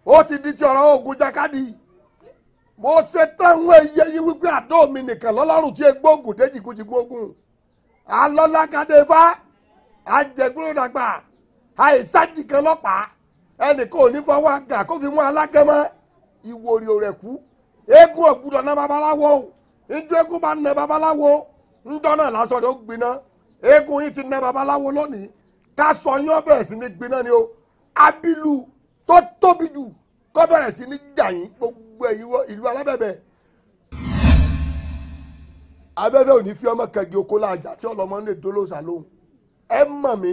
ó ti di ti ọ̀rọ̀ ogun jákàdì mo ṣe táwọn ẹyẹ yín wípé àdó mi nìkan lọ́lọ́rùn tí egbòogun déjìkújìkú ogun alọ́lá kan dé fa àjẹgbúrò dàgbà àìsájì kan lọ́pàá ẹnì kò ní fọwọ́ àgà kó fi mú alágẹ̀mọ́ ìwòrì rẹ̀ kú eégún ọ̀gbúdọ̀ ná babaláwo ìjọ eégún bá ná babaláwo ńdọ́nà lásán ló gbiná eégún yìí ti ná babaláwo lónìí ká sọ yín sí ni gbiná ni o abilu tó tóbi jù kọ́ bẹ̀rẹ̀ sí ní jà yín gbogbo ìlú alábẹ̀bẹ̀ afẹ́fẹ́ ò ní fi ọmọ kẹgì oko láàjà tí ọlọmọ lè dolóòsà lóhùn ẹ mọ̀ mí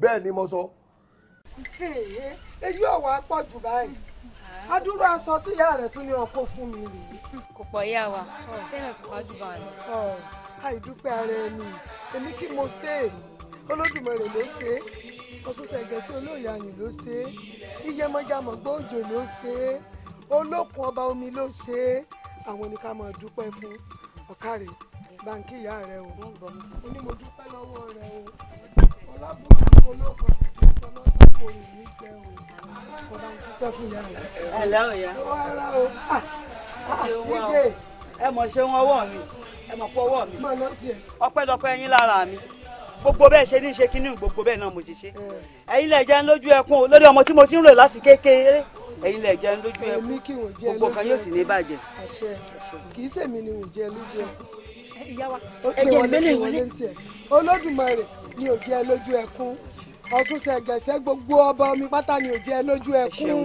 bẹ́ẹ̀ ni mo sọ. èyí ọ̀wọ́ apọ̀ jù báyìí adúrú aṣọ tí ìyá rẹ̀ tún ní ọkọ̀ fún mi rèé. kò pọ̀ ìyá wa tẹ́lẹ̀ tó pa jù báyìí. àìdúpẹ́ ara ẹni èmi kí mo ṣe é olódùmarè ló ṣe é ọ̀ṣunṣẹ̀gẹ̀sí olóòyè àyìn ló ṣe é iyẹmọjàmọ̀gbọ́ òjò ló ṣe é olókun ọba omi ló ṣe é àwọn ni dúpẹ́ fún ọ̀kárẹ̀ báńkì ìyá rẹ o onímọ̀dúpẹ́ lọ́wọ́ rẹ o ọlábùkún olóko ọlọ́sàkó rẹ̀ ní o ọba ń ṣiṣẹ́ fún ìyá rẹ. ẹ̀lẹ́ ọ̀yá ah, ah, ẹ mọ̀ ṣe wọn ọwọ́ mi ẹ mọ̀ pọ̀ mi ọpẹ́lọpẹ́ yín lára mi gbogbo bẹ́ẹ̀ ṣe ní ṣe kínní gbogbo bẹ́ẹ̀ náà mo ṣe ṣe eh. ẹ̀yin lẹ̀ jẹ́ lójú ẹkún o lórí ọmọ tí mo ti ń rò láti kékeré ẹ̀yin lẹ̀ jẹ́ lójú ẹkún gbogbo kan yóò sì ní bàjẹ́ kì í ṣèmi ni ò jẹ lójú ẹ. ìyá wa ẹjẹ ìgbélé ìwọlé olódùmarè ni ò jẹ lójú ẹkún ọ̀tún ṣẹ̀gẹ̀ṣẹ̀ gbogbo ọba omi pátá ni ò jẹ lójú ẹkún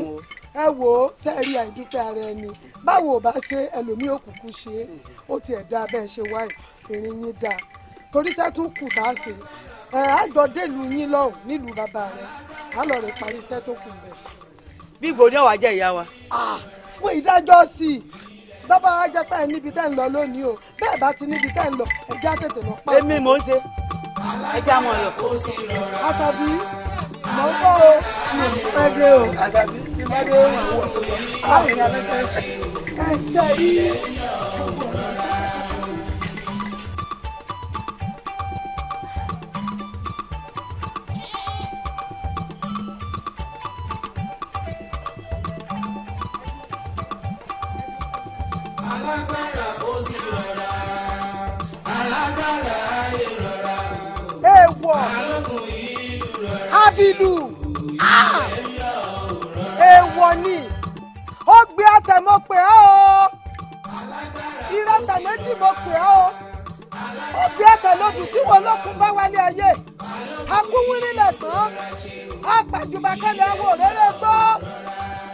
ẹ wò ó sẹ́ẹ̀rí àìdúpẹ́ ara ẹni báwo ò bá ṣe ẹlòmíì òkùnkùn ṣe é ó tiẹ̀ dá bẹ́ẹ̀ ṣe wáyé ìrìn yín dáa torí sẹ́tún kù tá a ṣe ẹ á jọ délùú yín lọ́hùn nílùú bàbá rẹ á lọ rẹ parí iṣẹ́ tó kù bẹ́ẹ̀. bí gbòòdì ọ̀wá jẹ́ ìyá wa. àwọn ìdájọ́ sí i bàbá wa jẹ́ pé ẹ níbi tẹ́ ń lọ lónìí o bẹ́ẹ̀ bá ti níbi tẹ́ ń lọ ẹ já tètè lọ pa. èmi mò ń ṣe ẹ já mọ yọ. àṣàbí mò ń bọ̀ o ẹ dé o àṣàbí ti má dé o báwo ni a fẹ́ ṣe. ẹ ṣe yí. alágbára kò sí rọra alágbára ayé ah! ni ó gbé àtẹ̀mọ́ pé ẹ́ o ìrẹsẹ̀ méjì mo pè ẹ́ o ó gbé ẹ̀tẹ̀ lódù tí wọn lókun bá wálé ayé akúwírí lẹ̀ tán àgbàjùbà kẹlẹ̀ wò rere gbọ́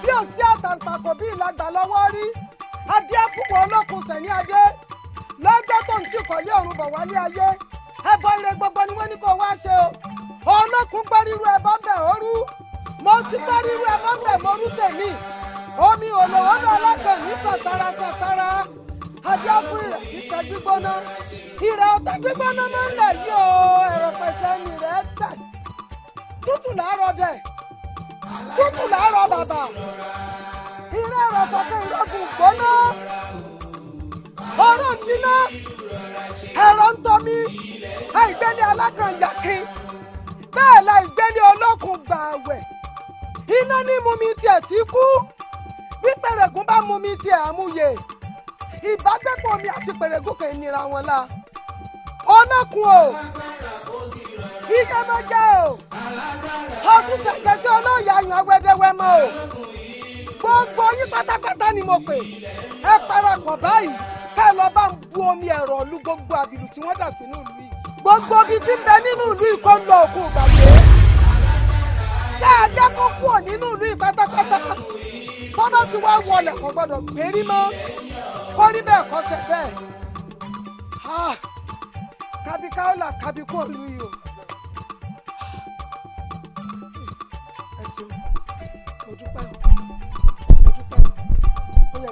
bí ó sí àtàǹpàkò bí ìlàgbà lọ́wọ́ rí adé púpọ̀ ọlọ́kun sẹ̀ní adé lọ́jọ́ tó ń tì kọ́lé ọ̀run bọ̀ wálé ayé ẹbọ ire gbogbo ni wọ́n ní kó wá ṣe o ọlọ́kun gbọ́ ríru ẹbọ bẹ̀ ó rú mo ti gbọ́ ríru ẹbọ bẹ̀ mo rú tèmi omi òlòwò bẹ̀ ọlọ́kàn mi sàtara sàtara adé fún ìtẹ̀ gbígbóná ìrẹ̀ ọ̀tẹ̀ gbígbóná máa ń lẹ̀ yí o ẹ̀rọ pẹ̀sẹ̀ ni rẹ̀ tẹ̀ tútù làárọ̀ dẹ̀ tútù làárọ̀ bàbà iná ẹ̀rọ sọ̀kẹ́ ìrọ́gùn gbóná ọ̀rọ̀ níná ẹ̀rọ ń tọ́mí àìgbẹ́ni alákànyàkín bẹ́ẹ̀ la ìgbẹ́ni ọlọ́kùn gbààwẹ̀ iná ní mumi tiẹ̀ ti kú bí pẹ̀rẹ̀gùn bá mumi tiẹ̀ àmúyẹ ìbágbẹ́pọ̀ mi àti pẹ̀rẹ̀gùn kò nira wọn la ọlọ́kùn o iye mọ́jà o ọdún tẹ̀tẹ̀ sí yàn wẹ́dẹ́wẹ́ mọ́ o. gbogbo yín pátápátá ni mo pè ẹ farakọ báyìí ká lọ bá ń bu omi ẹrọ lu gbogbo àbìlù tí wọ́n dà sínú ìlú gbogbo ibi tí ń bẹ nínú ìlú yìí kó ń lọ òkú ìgbàgbé ká a jẹ́ nínú ìlú yìí ti wá wọlé kò gbérí mọ́ kó rí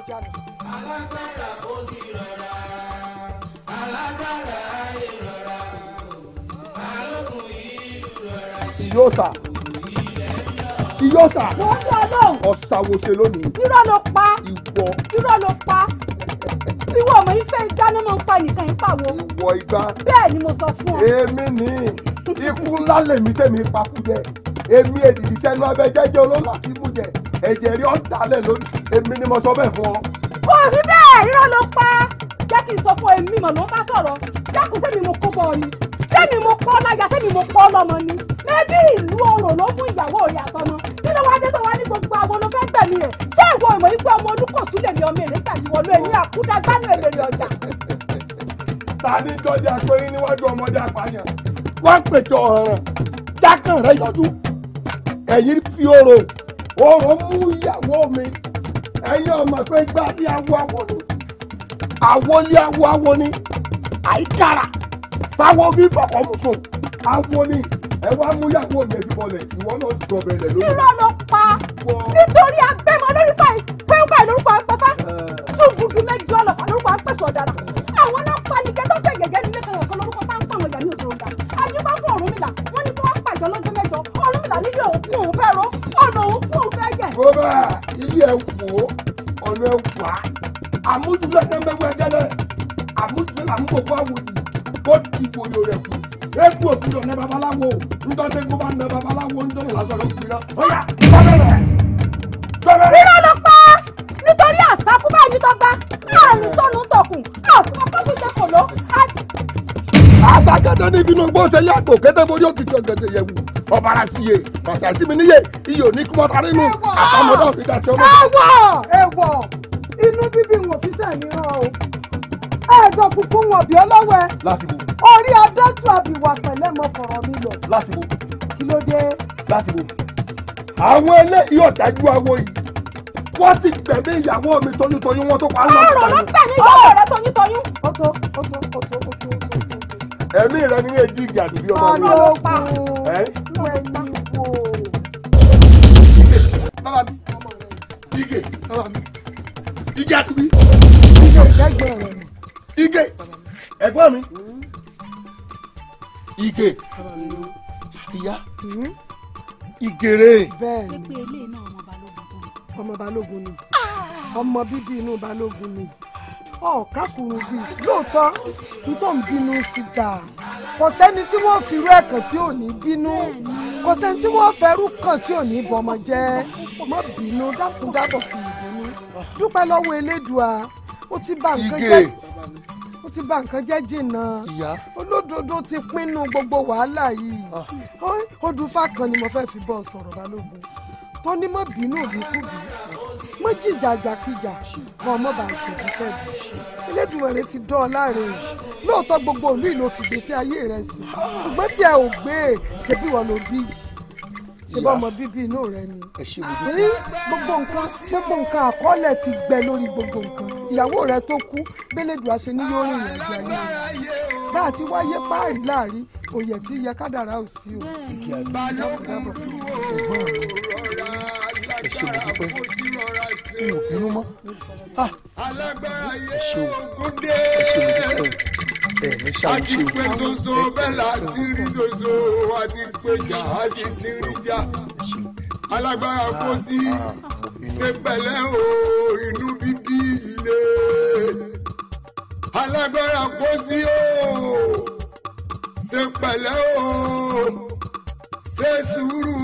kọjá nù. alágbára kò sí rọra alágbára ayé rọra balógun ìlú rọra ṣe. yóò sà yóò sà. wọ́n ní ọlọ́run. ọ̀sàwòṣe lónìí. irọ́ ló pa. ìwọ. irọ́ ló pa. ìwọ ọmọ yìí fẹ́ dáná máa ń pa nìkan yìí pàwọ́. ìwọ igba. bẹ́ẹ̀ ni mo sọ fún ọ. èmi ni ikú ńlá lèmi tẹ̀mí pa kú jẹ èmi èdìdì sẹ́nu abẹ jẹ́jẹ́ olóńgbò àti ibùjẹ ẹ̀jẹ̀ rí ọ̀dàlẹ̀ lónìí èmi ni mo sọ bẹ́ẹ̀ fún ọ. kò rí bẹ́ẹ̀ irọ́ ló pa jẹ́ kí n sọ fún èmi mọ̀ ló ń bá sọ̀rọ̀ jákùn sẹ́mi mo kó bọ̀ ni sẹ́mi mo kọ́ láyà sẹ́mi mo kọ́ lọ́mọ ni mẹ́bí ìlú ọ̀rọ̀ ló mú ìyàwó rẹ̀ àtọmọ nínú wa dé tó wá ní gbogbo àwọn ló fẹ́ gbẹ̀mí rẹ̀ ṣé ìwọ ìmọ̀ yìí pé ọmọ olúkọ̀sùn lè ní ọmọ èrè tàbí wọlé ẹ̀yìn àkúdágbánú èlèrè ọjà. ta ni jọjà pé níwájú ọmọdé àpáyàn wá pètò ọ̀ràn jákàn rẹ yọjú ẹ̀yin fi òrò òrò mú ìyàwó mi ẹ̀yin ọmọ pé gbá ní awọ awọ ni awọ ní awọ awọ ni àìkára táwọn bí fọkànmùsùn awọ ni ẹ wá mú ìyàwó mi ẹbí bọlẹ̀ ìwọ náà dọ̀bẹ̀ lẹ̀ lórí. irọ́ ló pa nítorí abẹ́mọ lórí fàì pẹ́ńpẹ́ lórúkọ àpẹ́fà ṣùgbùdù mẹ́jọ lọ́fà lórúkọ àpẹ́sọ̀ ọ̀daràn àwọn náà pa nìkẹ́ tó fẹ́ kó bá ilé ẹ wò ó ọ̀nà ẹ wà á àmójúlé ẹ̀dá mẹ́wọ́ ẹ̀dẹ́lẹ̀ àmójúlé làmúkòkò àwòyí kó di ìwòyò rẹ̀ kù eku òkúlò ní babaláwo ntọ́jú eku bá ń dán babaláwo ń dán ìlàsọ̀ ló kú iná ó yà gbọ́dọ̀rẹ̀ gbọ́dọ̀rẹ̀. rírọ̀ ló pa nítorí àṣà fún báyìí tó gbá àrùn sọnù tọkùn àfọwọ́pọ̀ tó jẹ kòló àti àtàkẹ́tẹ́ ní finú gbọ́sẹ̀ yàgò kẹ́tẹ́ forí òkìkí ọ̀gẹ̀dẹ̀ yẹ̀ wù ọ̀bàrà ti yè bàṣà sí mi níyè iyò ní kí wọ́n tarí nù àtàmọ́dá òfin dàtí ọmọ. ẹwọ ẹwọ inú bíbí wọn fi sẹ mi rán o ẹ̀gbọ́n funfun wọn bí ọlọwẹ orí adótú àbíwá pẹ̀lẹ́ mọ fọ̀rọ̀ mi lọ kí ló dé. àwọn eléyìí ọ̀dájú awo yìí wọ́n ti gbẹ̀mí ìyàwó mi toyúntoyún wọ́n tó pa á lọ́wọ́. ọ̀rọ̀ ló gbẹ̀mí ìyàwó rẹ̀ toyúntoyún ẹ̀mí rẹ ní èjì ìjà àdùbí ọmọ mi. ọlọ́kùn ẹni wo. bàbá mi ige bàbá mi ige àtúbí. ige ẹ̀gbọ́n mi ige ìyá ìgèrè. bẹ́ẹ̀ni ọmọ balógun ni ọmọ bíbí inú balógun ni ọ̀ọ́ká kùrù bí lóòótọ́ tó ń bínú síta kò sẹ́ni tí wọ́n fi irú ẹ̀kàn tí ò ní bínú kò sẹ́ni tí wọ́n fẹ́rú kàn tí ò ní bọ́mọ jẹ́ mọ́ bínú dákúndábọ̀ fi ìbínú dúpẹ́ lọ́wọ́ elédùá ó ti bá nǹkan jẹ́ ó ti bà nǹkan jẹ́ jìnnà olódodo ti pinnu gbogbo wàhálà yìí odù ah. fákan ni mo fẹ́ fi bọ́ sọ̀rọ̀ balógun tó ní mọ́ bínú òbí kùbí mọ́ jìjà àjàkíjà wọn mọ́ bá ìṣèjú fẹ́ẹ̀bù Elédùmarè ti dán ọ láàrin yìí lóòótọ́ gbogbo ìlú ìlò fìgbésí ayé rẹ sí ṣùgbọ́n tí ẹ ò gbé e ṣe bí wọn ló bí yìí ṣe bá ọmọ bíbí inú rẹ ni gbogbo nǹkan gbogbo nǹkan àkọọ́lẹ̀ ti gbẹ lórí gbogbo nǹkan ìyàwó rẹ tó kú bẹ́lẹ́dùá ṣe ní yóò rìn ìrìnàjò ayé rẹ bá a ti wáyé páàrí láàrin òye tí yẹ kádàrá ò sí o. ẹ ṣe mo dúpẹ́ tí mo bínú mọ́. Ah, alágbára yé ogun dé ẹ̀mí ṣàǹṣe o. àti pé soso bẹ́ẹ̀ la ti rí soso àti pé jà á sì ti rí jà alágbára kó ah, sí ah, ṣe pẹ̀lẹ́ o inú bíbí ilé alágbára kó sí o ṣe pẹ̀lẹ́ o ṣe sùúrù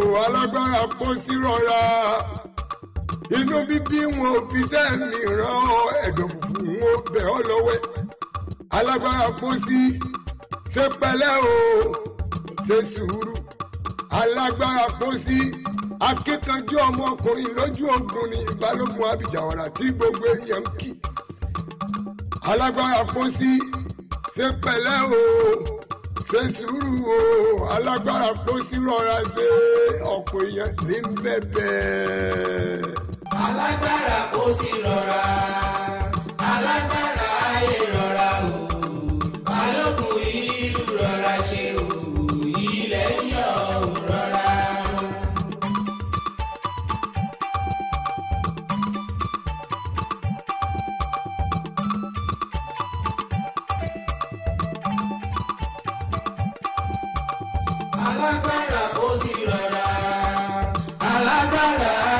o alágbára kó sí rọra inú bíbí wọn fi sẹ́ẹ̀mì ràn ọ́ ẹ̀dọ̀ fùfú wọn bẹ̀ ọ́ lọ́wẹ́ alágbára pósí ṣe pẹ̀lẹ́ o ṣe sùúrù alágbára pósí akíkanjú ọmọkùnrin lójú ogun ni balógun abìjàwara tí gbogbo èèyàn ń kì alágbára pósí ṣe pẹ̀lẹ́ o ṣe sùúrù o alágbára pósí rọra ṣe ọ̀pọ̀ èèyàn ní bẹ́ẹ̀ alágbára kò sí rọra alágbára ayé rọra o balógun ìlú rọra ṣe o ilẹ̀ ń yọ o rọra. alágbára kò sí rọra alágbára.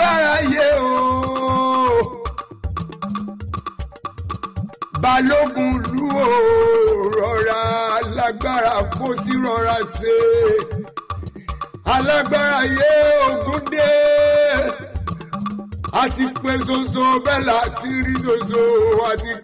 lágbára yé o. balógun lù ó rọra lágbára kó sí rọra ṣe alágbára yé ogun dé àti pé ṣoṣo bẹ́ẹ̀ láti rí ṣoṣo àti.